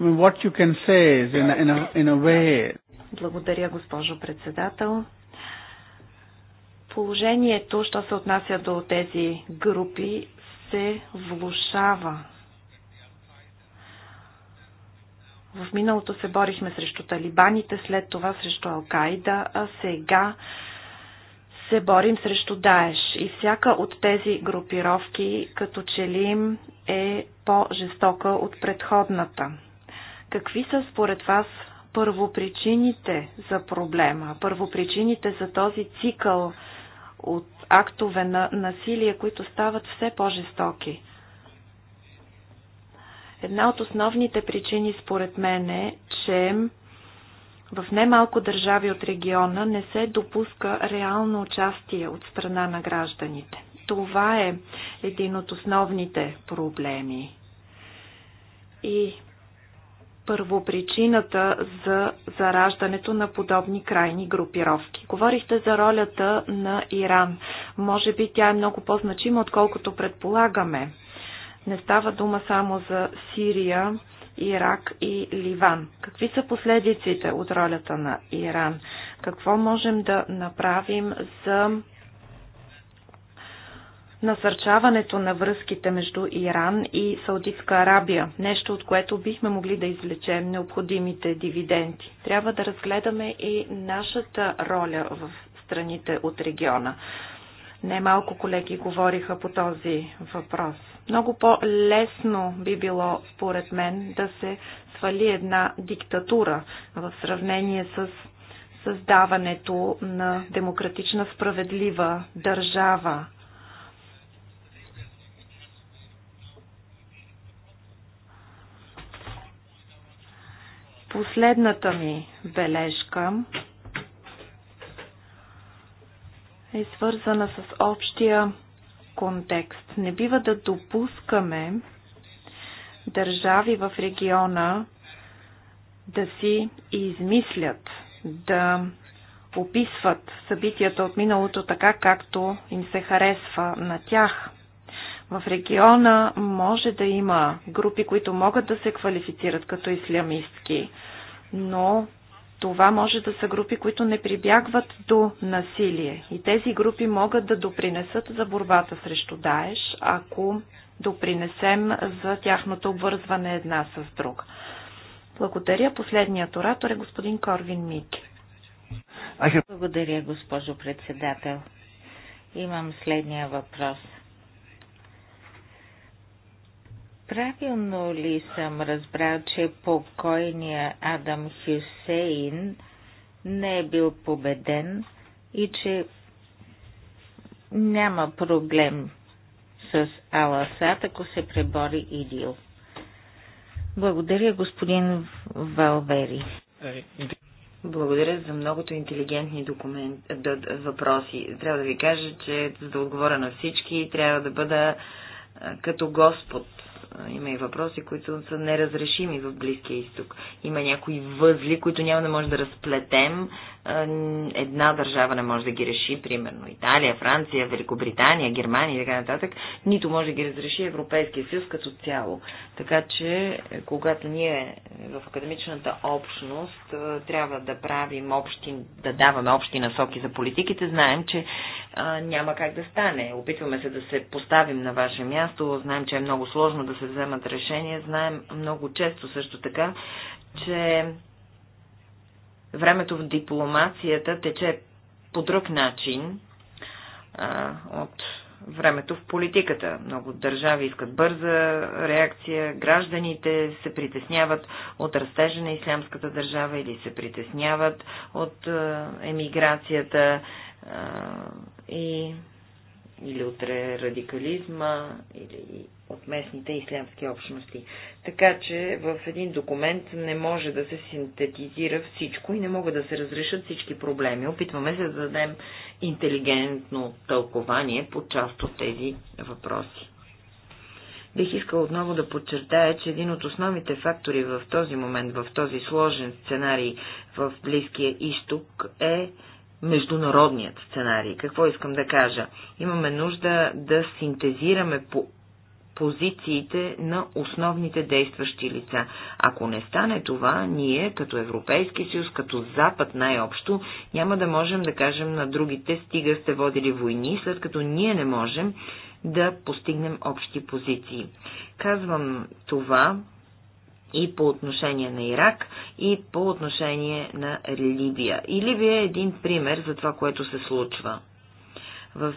What you can say is in a, in a, in a way... Благодаря, госпожо председател. Положението, що се отнася до тези групи, се влушава. В миналото се борихме срещу талибаните, след това срещу Алкайда, а сега се борим срещу Даеш. И всяка от тези групировки, като че ли им е по-жестока от предходната. Какви са според вас първопричините за проблема, първопричините за този цикъл от актове на насилие, които стават все по-жестоки. Една от основните причини според мен е, че в немалко държави от региона не се допуска реално участие от страна на гражданите. Това е един от основните проблеми. И първопричината за зараждането на подобни крайни групировки. Говорихте за ролята на Иран. Може би тя е много по-значима, отколкото предполагаме. Не става дума само за Сирия, Ирак и Ливан. Какви са последиците от ролята на Иран? Какво можем да направим за насърчаването на връзките между Иран и Саудитска Арабия, нещо от което бихме могли да извлечем необходимите дивиденти. Трябва да разгледаме и нашата роля в страните от региона. Немалко колеги говориха по този въпрос. Много по-лесно би било, според мен, да се свали една диктатура в сравнение с създаването на демократична справедлива държава, Последната ми бележка е свързана с общия контекст. Не бива да допускаме държави в региона да си измислят, да описват събитията от миналото така, както им се харесва на тях. В региона може да има групи, които могат да се квалифицират като ислямистки, но това може да са групи, които не прибягват до насилие. И тези групи могат да допринесат за борбата срещу Даеш, ако допринесем за тяхното обвързване една с друг. Благодаря. Последният оратор е господин Корвин Мик. Благодаря, госпожо председател. Имам следния въпрос – Правилно ли съм разбрал, че покойният Адам Хюсейн не е бил победен и че няма проблем с Аласат, ако се пребори Идил? Благодаря, господин Валвери. Благодаря за многото интелигентни документ, д, д, въпроси. Трябва да ви кажа, че за да отговоря на всички, трябва да бъда а, като Господ. Има и въпроси, които са неразрешими в Близкия изток. Има някои възли, които няма да може да разплетем една държава не може да ги реши, примерно Италия, Франция, Великобритания, Германия и така нататък, нито може да ги разреши Европейския съюз като цяло. Така че, е, когато ние в академичната общност е, трябва да правим общи, да даваме общи насоки за политиките, знаем, че а, няма как да стане. Опитваме се да се поставим на ваше място, знаем, че е много сложно да се вземат решения, знаем много често също така, че времето в дипломацията тече по друг начин а, от времето в политиката. Много държави искат бърза реакция, гражданите се притесняват от растежа на ислямската държава или се притесняват от емиграцията и или от радикализма, или от местните ислямски общности. Така че в един документ не може да се синтетизира всичко и не могат да се разрешат всички проблеми. Опитваме се да дадем интелигентно тълкование по част от тези въпроси. Бих искал отново да подчертая, че един от основните фактори в този момент, в този сложен сценарий в Близкия изток е международният сценарий. Какво искам да кажа? Имаме нужда да синтезираме по позициите на основните действащи лица. Ако не стане това, ние, като Европейски съюз, като Запад най-общо, няма да можем да кажем на другите, стига сте водили войни, след като ние не можем да постигнем общи позиции. Казвам това, и по отношение на Ирак, и по отношение на Либия. И Либия е един пример за това, което се случва.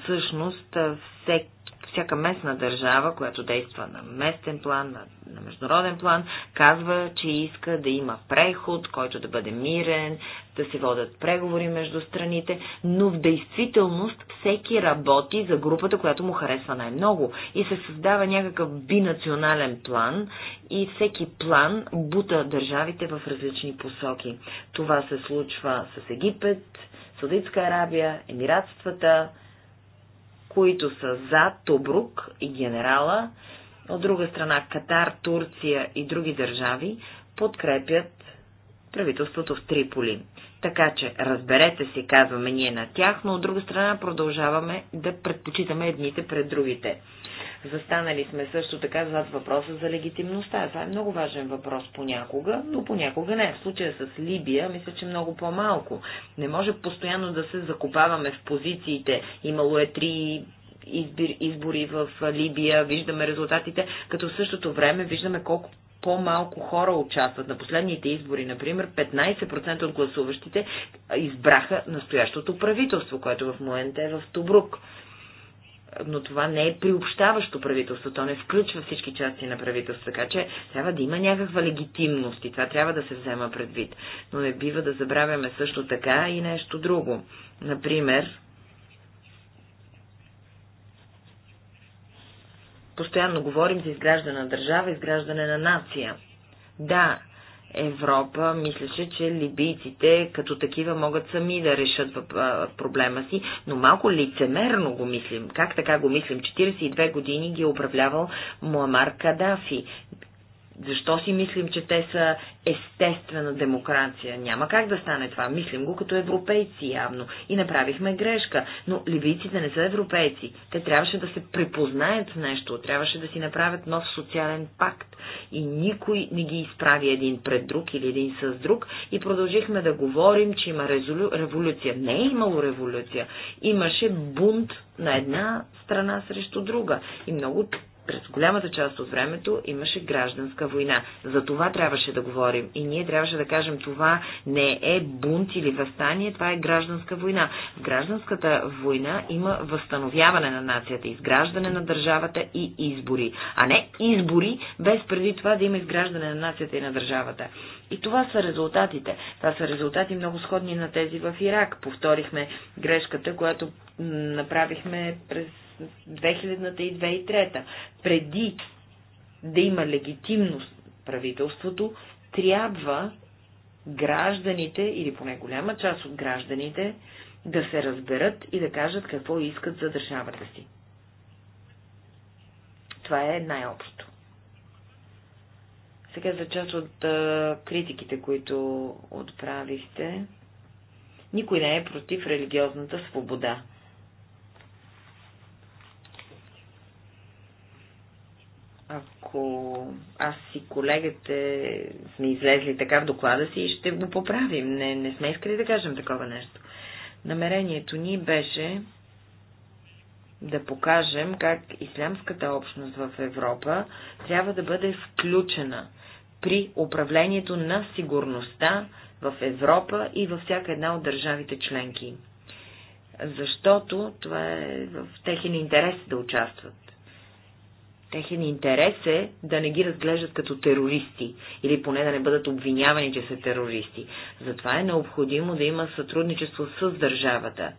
Всъщност, всеки всяка местна държава, която действа на местен план, на, на международен план, казва, че иска да има преход, който да бъде мирен, да се водят преговори между страните, но в действителност всеки работи за групата, която му харесва най-много и се създава някакъв бинационален план и всеки план бута държавите в различни посоки. Това се случва с Египет, Саудитска Арабия, Емиратствата, които са за Тубрук и генерала, от друга страна Катар, Турция и други държави подкрепят правителството в Триполи. Така че, разберете се, казваме ние на тях, но от друга страна продължаваме да предпочитаме едните пред другите. Застанали сме също така зад въпроса за легитимността. Това е много важен въпрос понякога, но понякога не. В случая с Либия, мисля, че много по-малко. Не може постоянно да се закопаваме в позициите. Имало е три избори в Либия, виждаме резултатите, като в същото време виждаме колко по-малко хора участват. На последните избори, например, 15% от гласуващите избраха настоящото правителство, което в момента е в Тобрук. Но това не е приобщаващо правителство, то не включва всички части на правителство, така че трябва да има някаква легитимност и това трябва да се взема предвид. Но не бива да забравяме също така и нещо друго. Например, Постоянно говорим за изграждане на държава, изграждане на нация. Да, Европа мислеше, че либийците като такива могат сами да решат проблема си, но малко лицемерно го мислим. Как така го мислим? 42 години ги е управлявал Муамар Кадафи. Защо си мислим, че те са естествена демокрация? Няма как да стане това. Мислим го като европейци явно. И направихме грешка. Но ливийците не са европейци. Те трябваше да се препознаят в нещо. Трябваше да си направят нов социален пакт. И никой не ги изправи един пред друг или един с друг. И продължихме да говорим, че има резолю... революция. Не е имало революция. Имаше бунт на една страна срещу друга. И много през голямата част от времето имаше гражданска война. За това трябваше да говорим. И ние трябваше да кажем, това не е бунт или възстание, това е гражданска война. В гражданската война има възстановяване на нацията, изграждане на държавата и избори. А не избори без преди това да има изграждане на нацията и на държавата. И това са резултатите. Това са резултати много сходни на тези в Ирак. Повторихме грешката, която направихме през 2000-та и 2003-та. Преди да има легитимност правителството, трябва гражданите, или поне голяма част от гражданите, да се разберат и да кажат какво искат за държавата си. Това е най-общо. Сега за част от а, критиките, които отправихте. Никой не е против религиозната свобода. Ако аз и колегите сме излезли така в доклада си, ще го поправим. Не, не сме искали да кажем такова нещо. Намерението ни беше да покажем как ислямската общност в Европа трябва да бъде включена при управлението на сигурността в Европа и във всяка една от държавите членки. Защото това е в техен интерес да участват. Техен интерес е да не ги разглеждат като терористи или поне да не бъдат обвинявани, че са терористи. Затова е необходимо да има сътрудничество с държавата,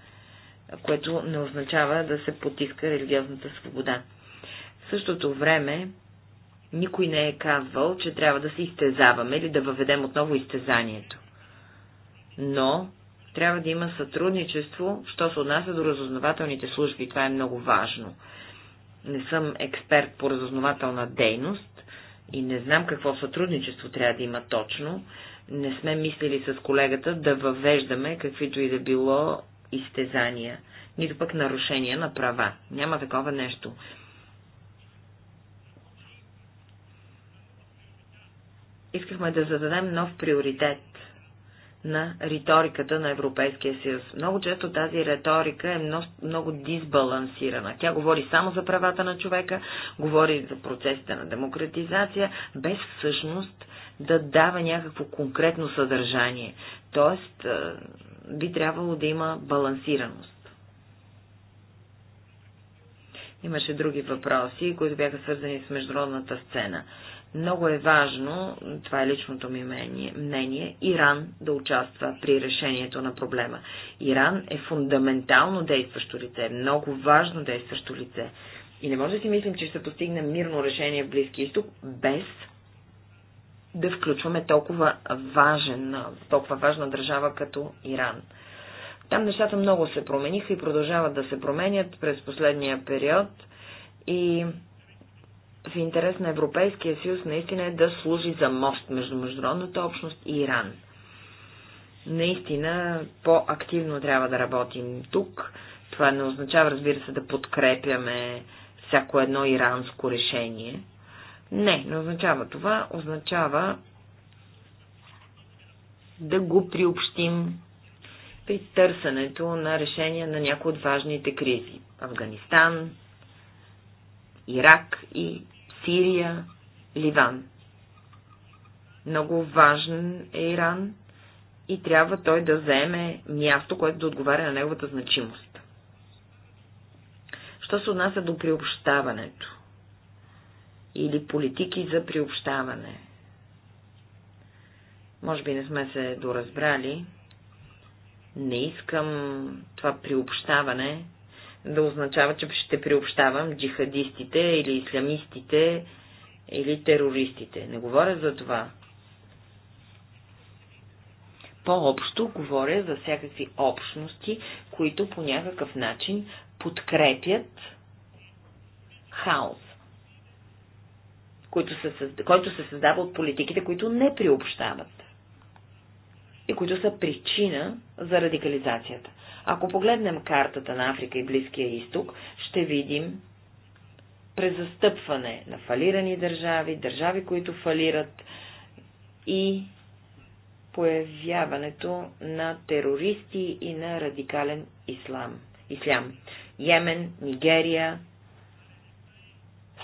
което не означава да се потиска религиозната свобода. В същото време никой не е казвал, че трябва да се изтезаваме или да въведем отново изтезанието. Но трябва да има сътрудничество, що се отнася до разузнавателните служби. Това е много важно не съм експерт по разузнавателна дейност и не знам какво сътрудничество трябва да има точно. Не сме мислили с колегата да въвеждаме каквито и да било изтезания, нито пък нарушения на права. Няма такова нещо. Искахме да зададем нов приоритет на риториката на Европейския съюз. Много често тази риторика е много, много дисбалансирана. Тя говори само за правата на човека, говори за процесите на демократизация, без всъщност да дава някакво конкретно съдържание. Тоест, би трябвало да има балансираност. Имаше други въпроси, които бяха свързани с международната сцена. Много е важно, това е личното ми мнение, Иран да участва при решението на проблема. Иран е фундаментално действащо лице, много важно действащо лице. И не може да си мислим, че ще постигне мирно решение в Близки изток без да включваме толкова, важен, толкова важна държава като Иран. Там нещата много се промениха и продължават да се променят през последния период и в интерес на Европейския съюз наистина е да служи за мост между международната общност и Иран. Наистина по-активно трябва да работим тук. Това не означава, разбира се, да подкрепяме всяко едно иранско решение. Не, не означава това. Означава да го приобщим при търсенето на решение на някои от важните кризи. Афганистан, Ирак и Сирия, Ливан. Много важен е Иран и трябва той да заеме място, което да отговаря на неговата значимост. Що се отнася до приобщаването? Или политики за приобщаване? Може би не сме се доразбрали. Не искам това приобщаване да означава, че ще приобщавам джихадистите или исламистите или терористите. Не говоря за това. По-общо говоря за всякакви общности, които по някакъв начин подкрепят хаос, който се, създ... който се създава от политиките, които не приобщават и които са причина за радикализацията. Ако погледнем картата на Африка и Близкия изток, ще видим презастъпване на фалирани държави, държави, които фалират и появяването на терористи и на радикален ислам. ислям. Йемен, Нигерия,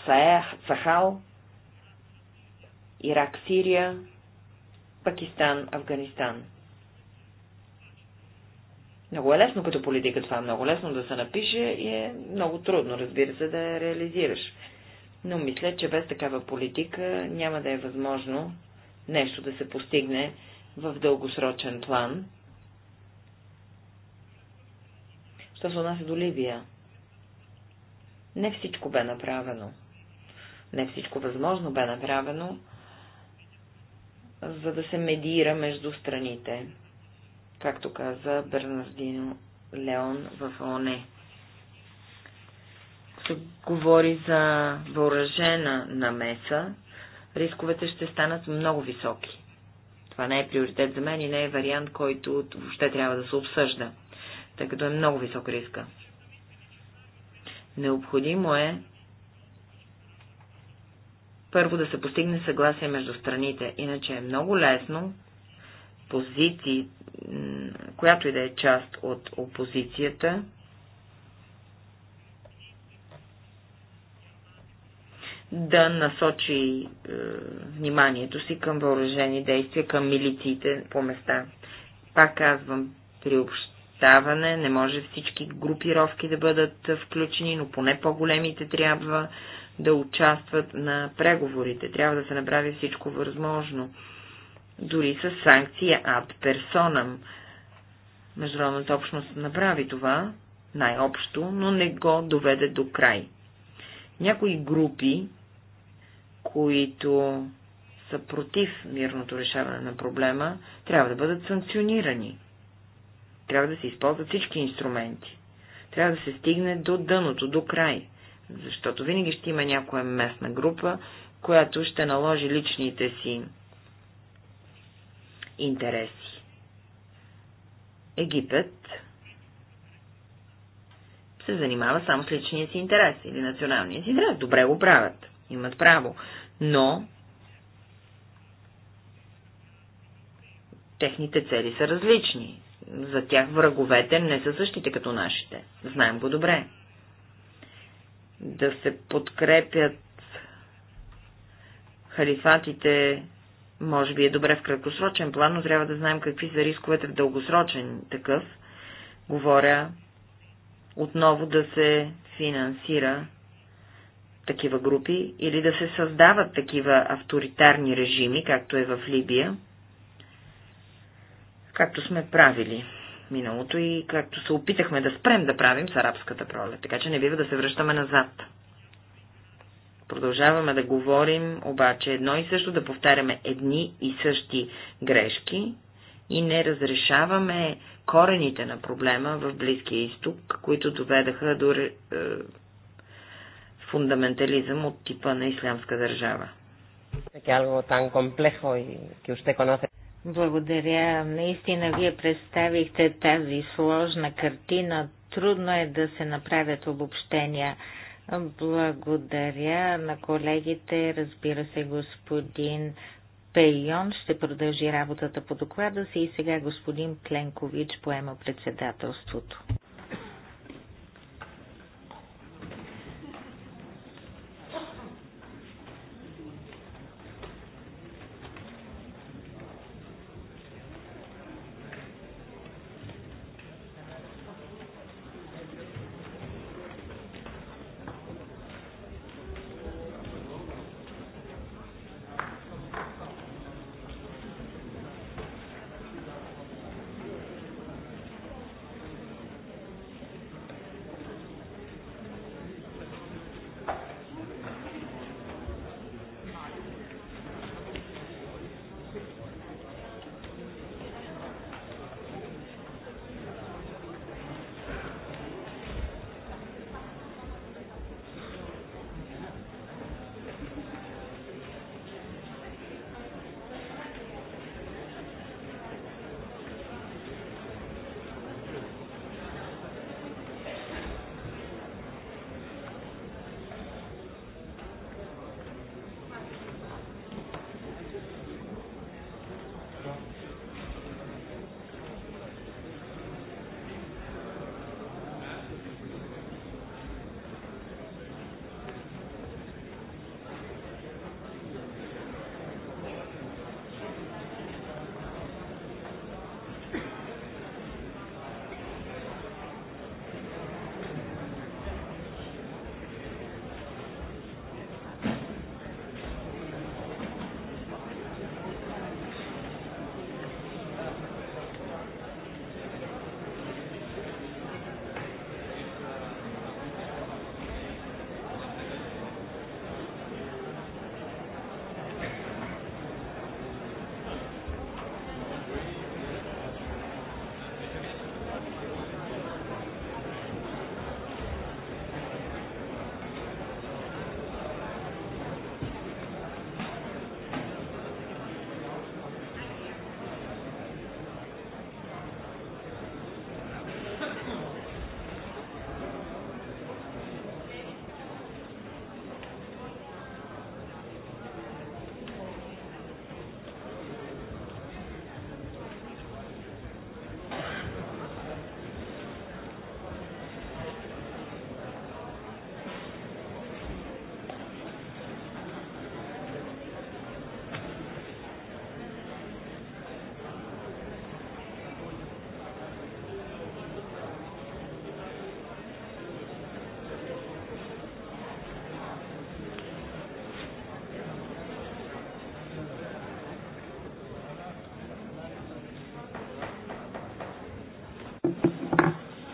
Саех, Сахал, Ирак, Сирия, Пакистан, Афганистан. Много е лесно като политика това, е много лесно да се напише и е много трудно, разбира се, да я реализираш. Но мисля, че без такава политика няма да е възможно нещо да се постигне в дългосрочен план. Що се отнася до Ливия? Не всичко бе направено. Не всичко възможно бе направено, за да се медира между страните както каза Бернардино Леон в ОНЕ. Се говори за въоръжена намеса, рисковете ще станат много високи. Това не е приоритет за мен и не е вариант, който въобще трябва да се обсъжда, тъй като е много висок риска. Необходимо е първо да се постигне съгласие между страните, иначе е много лесно позиции, която и да е част от опозицията, да насочи е, вниманието си към въоръжени действия, към милициите по места. Пак казвам, приобщаване, не може всички групировки да бъдат включени, но поне по-големите трябва да участват на преговорите. Трябва да се направи всичко възможно дори с санкция ад персонам. Международната общност направи това, най-общо, но не го доведе до край. Някои групи, които са против мирното решаване на проблема, трябва да бъдат санкционирани. Трябва да се използват всички инструменти. Трябва да се стигне до дъното, до край, защото винаги ще има някоя местна група, която ще наложи личните си интереси. Египет се занимава само с личния си интерес или националния си интерес. Добре го правят. Имат право. Но техните цели са различни. За тях враговете не са същите като нашите. Знаем го добре. Да се подкрепят халифатите може би е добре в краткосрочен план, но трябва да знаем какви са рисковете в дългосрочен такъв. Говоря отново да се финансира такива групи или да се създават такива авторитарни режими, както е в Либия, както сме правили миналото и както се опитахме да спрем да правим с арабската пролет, така че не бива да се връщаме назад. Продължаваме да говорим обаче едно и също, да повтаряме едни и същи грешки и не разрешаваме корените на проблема в Близкия изток, които доведаха до е, фундаментализъм от типа на ислямска държава. Е Благодаря. Наистина вие представихте тази сложна картина. Трудно е да се направят обобщения. Благодаря на колегите. Разбира се, господин Пейон ще продължи работата по доклада си и сега господин Пленкович поема председателството.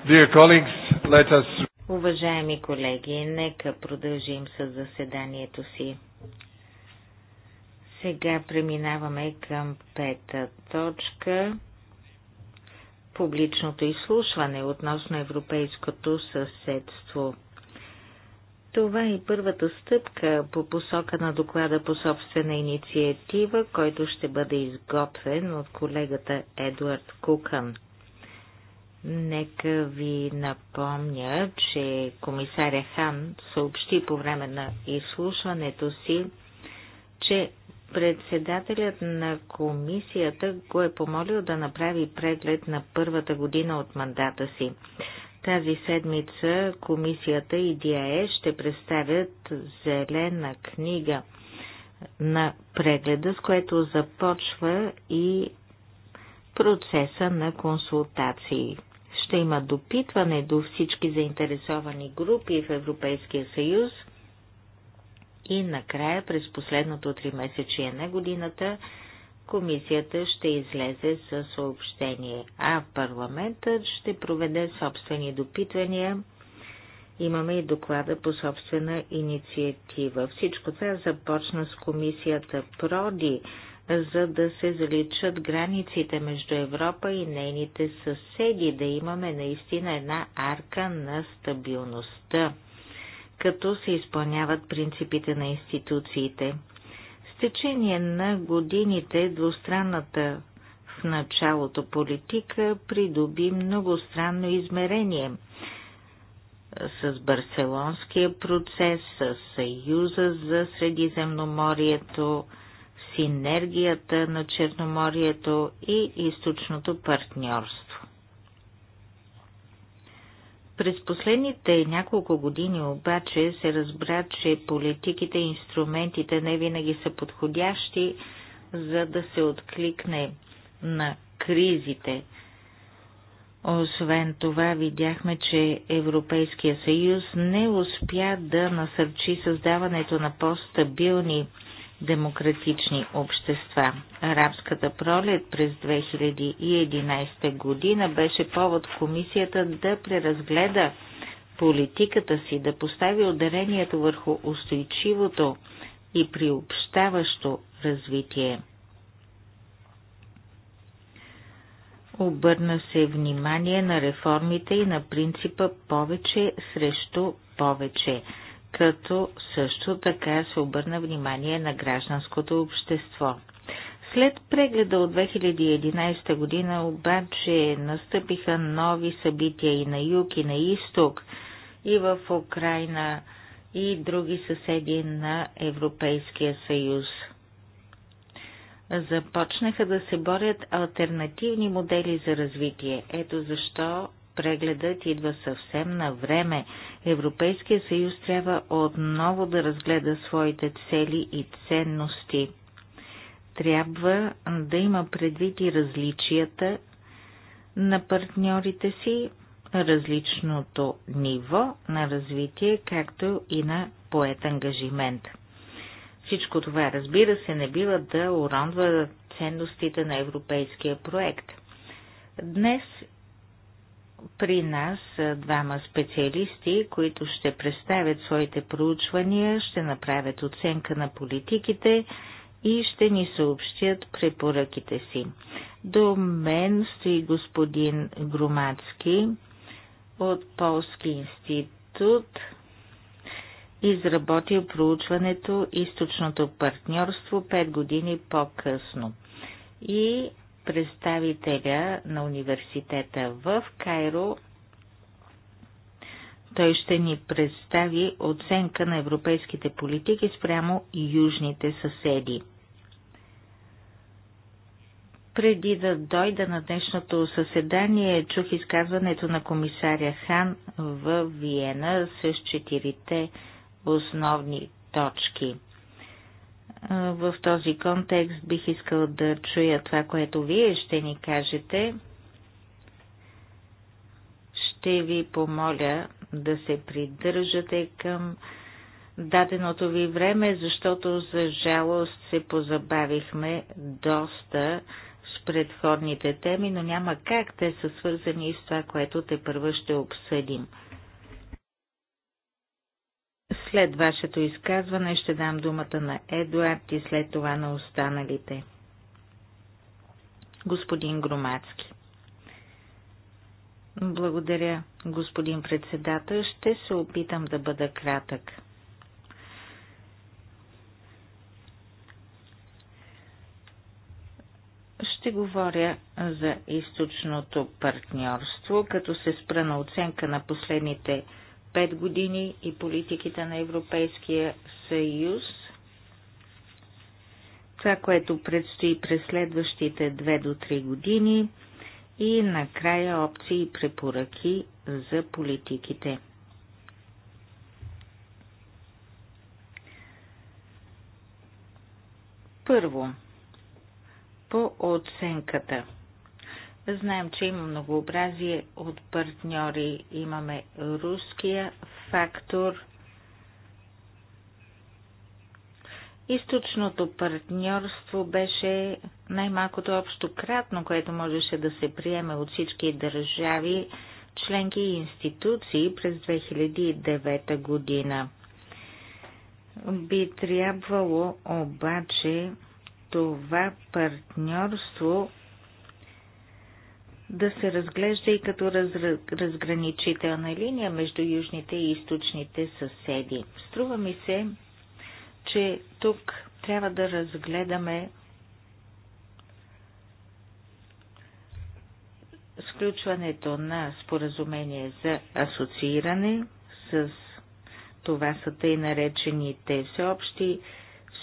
Dear colleagues, let us... Уважаеми колеги, нека продължим с заседанието си. Сега преминаваме към пета точка. Публичното изслушване относно европейското съседство. Това е първата стъпка по посока на доклада по собствена инициатива, който ще бъде изготвен от колегата Едуард Кукън – Нека ви напомня, че комисаря Хан съобщи по време на изслушването си, че председателят на комисията го е помолил да направи преглед на първата година от мандата си. Тази седмица комисията и ДИАЕ ще представят зелена книга на прегледа, с което започва и процеса на консултации ще има допитване до всички заинтересовани групи в Европейския съюз и накрая през последното три месечие на годината комисията ще излезе със съобщение, а парламентът ще проведе собствени допитвания. Имаме и доклада по собствена инициатива. Всичко това започна с комисията Проди, за да се заличат границите между Европа и нейните съседи, да имаме наистина една арка на стабилността, като се изпълняват принципите на институциите. С течение на годините двустранната в началото политика придоби многостранно измерение с Барселонския процес, с Съюза за Средиземноморието, синергията на Черноморието и източното партньорство. През последните няколко години обаче се разбра, че политиките и инструментите не винаги са подходящи, за да се откликне на кризите. Освен това, видяхме, че Европейския съюз не успя да насърчи създаването на по-стабилни демократични общества. Арабската пролет през 2011 година беше повод комисията да преразгледа политиката си, да постави ударението върху устойчивото и приобщаващо развитие. Обърна се внимание на реформите и на принципа повече срещу повече – като също така се обърна внимание на гражданското общество. След прегледа от 2011 година обаче настъпиха нови събития и на юг, и на изток, и в Украина, и други съседи на Европейския съюз. Започнаха да се борят альтернативни модели за развитие. Ето защо прегледът идва съвсем на време. Европейския съюз трябва отново да разгледа своите цели и ценности. Трябва да има предвид и различията на партньорите си, различното ниво на развитие, както и на поет ангажимент. Всичко това, разбира се, не бива да уронва ценностите на европейския проект. Днес при нас двама специалисти, които ще представят своите проучвания, ще направят оценка на политиките и ще ни съобщят препоръките си. До мен стои господин Громадски от Полски институт, изработил проучването Източното партньорство 5 години по-късно. И представителя на университета в Кайро. Той ще ни представи оценка на европейските политики спрямо южните съседи. Преди да дойда на днешното съседание, чух изказването на комисаря Хан в Виена с четирите основни точки – в този контекст бих искал да чуя това, което вие ще ни кажете. Ще ви помоля да се придържате към даденото ви време, защото за жалост се позабавихме доста с предходните теми, но няма как те са свързани с това, което те първо ще обсъдим. След вашето изказване ще дам думата на Едуард и след това на останалите. Господин Громацки. Благодаря, господин председател. Ще се опитам да бъда кратък. ще говоря за източното партньорство, като се спра на оценка на последните 5 години и политиките на Европейския съюз. Това, което предстои през следващите 2 до 3 години и накрая опции и препоръки за политиките. Първо, по оценката – Знаем, че има многообразие от партньори. Имаме руския фактор, Източното партньорство беше най-малкото общо кратно, което можеше да се приеме от всички държави, членки и институции през 2009 година. Би трябвало обаче това партньорство да се разглежда и като раз, разграничителна линия между южните и източните съседи. Струва ми се, че тук трябва да разгледаме сключването на споразумение за асоцииране с това са тъй наречените всеобщи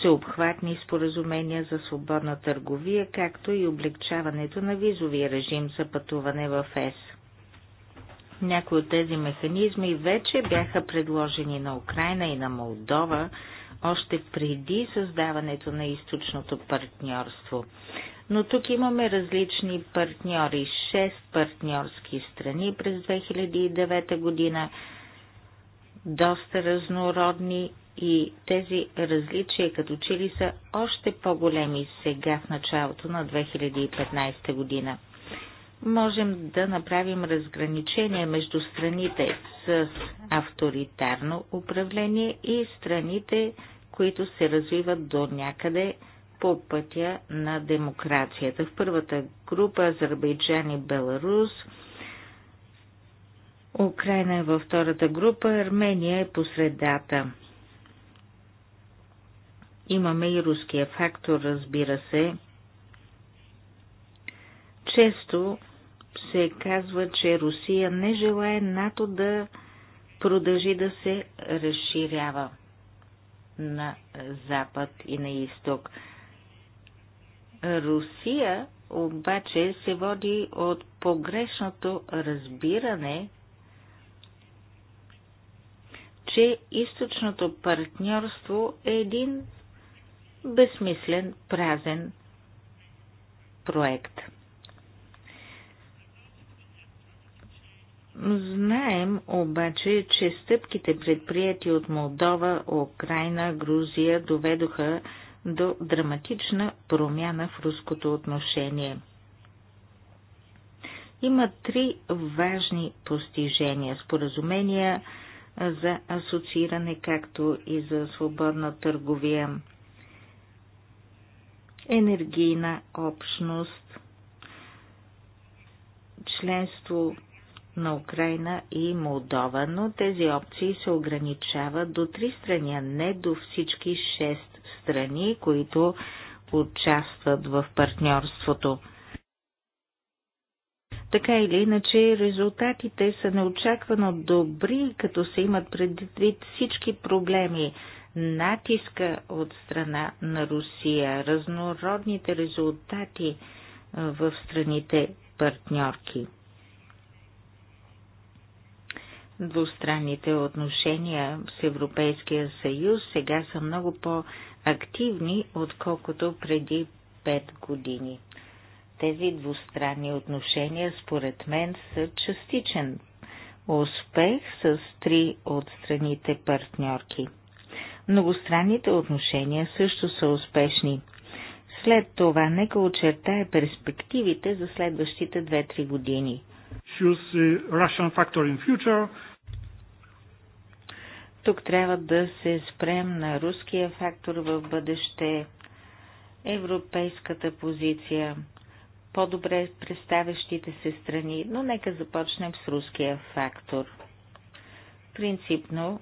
всеобхватни споразумения за свободна търговия, както и облегчаването на визовия режим за пътуване в ЕС. Някои от тези механизми вече бяха предложени на Украина и на Молдова още преди създаването на източното партньорство. Но тук имаме различни партньори, 6 партньорски страни през 2009 година – доста разнородни и тези различия като че ли са още по-големи сега в началото на 2015 година. Можем да направим разграничение между страните с авторитарно управление и страните, които се развиват до някъде по пътя на демокрацията. В първата група Азербайджан и Беларус – Украина е във втората група, Армения е по средата. Имаме и руския фактор, разбира се. Често се казва, че Русия не желае НАТО да продължи да се разширява на запад и на изток. Русия обаче се води от погрешното разбиране, че източното партньорство е един безсмислен, празен проект. Знаем обаче, че стъпките предприяти от Молдова, Украина, Грузия доведоха до драматична промяна в руското отношение. Има три важни постижения – споразумения за асоцииране, както и за свободна търговия. Енергийна общност, членство на Украина и Молдова, но тези опции се ограничават до три страни, а не до всички шест страни, които участват в партньорството. Така или иначе, резултатите са неочаквано добри, като се имат предвид всички проблеми, натиска от страна на Русия, разнородните резултати в страните партньорки. Двустранните отношения с Европейския съюз сега са много по-активни, отколкото преди 5 години. Тези двустранни отношения, според мен, са частичен успех с три от страните партньорки. Многостранните отношения също са успешни. След това нека очертая перспективите за следващите 2-3 години. Тук трябва да се спрем на руския фактор в бъдеще, европейската позиция – по-добре представящите се страни, но нека започнем с руския фактор. Принципно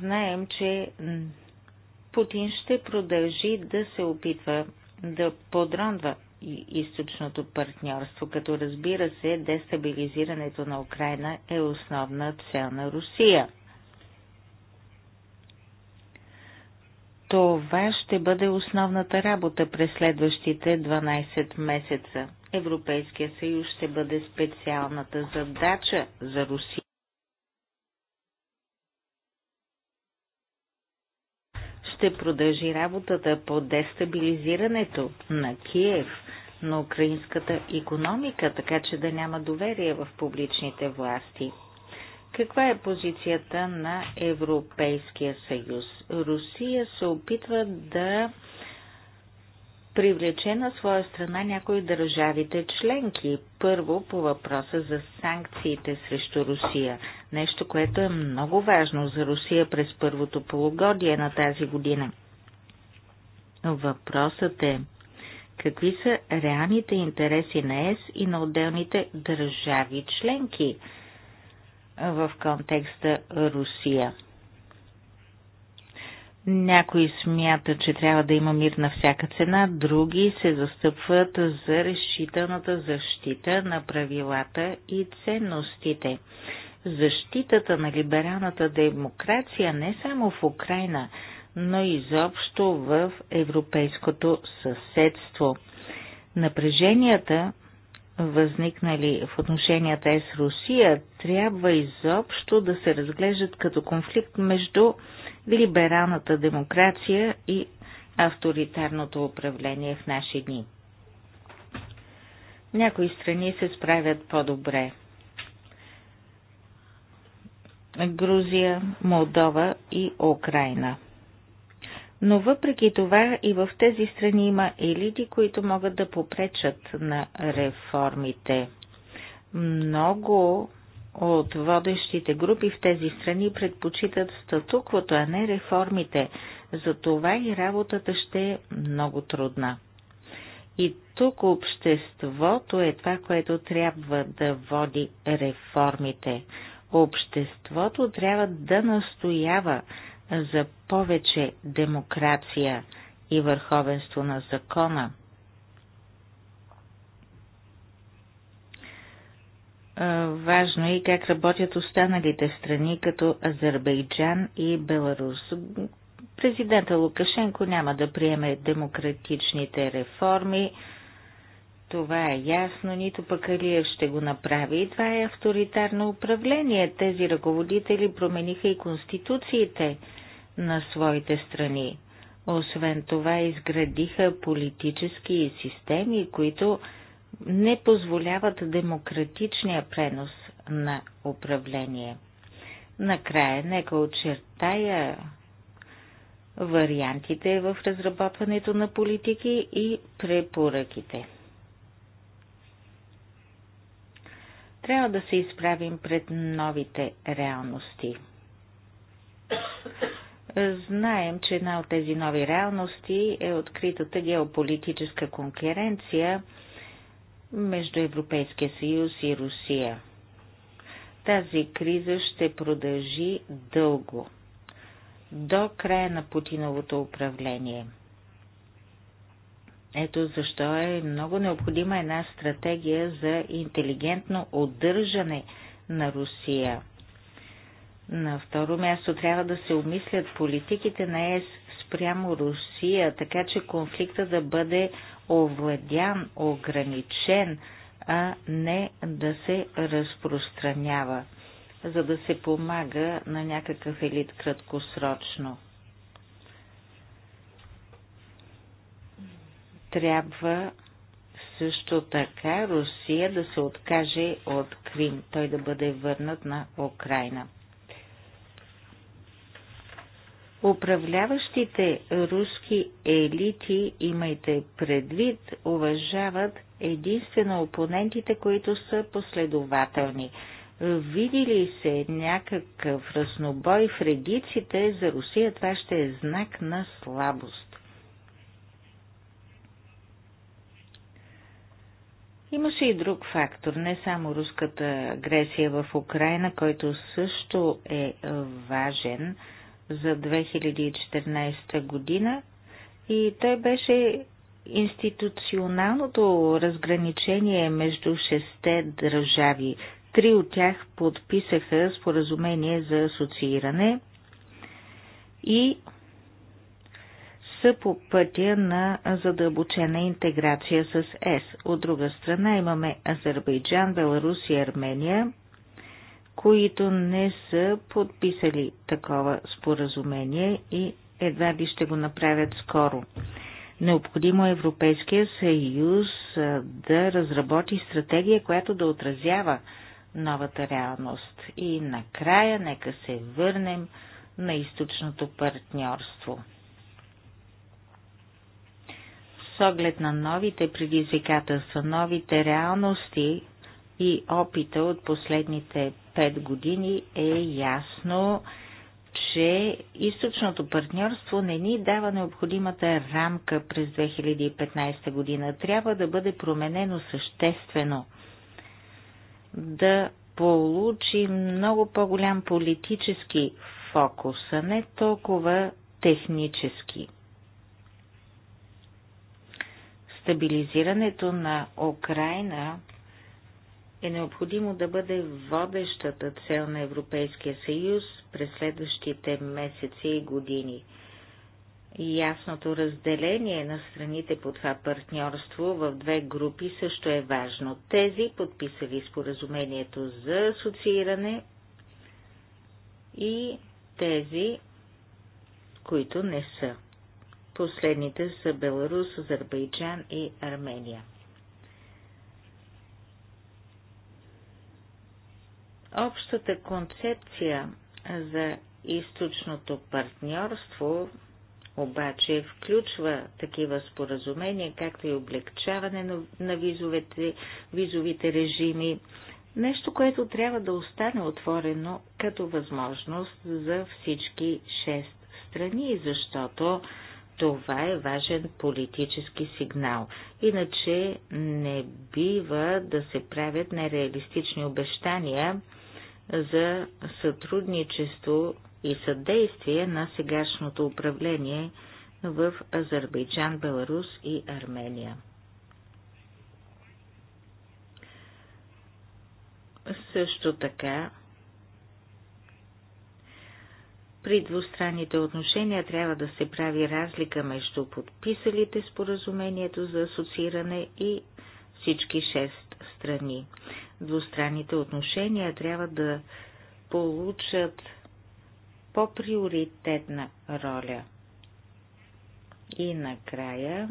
знаем, че Путин ще продължи да се опитва да подронва източното партньорство, като разбира се, дестабилизирането на Украина е основна цел на Русия – Това ще бъде основната работа през следващите 12 месеца. Европейския съюз ще бъде специалната задача за Русия. Ще продължи работата по дестабилизирането на Киев, на украинската економика, така че да няма доверие в публичните власти. Каква е позицията на Европейския съюз? Русия се опитва да привлече на своя страна някои държавите членки. Първо по въпроса за санкциите срещу Русия. Нещо, което е много важно за Русия през първото полугодие на тази година. Въпросът е какви са реалните интереси на ЕС и на отделните държави членки – в контекста Русия. Някои смятат, че трябва да има мир на всяка цена, други се застъпват за решителната защита на правилата и ценностите. Защитата на либералната демокрация не само в Украина, но изобщо в европейското съседство. Напреженията възникнали в отношенията е с Русия, трябва изобщо да се разглеждат като конфликт между либералната демокрация и авторитарното управление в наши дни. Някои страни се справят по-добре. Грузия, Молдова и Украина – но въпреки това и в тези страни има елити, които могат да попречат на реформите. Много от водещите групи в тези страни предпочитат статуквото, а не реформите. Затова и работата ще е много трудна. И тук обществото е това, което трябва да води реформите. Обществото трябва да настоява за повече демокрация и върховенство на закона. Важно е и как работят останалите страни, като Азербайджан и Беларус. Президента Лукашенко няма да приеме демократичните реформи, това е ясно, нито пък Алиев ще го направи. И това е авторитарно управление. Тези ръководители промениха и конституциите на своите страни. Освен това, изградиха политически системи, които не позволяват демократичния пренос на управление. Накрая, нека очертая вариантите в разработването на политики и препоръките. Трябва да се изправим пред новите реалности. Знаем, че една от тези нови реалности е откритата геополитическа конкуренция между Европейския съюз и Русия. Тази криза ще продължи дълго, до края на Путиновото управление – ето защо е много необходима една стратегия за интелигентно отдържане на Русия. На второ място трябва да се умислят политиките на ЕС спрямо Русия, така че конфликта да бъде овладян, ограничен, а не да се разпространява, за да се помага на някакъв елит краткосрочно. трябва също така Русия да се откаже от Крим, той да бъде върнат на Украина. Управляващите руски елити, имайте предвид, уважават единствено опонентите, които са последователни. Видили се някакъв разнобой в редиците, за Русия това ще е знак на слабост. Имаше и друг фактор, не само руската агресия в Украина, който също е важен за 2014 година и той беше институционалното разграничение между шесте държави. Три от тях подписаха споразумение за асоцииране и са по пътя на задълбочена интеграция с ЕС. От друга страна имаме Азербайджан, Беларус и Армения, които не са подписали такова споразумение и едва ли ще го направят скоро. Необходимо е Европейския съюз да разработи стратегия, която да отразява новата реалност. И накрая нека се върнем на източното партньорство. С оглед на новите предизвикателства, новите реалности и опита от последните пет години е ясно, че източното партньорство не ни дава необходимата рамка през 2015 година. Трябва да бъде променено съществено. Да получи много по-голям политически фокус, а не толкова технически. Стабилизирането на Украина е необходимо да бъде водещата цел на Европейския съюз през следващите месеци и години. Ясното разделение на страните по това партньорство в две групи също е важно. Тези, подписали споразумението за асоцииране и тези, които не са. Последните са Беларус, Азербайджан и Армения. Общата концепция за източното партньорство обаче включва такива споразумения, както и облегчаване на, визовите, визовите режими, нещо, което трябва да остане отворено като възможност за всички шест страни, защото това е важен политически сигнал. Иначе не бива да се правят нереалистични обещания за сътрудничество и съдействие на сегашното управление в Азербайджан, Беларус и Армения. Също така при двустранните отношения трябва да се прави разлика между подписалите споразумението за асоцииране и всички шест страни. Двустранните отношения трябва да получат по-приоритетна роля. И накрая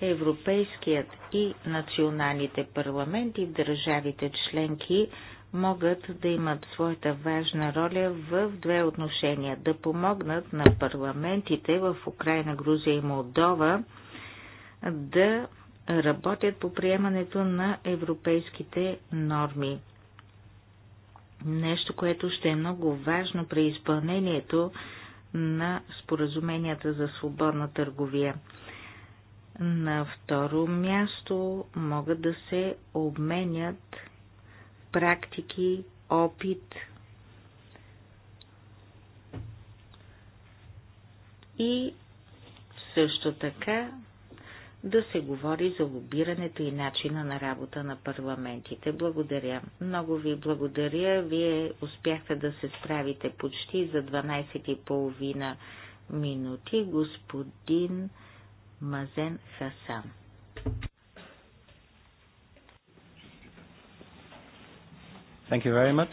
Европейският и националните парламенти в държавите членки могат да имат своята важна роля в две отношения – да помогнат на парламентите в Украина, Грузия и Молдова да работят по приемането на европейските норми. Нещо, което ще е много важно при изпълнението на споразуменията за свободна търговия. На второ място могат да се обменят практики, опит и също така да се говори за лобирането и начина на работа на парламентите. Благодаря. Много ви благодаря. Вие успяхте да се справите почти за 12,5 минути, господин Мазен Хасан. Thank you very much.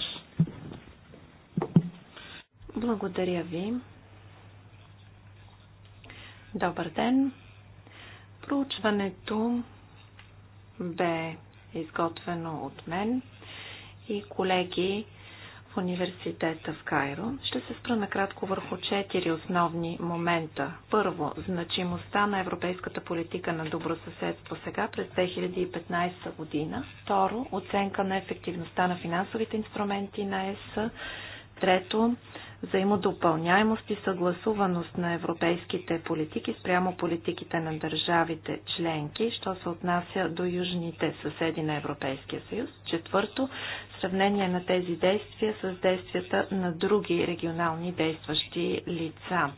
Благодаря ви. Добър ден. Проучването бе изготвено от мен и колеги университета в Кайро. Ще се спра накратко върху четири основни момента. Първо, значимостта на европейската политика на добросъседство сега през 2015 година. Второ, оценка на ефективността на финансовите инструменти на ЕС. Трето, взаимодопълняемост и съгласуваност на европейските политики спрямо политиките на държавите членки, що се отнася до южните съседи на Европейския съюз. Четвърто, сравнение на тези действия с действията на други регионални действащи лица.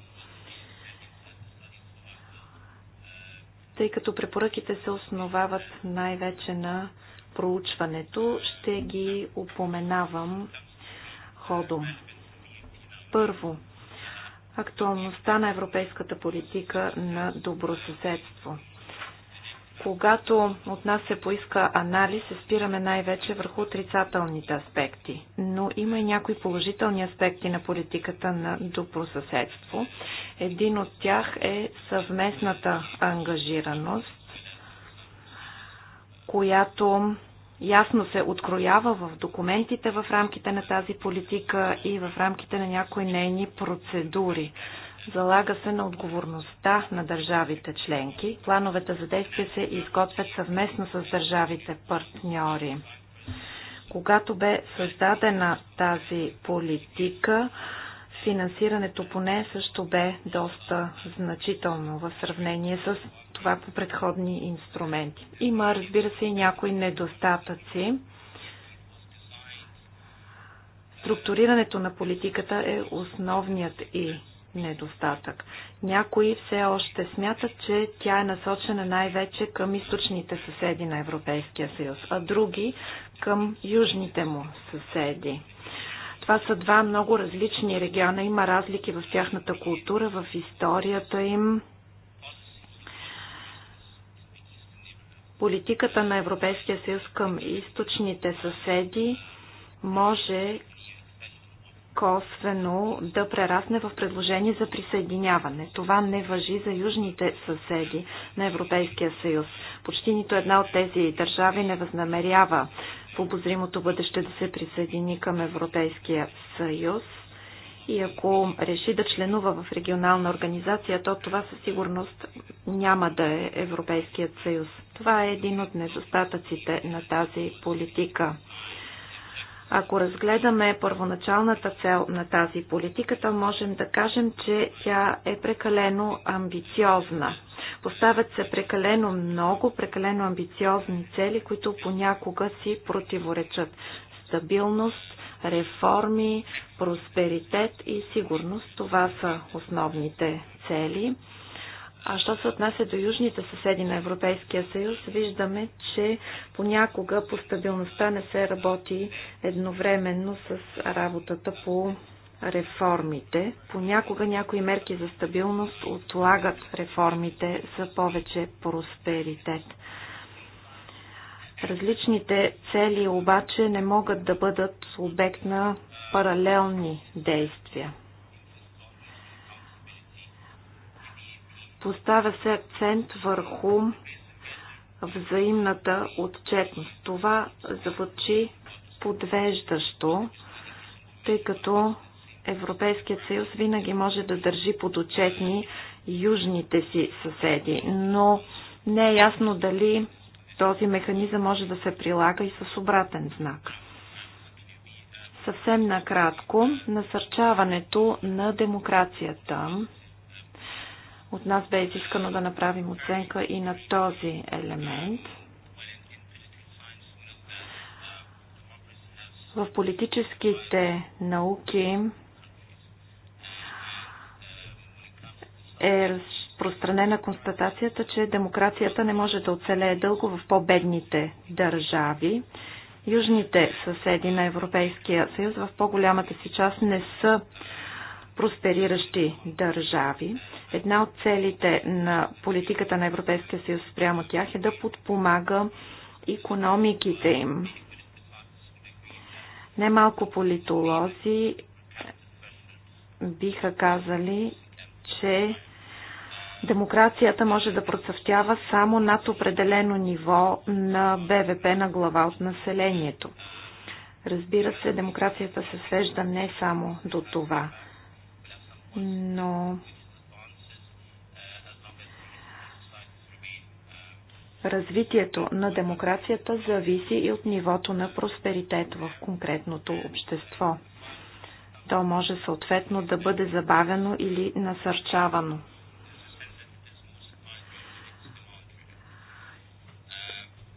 Тъй като препоръките се основават най-вече на проучването, ще ги упоменавам ходом. Първо, актуалността на европейската политика на добросъседство. Когато от нас се поиска анализ, се спираме най-вече върху отрицателните аспекти. Но има и някои положителни аспекти на политиката на добросъседство. Един от тях е съвместната ангажираност, която ясно се откроява в документите в рамките на тази политика и в рамките на някои нейни процедури залага се на отговорността на държавите членки. Плановете за действие се изготвят съвместно с държавите партньори. Когато бе създадена тази политика, финансирането поне също бе доста значително в сравнение с това по предходни инструменти. Има, разбира се, и някои недостатъци. Структурирането на политиката е основният и недостатък. Някои все още смятат, че тя е насочена най-вече към източните съседи на Европейския съюз, а други към южните му съседи. Това са два много различни региона. Има разлики в тяхната култура, в историята им. Политиката на Европейския съюз към източните съседи може косвено да прерасне в предложение за присъединяване. Това не въжи за южните съседи на Европейския съюз. Почти нито една от тези държави не възнамерява в обозримото бъдеще да се присъедини към Европейския съюз. И ако реши да членува в регионална организация, то това със сигурност няма да е Европейският съюз. Това е един от недостатъците на тази политика. Ако разгледаме първоначалната цел на тази политика, то можем да кажем, че тя е прекалено амбициозна. Поставят се прекалено много, прекалено амбициозни цели, които понякога си противоречат. Стабилност, реформи, просперитет и сигурност. Това са основните цели. А що се отнася до южните съседи на Европейския съюз, виждаме, че понякога по стабилността не се работи едновременно с работата по реформите. Понякога някои мерки за стабилност отлагат реформите за повече просперитет. Различните цели обаче не могат да бъдат обект на паралелни действия. Поставя се акцент върху взаимната отчетност. Това звучи подвеждащо, тъй като Европейският съюз винаги може да държи под отчетни южните си съседи, но не е ясно дали този механизъм може да се прилага и с обратен знак. Съвсем накратко, насърчаването на демокрацията от нас бе изискано да направим оценка и на този елемент. В политическите науки е разпространена констатацията, че демокрацията не може да оцелее дълго в по-бедните държави. Южните съседи на Европейския съюз в по-голямата си част не са проспериращи държави. Една от целите на политиката на Европейския съюз спрямо тях е да подпомага економиките им. Немалко политолози биха казали, че демокрацията може да процъфтява само над определено ниво на БВП на глава от населението. Разбира се, демокрацията се свежда не само до това но развитието на демокрацията зависи и от нивото на просперитет в конкретното общество. То може съответно да бъде забавено или насърчавано.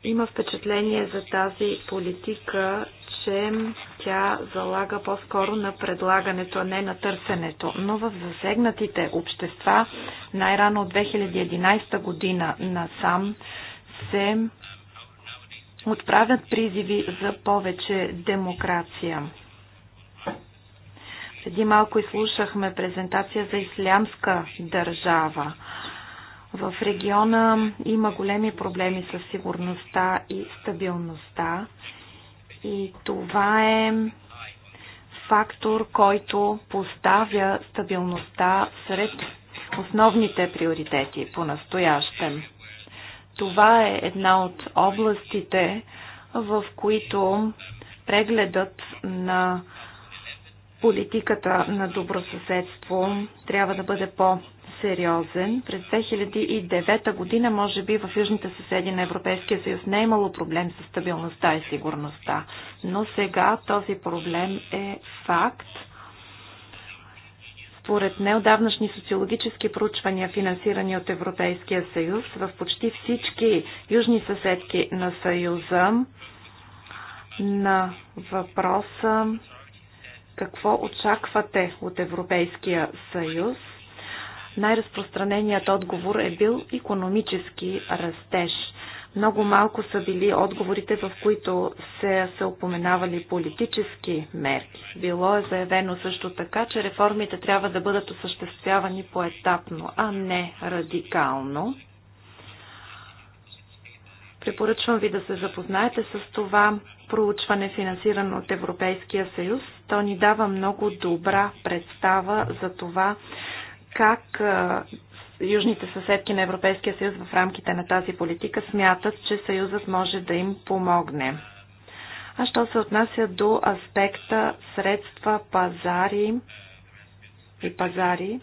Има впечатление за тази политика, че тя залага по-скоро на предлагането, а не на търсенето. Но в засегнатите общества най-рано от 2011 година насам се отправят призиви за повече демокрация. Преди малко изслушахме презентация за ислямска държава. В региона има големи проблеми с сигурността и стабилността и това е фактор, който поставя стабилността сред основните приоритети по настоящем. Това е една от областите, в които прегледът на политиката на добросъседство трябва да бъде по сериозен. През 2009 година, може би, в южните съседи на Европейския съюз не е имало проблем с стабилността и сигурността. Но сега този проблем е факт. Според неодавнашни социологически проучвания, финансирани от Европейския съюз, в почти всички южни съседки на съюза на въпроса какво очаквате от Европейския съюз, най-разпространеният отговор е бил економически растеж. Много малко са били отговорите, в които се са упоменавали политически мерки. Било е заявено също така, че реформите трябва да бъдат осъществявани поетапно, а не радикално. Препоръчвам ви да се запознаете с това проучване, финансирано от Европейския съюз. То ни дава много добра представа за това, как южните съседки на Европейския съюз в рамките на тази политика смятат, че съюзът може да им помогне. А що се отнася до аспекта средства, пазари и пазари,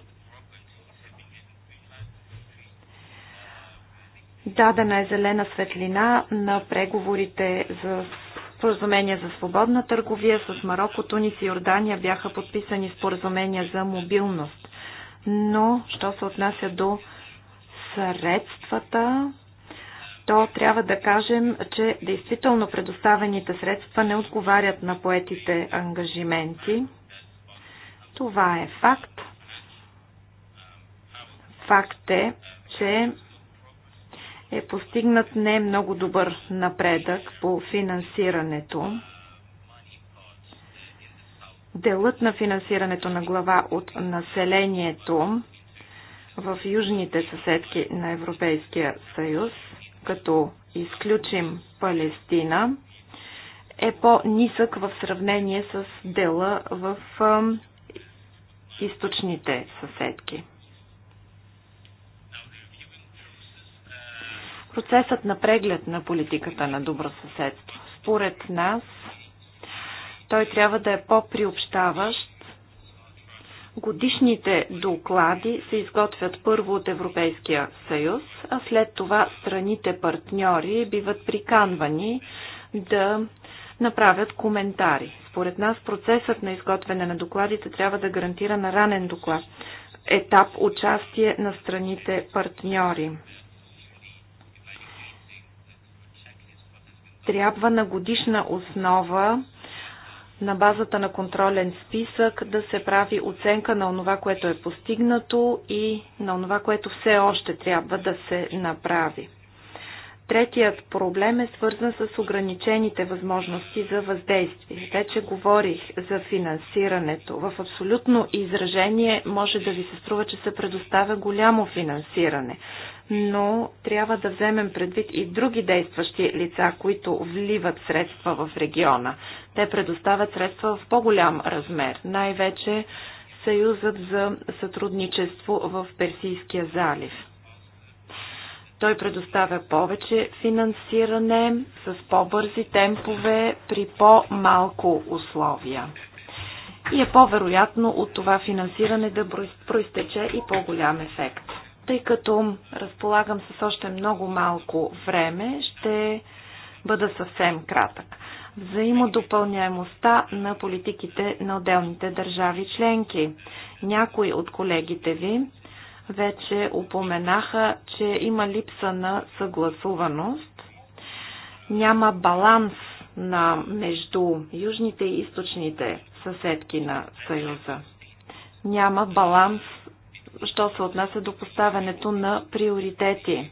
дадена е зелена светлина на преговорите за споразумения за свободна търговия с Марокко, Тунис и Йордания бяха подписани споразумения за мобилност но що се отнася до средствата, то трябва да кажем, че действително предоставените средства не отговарят на поетите ангажименти. Това е факт. Факт е, че е постигнат не много добър напредък по финансирането. Делът на финансирането на глава от населението в южните съседки на Европейския съюз, като изключим Палестина, е по-нисък в сравнение с дела в източните съседки. Процесът на преглед на политиката на добросъседство. Според нас той трябва да е по-приобщаващ. Годишните доклади се изготвят първо от Европейския съюз, а след това страните партньори биват приканвани да направят коментари. Според нас процесът на изготвяне на докладите трябва да гарантира на ранен доклад етап участие на страните партньори. Трябва на годишна основа на базата на контролен списък да се прави оценка на онова, което е постигнато и на онова, което все още трябва да се направи. Третият проблем е свързан с ограничените възможности за въздействие. Вече говорих за финансирането. В абсолютно изражение може да ви се струва, че се предоставя голямо финансиране но трябва да вземем предвид и други действащи лица, които вливат средства в региона. Те предоставят средства в по-голям размер, най-вече Съюзът за сътрудничество в Персийския залив. Той предоставя повече финансиране с по-бързи темпове при по-малко условия. И е по-вероятно от това финансиране да проистече и по-голям ефект. Тъй като разполагам с още много малко време, ще бъда съвсем кратък. Взаимодопълняемостта на политиките на отделните държави членки. Някои от колегите ви вече упоменаха, че има липса на съгласуваност, няма баланс на между южните и източните съседки на Съюза. Няма баланс що се отнася до поставянето на приоритети.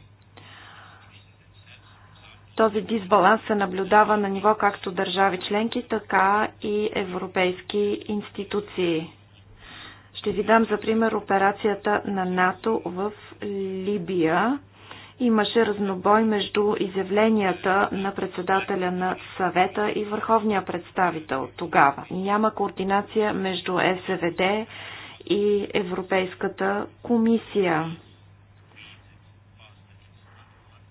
Този дисбаланс се наблюдава на ниво както държави членки, така и европейски институции. Ще ви дам за пример операцията на НАТО в Либия. Имаше разнобой между изявленията на председателя на съвета и върховния представител тогава. Няма координация между СВД, и Европейската комисия.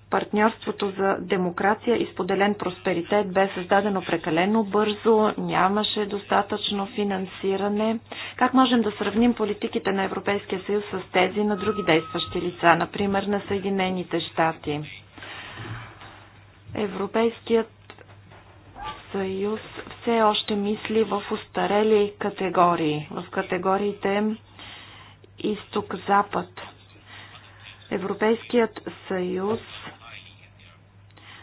Партньорството за демокрация и споделен просперитет бе създадено прекалено бързо, нямаше достатъчно финансиране. Как можем да сравним политиките на Европейския съюз с тези на други действащи лица, например на Съединените щати? Европейският съюз все още мисли в устарели категории, в категориите изток-запад. Европейският съюз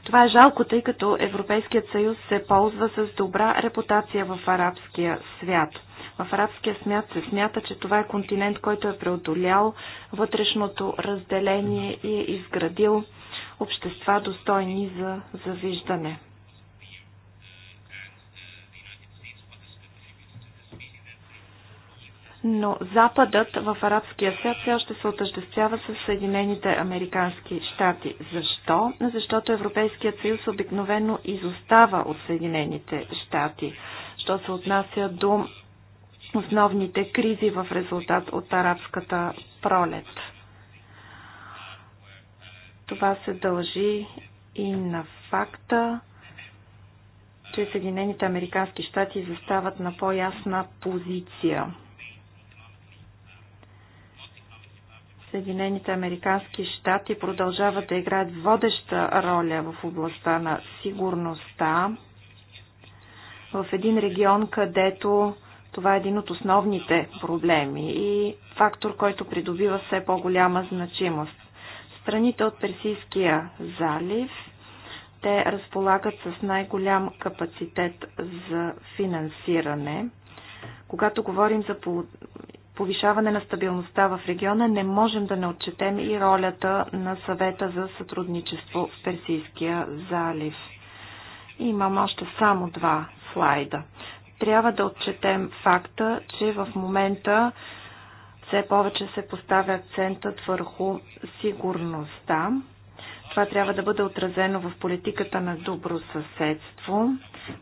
това е жалко, тъй като Европейският съюз се ползва с добра репутация в арабския свят. В арабския свят се смята, че това е континент, който е преодолял вътрешното разделение и е изградил общества достойни за завиждане. но Западът в арабския свят все още се отъждествява с Съединените американски щати. Защо? Защото Европейският съюз обикновено изостава от Съединените щати, що се отнася до основните кризи в резултат от арабската пролет. Това се дължи и на факта, че Съединените американски щати застават на по-ясна позиция Съединените Американски щати продължават да играят водеща роля в областта на сигурността в един регион, където това е един от основните проблеми и фактор, който придобива все по-голяма значимост. Страните от Персийския залив, те разполагат с най-голям капацитет за финансиране. Когато говорим за повишаване на стабилността в региона не можем да не отчетем и ролята на съвета за сътрудничество в Персийския залив. Имам още само два слайда. Трябва да отчетем факта, че в момента все повече се поставя акцентът върху сигурността. Това трябва да бъде отразено в политиката на добро съседство.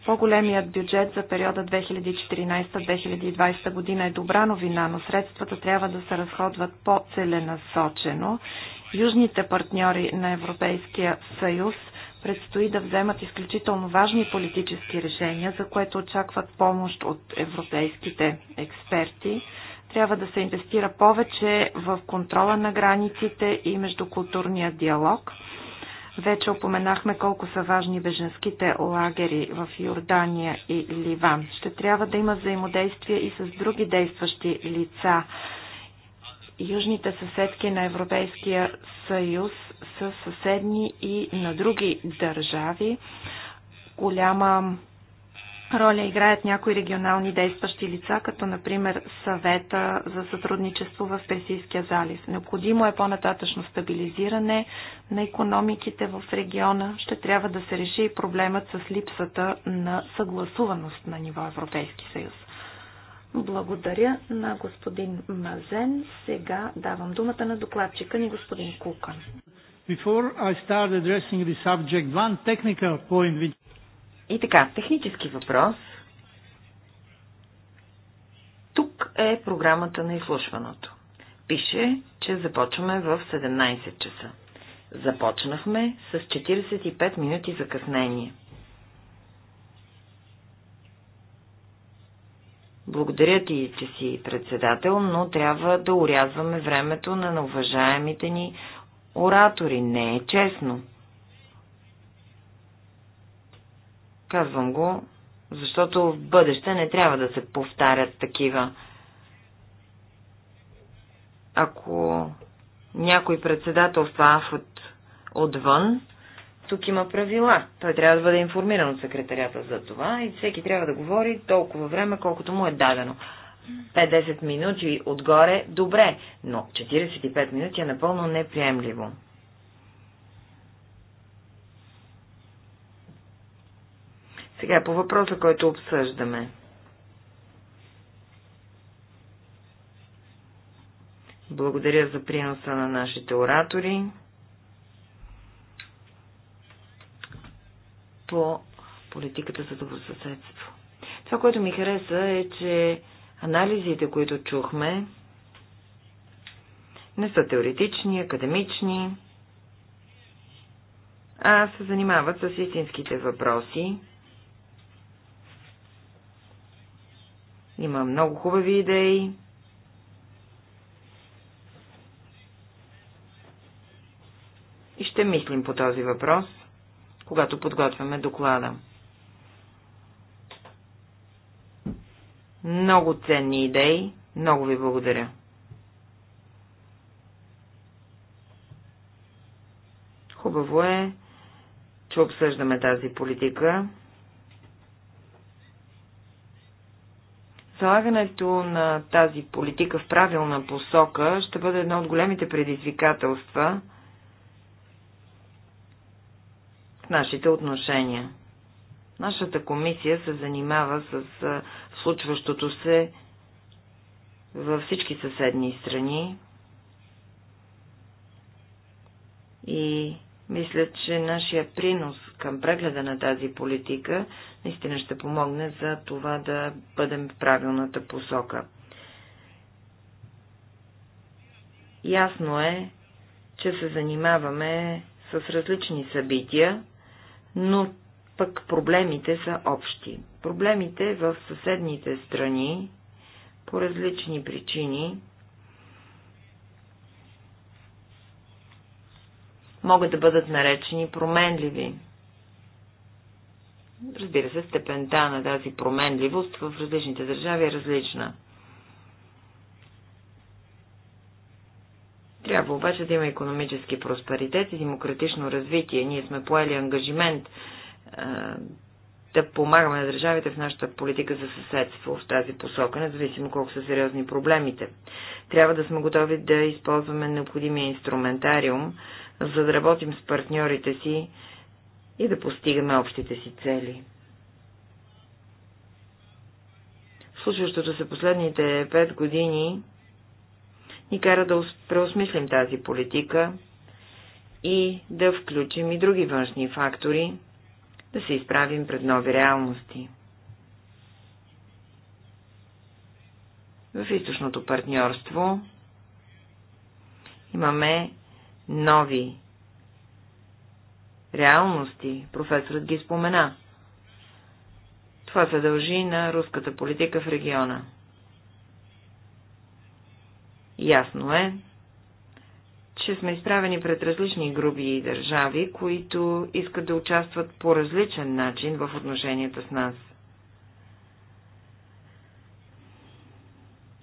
По-големият бюджет за периода 2014-2020 година е добра новина, но средствата трябва да се разходват по-целенасочено. Южните партньори на Европейския съюз предстои да вземат изключително важни политически решения, за което очакват помощ от европейските експерти. Трябва да се инвестира повече в контрола на границите и междукултурния диалог. Вече опоменахме колко са важни беженските лагери в Йордания и Ливан. Ще трябва да има взаимодействие и с други действащи лица. Южните съседки на Европейския съюз са съседни и на други държави. Голяма роля играят някои регионални действащи лица, като например съвета за сътрудничество в Персийския залив. Необходимо е по-нататъчно стабилизиране на економиките в региона. Ще трябва да се реши и проблемът с липсата на съгласуваност на ниво Европейски съюз. Благодаря на господин Мазен. Сега давам думата на докладчика ни господин Кукан. Before I start addressing the subject, one technical point which и така, технически въпрос. Тук е програмата на изслушването. Пише, че започваме в 17 часа. Започнахме с 45 минути закъснение. Благодаря ти, че си председател, но трябва да урязваме времето на уважаемите ни оратори. Не е честно. Казвам го, защото в бъдеще не трябва да се повтарят такива. Ако някой председателства от, отвън, тук има правила. Той трябва да бъде информиран от секретарята за това и всеки трябва да говори толкова време, колкото му е дадено. 5-10 минути отгоре, добре, но 45 минути е напълно неприемливо. Сега по въпроса, който обсъждаме. Благодаря за приноса на нашите оратори. По политиката за добросъседство. Това, което ми хареса е, че анализите, които чухме, не са теоретични, академични, а се занимават с истинските въпроси Има много хубави идеи. И ще мислим по този въпрос, когато подготвяме доклада. Много ценни идеи. Много ви благодаря. Хубаво е, че обсъждаме тази политика. Слагането на тази политика в правилна посока ще бъде едно от големите предизвикателства в нашите отношения. Нашата комисия се занимава с случващото се във всички съседни страни и мисля, че нашия принос към прегледа на тази политика наистина ще помогне за това да бъдем в правилната посока. Ясно е, че се занимаваме с различни събития, но пък проблемите са общи. Проблемите в съседните страни по различни причини могат да бъдат наречени променливи. Разбира се, степента на тази променливост в различните държави е различна. Трябва обаче да има економически просперитет и демократично развитие. Ние сме поели ангажимент е, да помагаме на държавите в нашата политика за съседство в тази посока, независимо колко са сериозни проблемите. Трябва да сме готови да използваме необходимия инструментариум, за да работим с партньорите си и да постигаме общите си цели. Случващото се последните пет години ни кара да преосмислим тази политика и да включим и други външни фактори, да се изправим пред нови реалности. В източното партньорство имаме нови реалности. Професорът ги спомена. Това се дължи на руската политика в региона. Ясно е, че сме изправени пред различни групи и държави, които искат да участват по различен начин в отношенията с нас.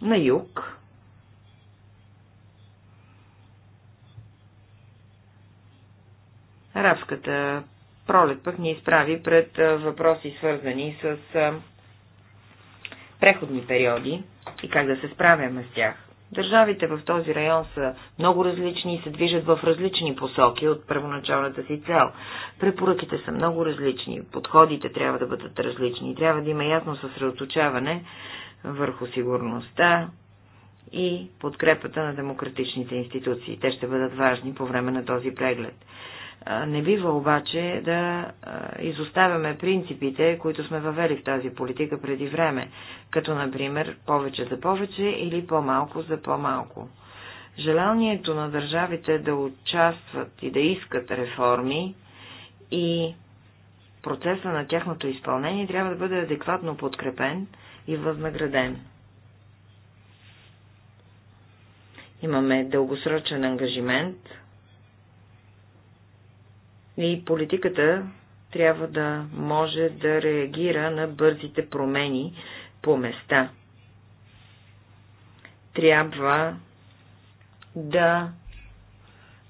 На юг Арабската пролет пък ни изправи пред въпроси, свързани с преходни периоди и как да се справяме с тях. Държавите в този район са много различни и се движат в различни посоки от първоначалната си цел. Препоръките са много различни, подходите трябва да бъдат различни, трябва да има ясно съсредоточаване върху сигурността и подкрепата на демократичните институции. Те ще бъдат важни по време на този преглед. Не бива обаче да изоставяме принципите, които сме въвели в тази политика преди време, като например повече за повече или по-малко за по-малко. Желанието на държавите да участват и да искат реформи и процеса на тяхното изпълнение трябва да бъде адекватно подкрепен и възнаграден. Имаме дългосрочен ангажимент и политиката трябва да може да реагира на бързите промени по места. Трябва да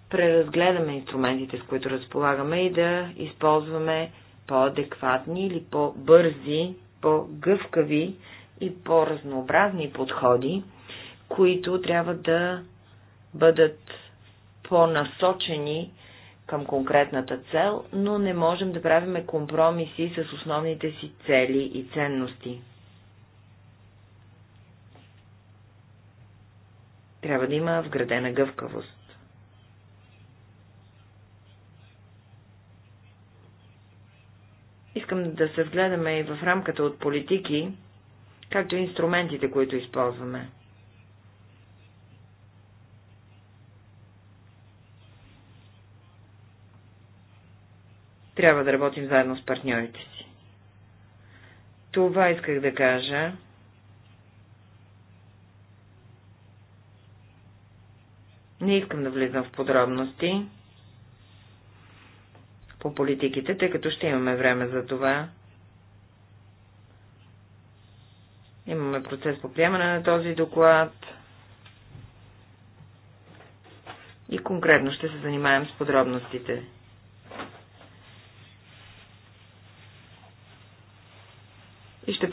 преразгледаме инструментите, с които разполагаме и да използваме по-адекватни или по-бързи, по-гъвкави и по-разнообразни подходи, които трябва да бъдат по-насочени към конкретната цел, но не можем да правиме компромиси с основните си цели и ценности. Трябва да има вградена гъвкавост. Искам да се вгледаме и в рамката от политики, както и инструментите, които използваме. Трябва да работим заедно с партньорите си. Това исках да кажа. Не искам да влизам в подробности по политиките, тъй като ще имаме време за това. Имаме процес по приемане на този доклад и конкретно ще се занимаем с подробностите.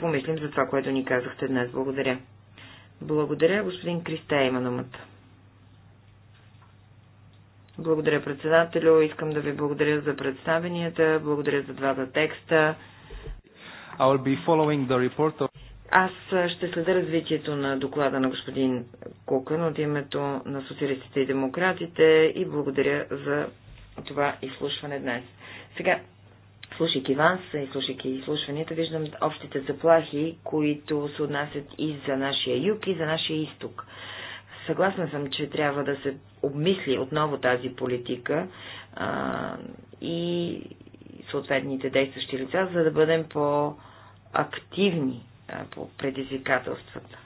помислим за това, което ни казахте днес. Благодаря. Благодаря, господин Кристея има думата. Благодаря, председателю. Искам да ви благодаря за представенията, благодаря за двата текста. Of... Аз ще следя развитието на доклада на господин Кукън от името на социалистите и демократите и благодаря за това изслушване днес. Сега Слушайки вас и слушайки изслушванията, виждам общите заплахи, които се отнасят и за нашия юг, и за нашия изток. Съгласна съм, че трябва да се обмисли отново тази политика а, и съответните действащи лица, за да бъдем по-активни по предизвикателствата.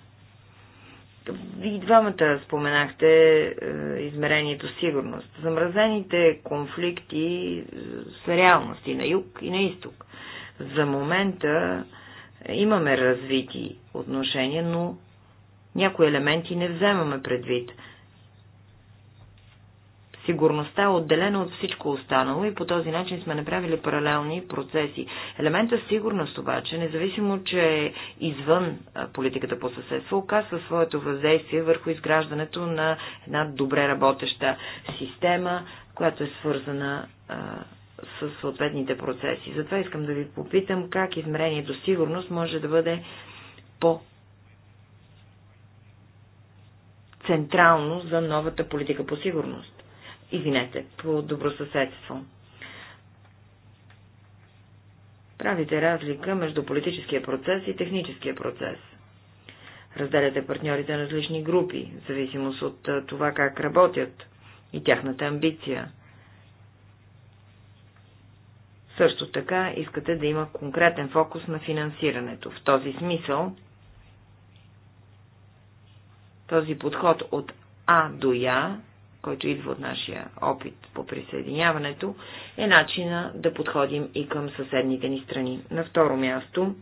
Вие двамата споменахте е, измерението сигурност. Замразените конфликти е, са реалности на юг и на изток. За момента е, имаме развити отношения, но някои елементи не вземаме предвид. Сигурността е отделена от всичко останало и по този начин сме направили паралелни процеси. Елемента сигурност обаче, независимо, че е извън политиката по съседство, оказва своето въздействие върху изграждането на една добре работеща система, която е свързана с съответните процеси. Затова искам да ви попитам как измерението сигурност може да бъде по централно за новата политика по сигурност извинете, по добросъседство. Правите разлика между политическия процес и техническия процес. Разделяте партньорите на различни групи, в зависимост от това как работят и тяхната амбиция. Също така искате да има конкретен фокус на финансирането. В този смисъл, този подход от А до Я който идва от нашия опит по присъединяването, е начина да подходим и към съседните ни страни. На второ място,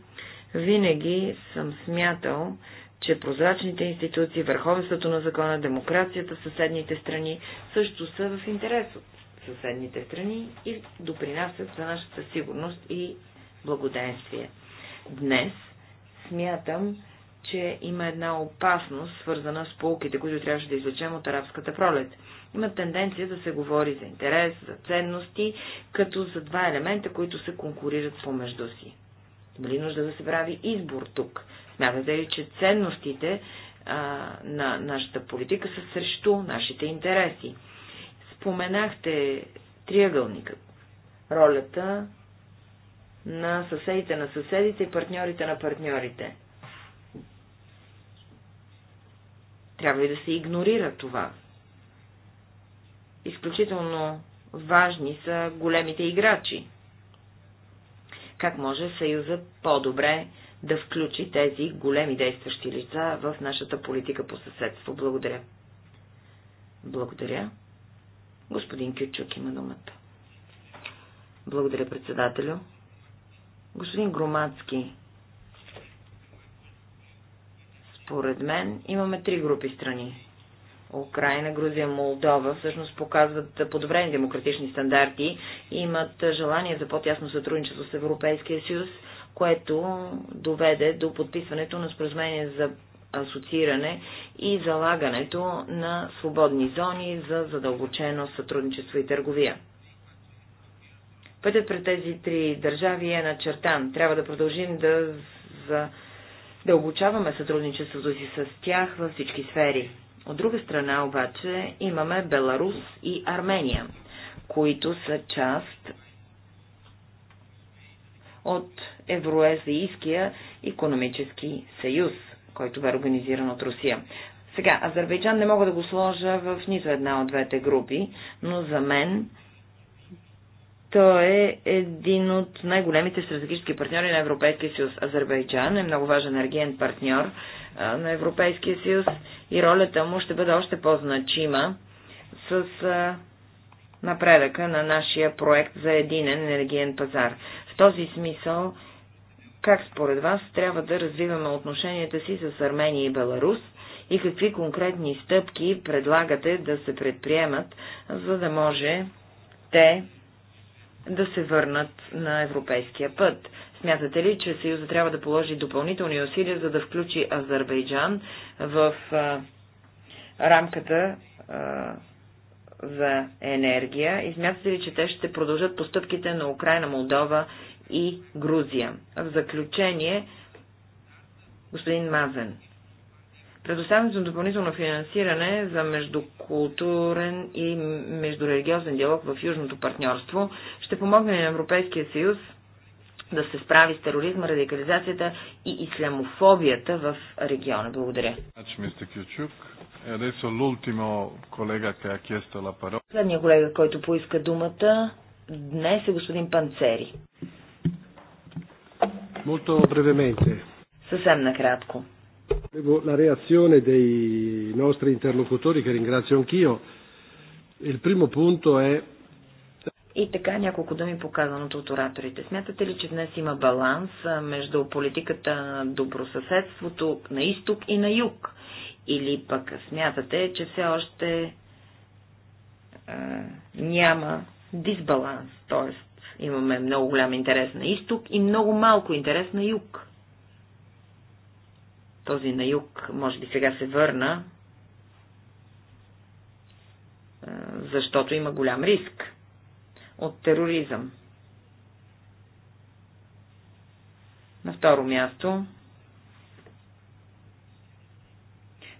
винаги съм смятал, че прозрачните институции, върховенството на закона, демокрацията в съседните страни също са в интерес от съседните страни и допринасят за нашата сигурност и благоденствие. Днес смятам, че има една опасност, свързана с полките, които трябваше да излечем от арабската пролет има тенденция да се говори за интерес, за ценности, като за два елемента, които се конкурират помежду си. Има ли нужда да се прави избор тук? Смятате ли, че ценностите а, на нашата политика са срещу нашите интереси? Споменахте триъгълника ролята на съседите на съседите и партньорите на партньорите. Трябва и да се игнорира това. Изключително важни са големите играчи. Как може Съюзът по-добре да включи тези големи действащи лица в нашата политика по съседство? Благодаря. Благодаря. Господин Кючук има думата. Благодаря, председателю. Господин Громадски, според мен имаме три групи страни. Украина, Грузия, Молдова всъщност показват подобрени демократични стандарти и имат желание за по-тясно сътрудничество с Европейския съюз, което доведе до подписването на споразумение за асоцииране и залагането на свободни зони за задълбочено сътрудничество и търговия. Пътят пред тези три държави е начертан. Трябва да продължим да задълбочаваме сътрудничеството си с тях във всички сфери. От друга страна обаче имаме Беларус и Армения, които са част от Евроезийския економически съюз, който бе организиран от Русия. Сега, Азербайджан не мога да го сложа в нито една от двете групи, но за мен той е един от най-големите стратегически партньори на Европейския съюз. Азербайджан е много важен енергиен партньор на Европейския съюз и ролята му ще бъде още по-значима с напредъка на нашия проект за единен енергиен пазар. В този смисъл, как според вас трябва да развиваме отношенията си с Армения и Беларус и какви конкретни стъпки предлагате да се предприемат, за да може те да се върнат на европейския път. Смятате ли, че Съюза трябва да положи допълнителни усилия, за да включи Азербайджан в а, рамката а, за енергия? И смятате ли, че те ще продължат постъпките на Украина, Молдова и Грузия? В заключение, господин Мазен. Предоставянето на допълнително финансиране за междукултурен и междурелигиозен диалог в Южното партньорство ще помогне на Европейския съюз да се справи с тероризма, радикализацията и ислямофобията в региона. Благодаря. Следният колега, който поиска думата днес е господин Панцери. Molto brevemente. Съвсем накратко. La reazione dei nostri interlocutori, che ringrazio anch'io, il primo punto è и така няколко думи показаното от ораторите. Смятате ли, че днес има баланс между политиката на добросъседството на изток и на юг? Или пък смятате, че все още а, няма дисбаланс, т.е. имаме много голям интерес на изток и много малко интерес на юг? Този на юг, може би сега се върна, а, защото има голям риск от тероризъм. На второ място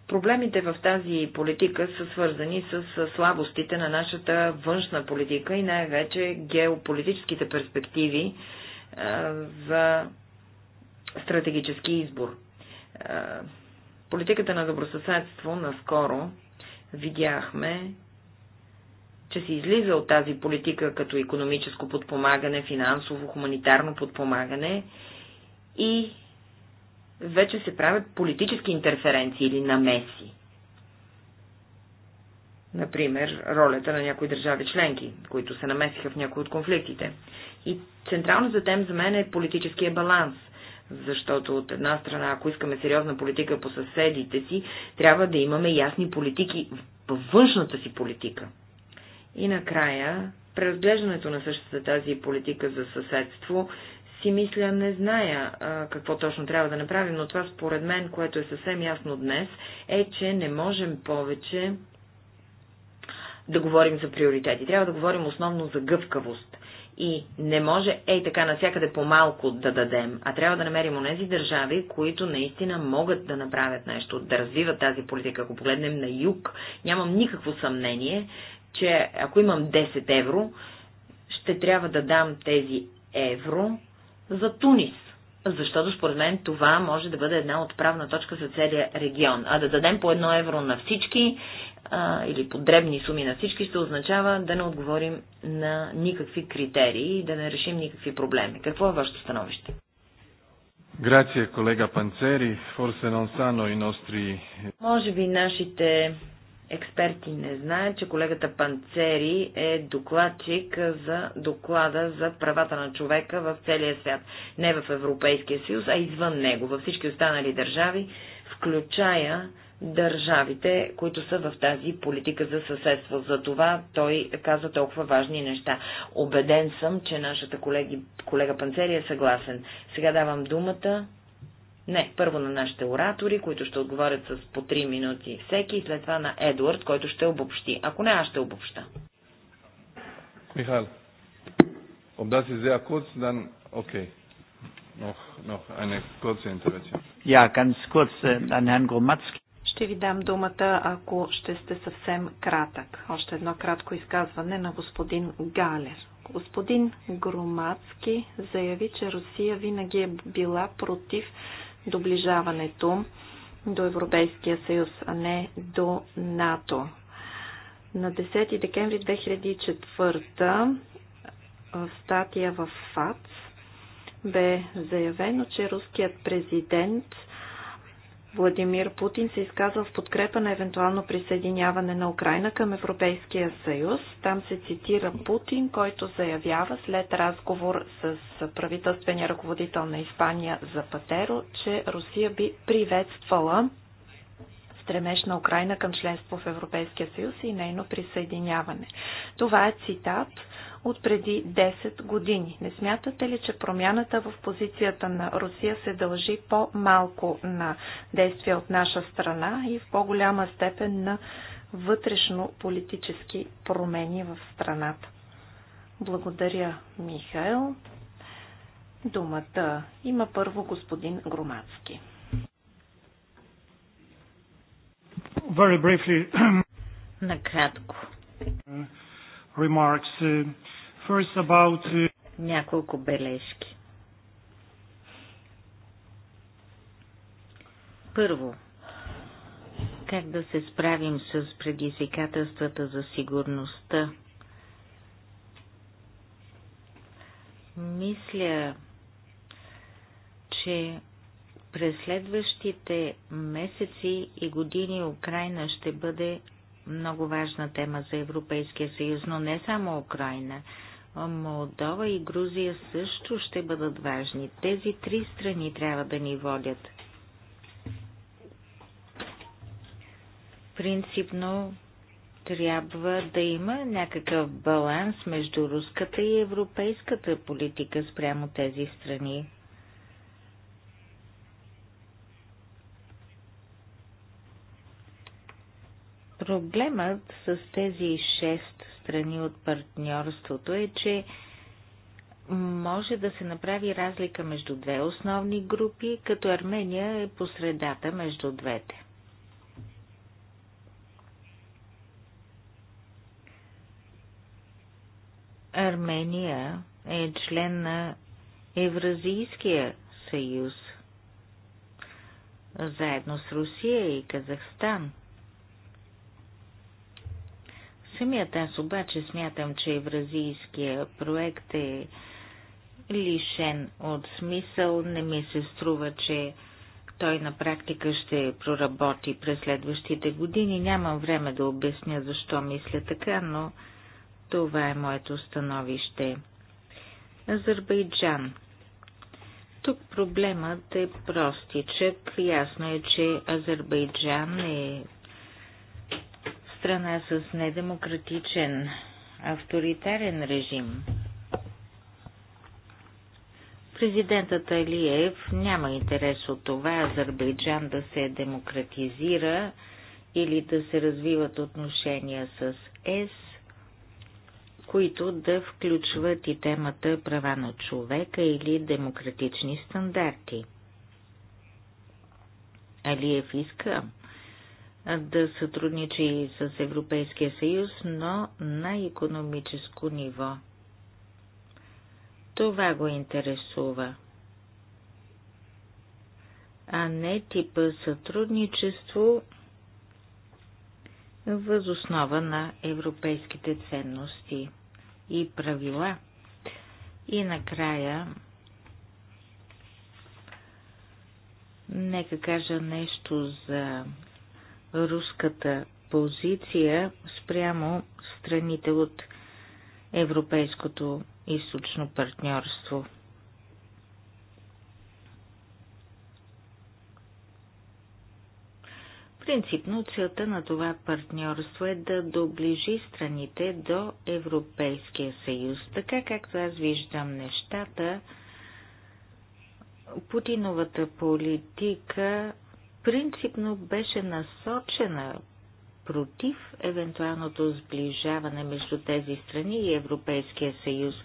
Проблемите в тази политика са свързани с слабостите на нашата външна политика и най-вече геополитическите перспективи за стратегически избор. Политиката на добросъседство наскоро видяхме, че се излиза от тази политика като економическо подпомагане, финансово, хуманитарно подпомагане и вече се правят политически интерференции или намеси. Например, ролята на някои държави членки, които се намесиха в някои от конфликтите. И централната тема за мен е политическия баланс – защото от една страна, ако искаме сериозна политика по съседите си, трябва да имаме ясни политики във външната си политика. И накрая, преразглеждането на същата тази политика за съседство си мисля, не зная а, какво точно трябва да направим, но това според мен, което е съвсем ясно днес, е, че не можем повече да говорим за приоритети. Трябва да говорим основно за гъвкавост. И не може, ей така, насякъде по-малко да дадем, а трябва да намерим онези държави, които наистина могат да направят нещо, да развиват тази политика. Ако погледнем на юг, нямам никакво съмнение, че ако имам 10 евро, ще трябва да дам тези евро за Тунис. Защото според мен това може да бъде една отправна точка за целия регион. А да дадем по едно евро на всички а, или по дребни суми на всички ще означава да не отговорим на никакви критерии и да не решим никакви проблеми. Какво е вашето становище? Грация, колега Панцери, forse non sanno i nostri... Може би нашите експерти не знаят, че колегата Панцери е докладчик за доклада за правата на човека в целия свят. Не в Европейския съюз, а извън него, във всички останали държави, включая държавите, които са в тази политика за съседство. За това той каза толкова важни неща. Обеден съм, че нашата колеги, колега Панцери е съгласен. Сега давам думата не, първо на нашите оратори, които ще отговарят с по 3 минути всеки, и след това на Едуард, който ще обобщи. Ако не, аз ще обобща. Михайл. ob das ist sehr kurz, dann okay. Noch, noch eine kurze Intervention. Ja, ganz kurz äh, an Herrn Ще ви дам думата, ако ще сте съвсем кратък. Още едно кратко изказване на господин Галер. Господин Громацки заяви, че Русия винаги е била против доближаването до Европейския съюз, а не до НАТО. На 10 декември 2004 в статия в ФАЦ бе заявено, че руският президент – Владимир Путин се изказва в подкрепа на евентуално присъединяване на Украина към Европейския съюз. Там се цитира Путин, който заявява след разговор с правителствения ръководител на Испания за Патеро, че Русия би приветствала стремеж на Украина към членство в Европейския съюз и нейно присъединяване. Това е цитат от преди 10 години. Не смятате ли, че промяната в позицията на Русия се дължи по-малко на действия от наша страна и в по-голяма степен на вътрешно-политически промени в страната? Благодаря, Михаил. Думата има първо господин Громадски. Very briefly. Накратко. Uh, remarks. Uh, First about... Uh, Няколко бележки. Първо, как да се справим с предизвикателствата за сигурността? Мисля, че през следващите месеци и години Украина ще бъде много важна тема за Европейския съюз, но не само Украина. Молдова и Грузия също ще бъдат важни. Тези три страни трябва да ни водят. Принципно трябва да има някакъв баланс между руската и европейската политика спрямо тези страни. Проблемът с тези шест отстрани от партньорството е, че може да се направи разлика между две основни групи, като Армения е посредата между двете. Армения е член на Евразийския съюз, заедно с Русия и Казахстан – Самият аз обаче смятам, че евразийския проект е лишен от смисъл. Не ми се струва, че той на практика ще проработи през следващите години. Нямам време да обясня защо мисля така, но това е моето становище. Азербайджан. Тук проблемът е простичък. Ясно е, че Азербайджан е страна с недемократичен, авторитарен режим. Президентът Алиев няма интерес от това Азербайджан да се демократизира или да се развиват отношения с ЕС, които да включват и темата права на човека или демократични стандарти. Алиев иска да сътрудничи с Европейския съюз, но на економическо ниво. Това го интересува. А не типа сътрудничество възоснова на европейските ценности и правила. И накрая Нека кажа нещо за руската позиция спрямо страните от Европейското източно партньорство. Принципно целта на това партньорство е да доближи страните до Европейския съюз. Така както аз виждам нещата, Путиновата политика принципно беше насочена против евентуалното сближаване между тези страни и Европейския съюз.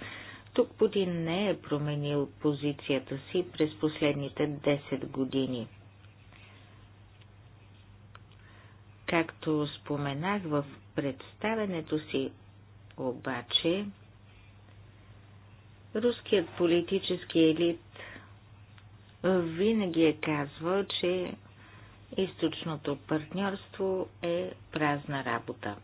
Тук Путин не е променил позицията си през последните 10 години. Както споменах в представенето си, обаче, руският политически елит винаги е казвал, че източното партньорство е празна работа.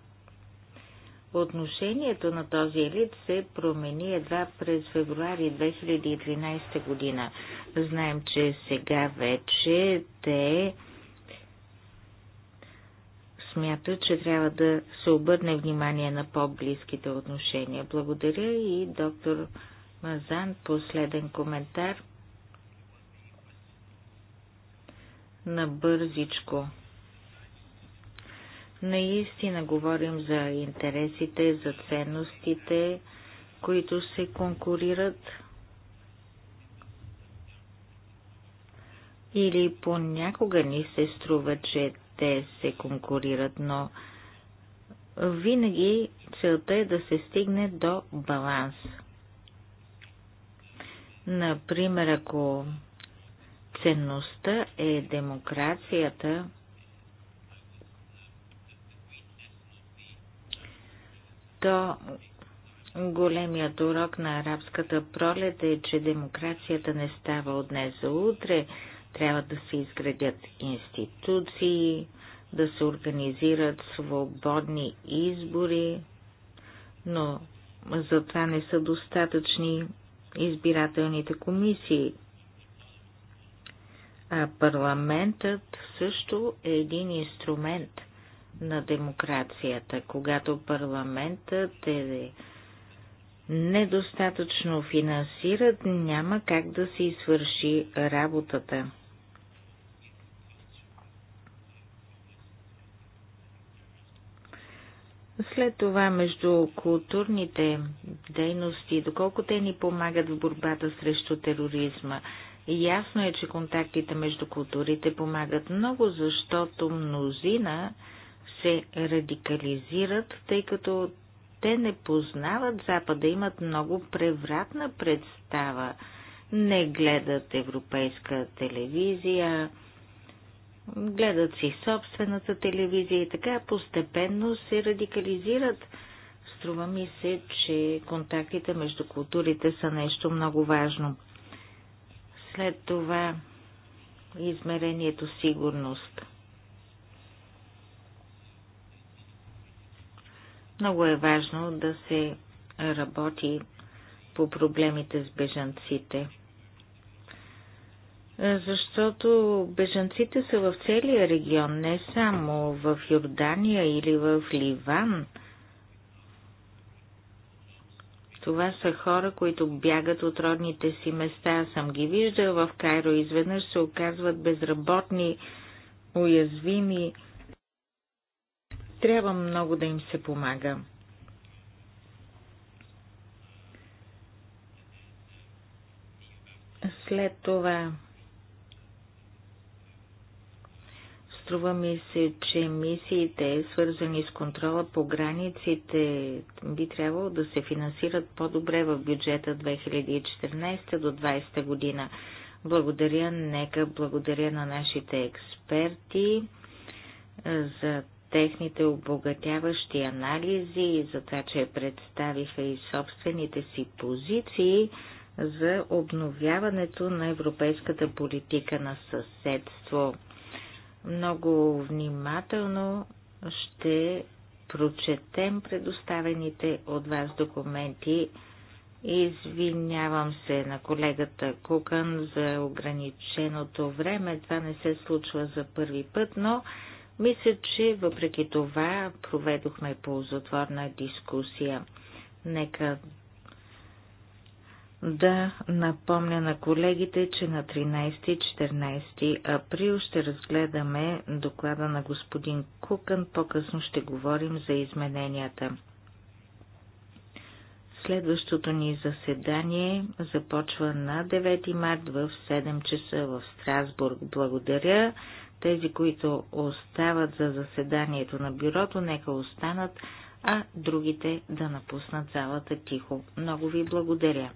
Отношението на този елит се промени едва през февруари 2013 година. Знаем, че сега вече те смятат, че трябва да се обърне внимание на по-близките отношения. Благодаря и доктор Мазан, последен коментар. набързичко. Наистина говорим за интересите, за ценностите, които се конкурират или понякога ни се струва, че те се конкурират, но винаги целта е да се стигне до баланс. Например, ако ценността е демокрацията, то големият урок на арабската пролет е, че демокрацията не става от днес за утре. Трябва да се изградят институции, да се организират свободни избори, но за това не са достатъчни избирателните комисии, а парламентът също е един инструмент на демокрацията. Когато парламентът е недостатъчно финансират, няма как да се извърши работата. След това между културните дейности, доколко те ни помагат в борбата срещу тероризма, Ясно е, че контактите между културите помагат много, защото мнозина се радикализират, тъй като те не познават Запада, имат много превратна представа. Не гледат европейска телевизия, гледат си собствената телевизия и така постепенно се радикализират. Струва ми се, че контактите между културите са нещо много важно. След това измерението сигурност. Много е важно да се работи по проблемите с бежанците. Защото бежанците са в целия регион, не само в Йордания или в Ливан – това са хора, които бягат от родните си места. Аз съм ги виждал в Кайро. Изведнъж се оказват безработни, уязвими. Трябва много да им се помага. След това Струва ми се, че мисиите, свързани с контрола по границите, би трябвало да се финансират по-добре в бюджета 2014 до 2020 година. Благодаря, нека благодаря на нашите експерти е, за техните обогатяващи анализи и за това, че представиха и собствените си позиции за обновяването на европейската политика на съседство. Много внимателно ще прочетем предоставените от вас документи. Извинявам се на колегата Кукън за ограниченото време. Това не се случва за първи път, но мисля, че въпреки това проведохме ползотворна дискусия. Нека да напомня на колегите, че на 13 14 април ще разгледаме доклада на господин Кукън, по-късно ще говорим за измененията. Следващото ни заседание започва на 9 март в 7 часа в Страсбург. Благодаря. Тези, които остават за заседанието на бюрото, нека останат а другите да напуснат залата тихо. Много ви благодаря.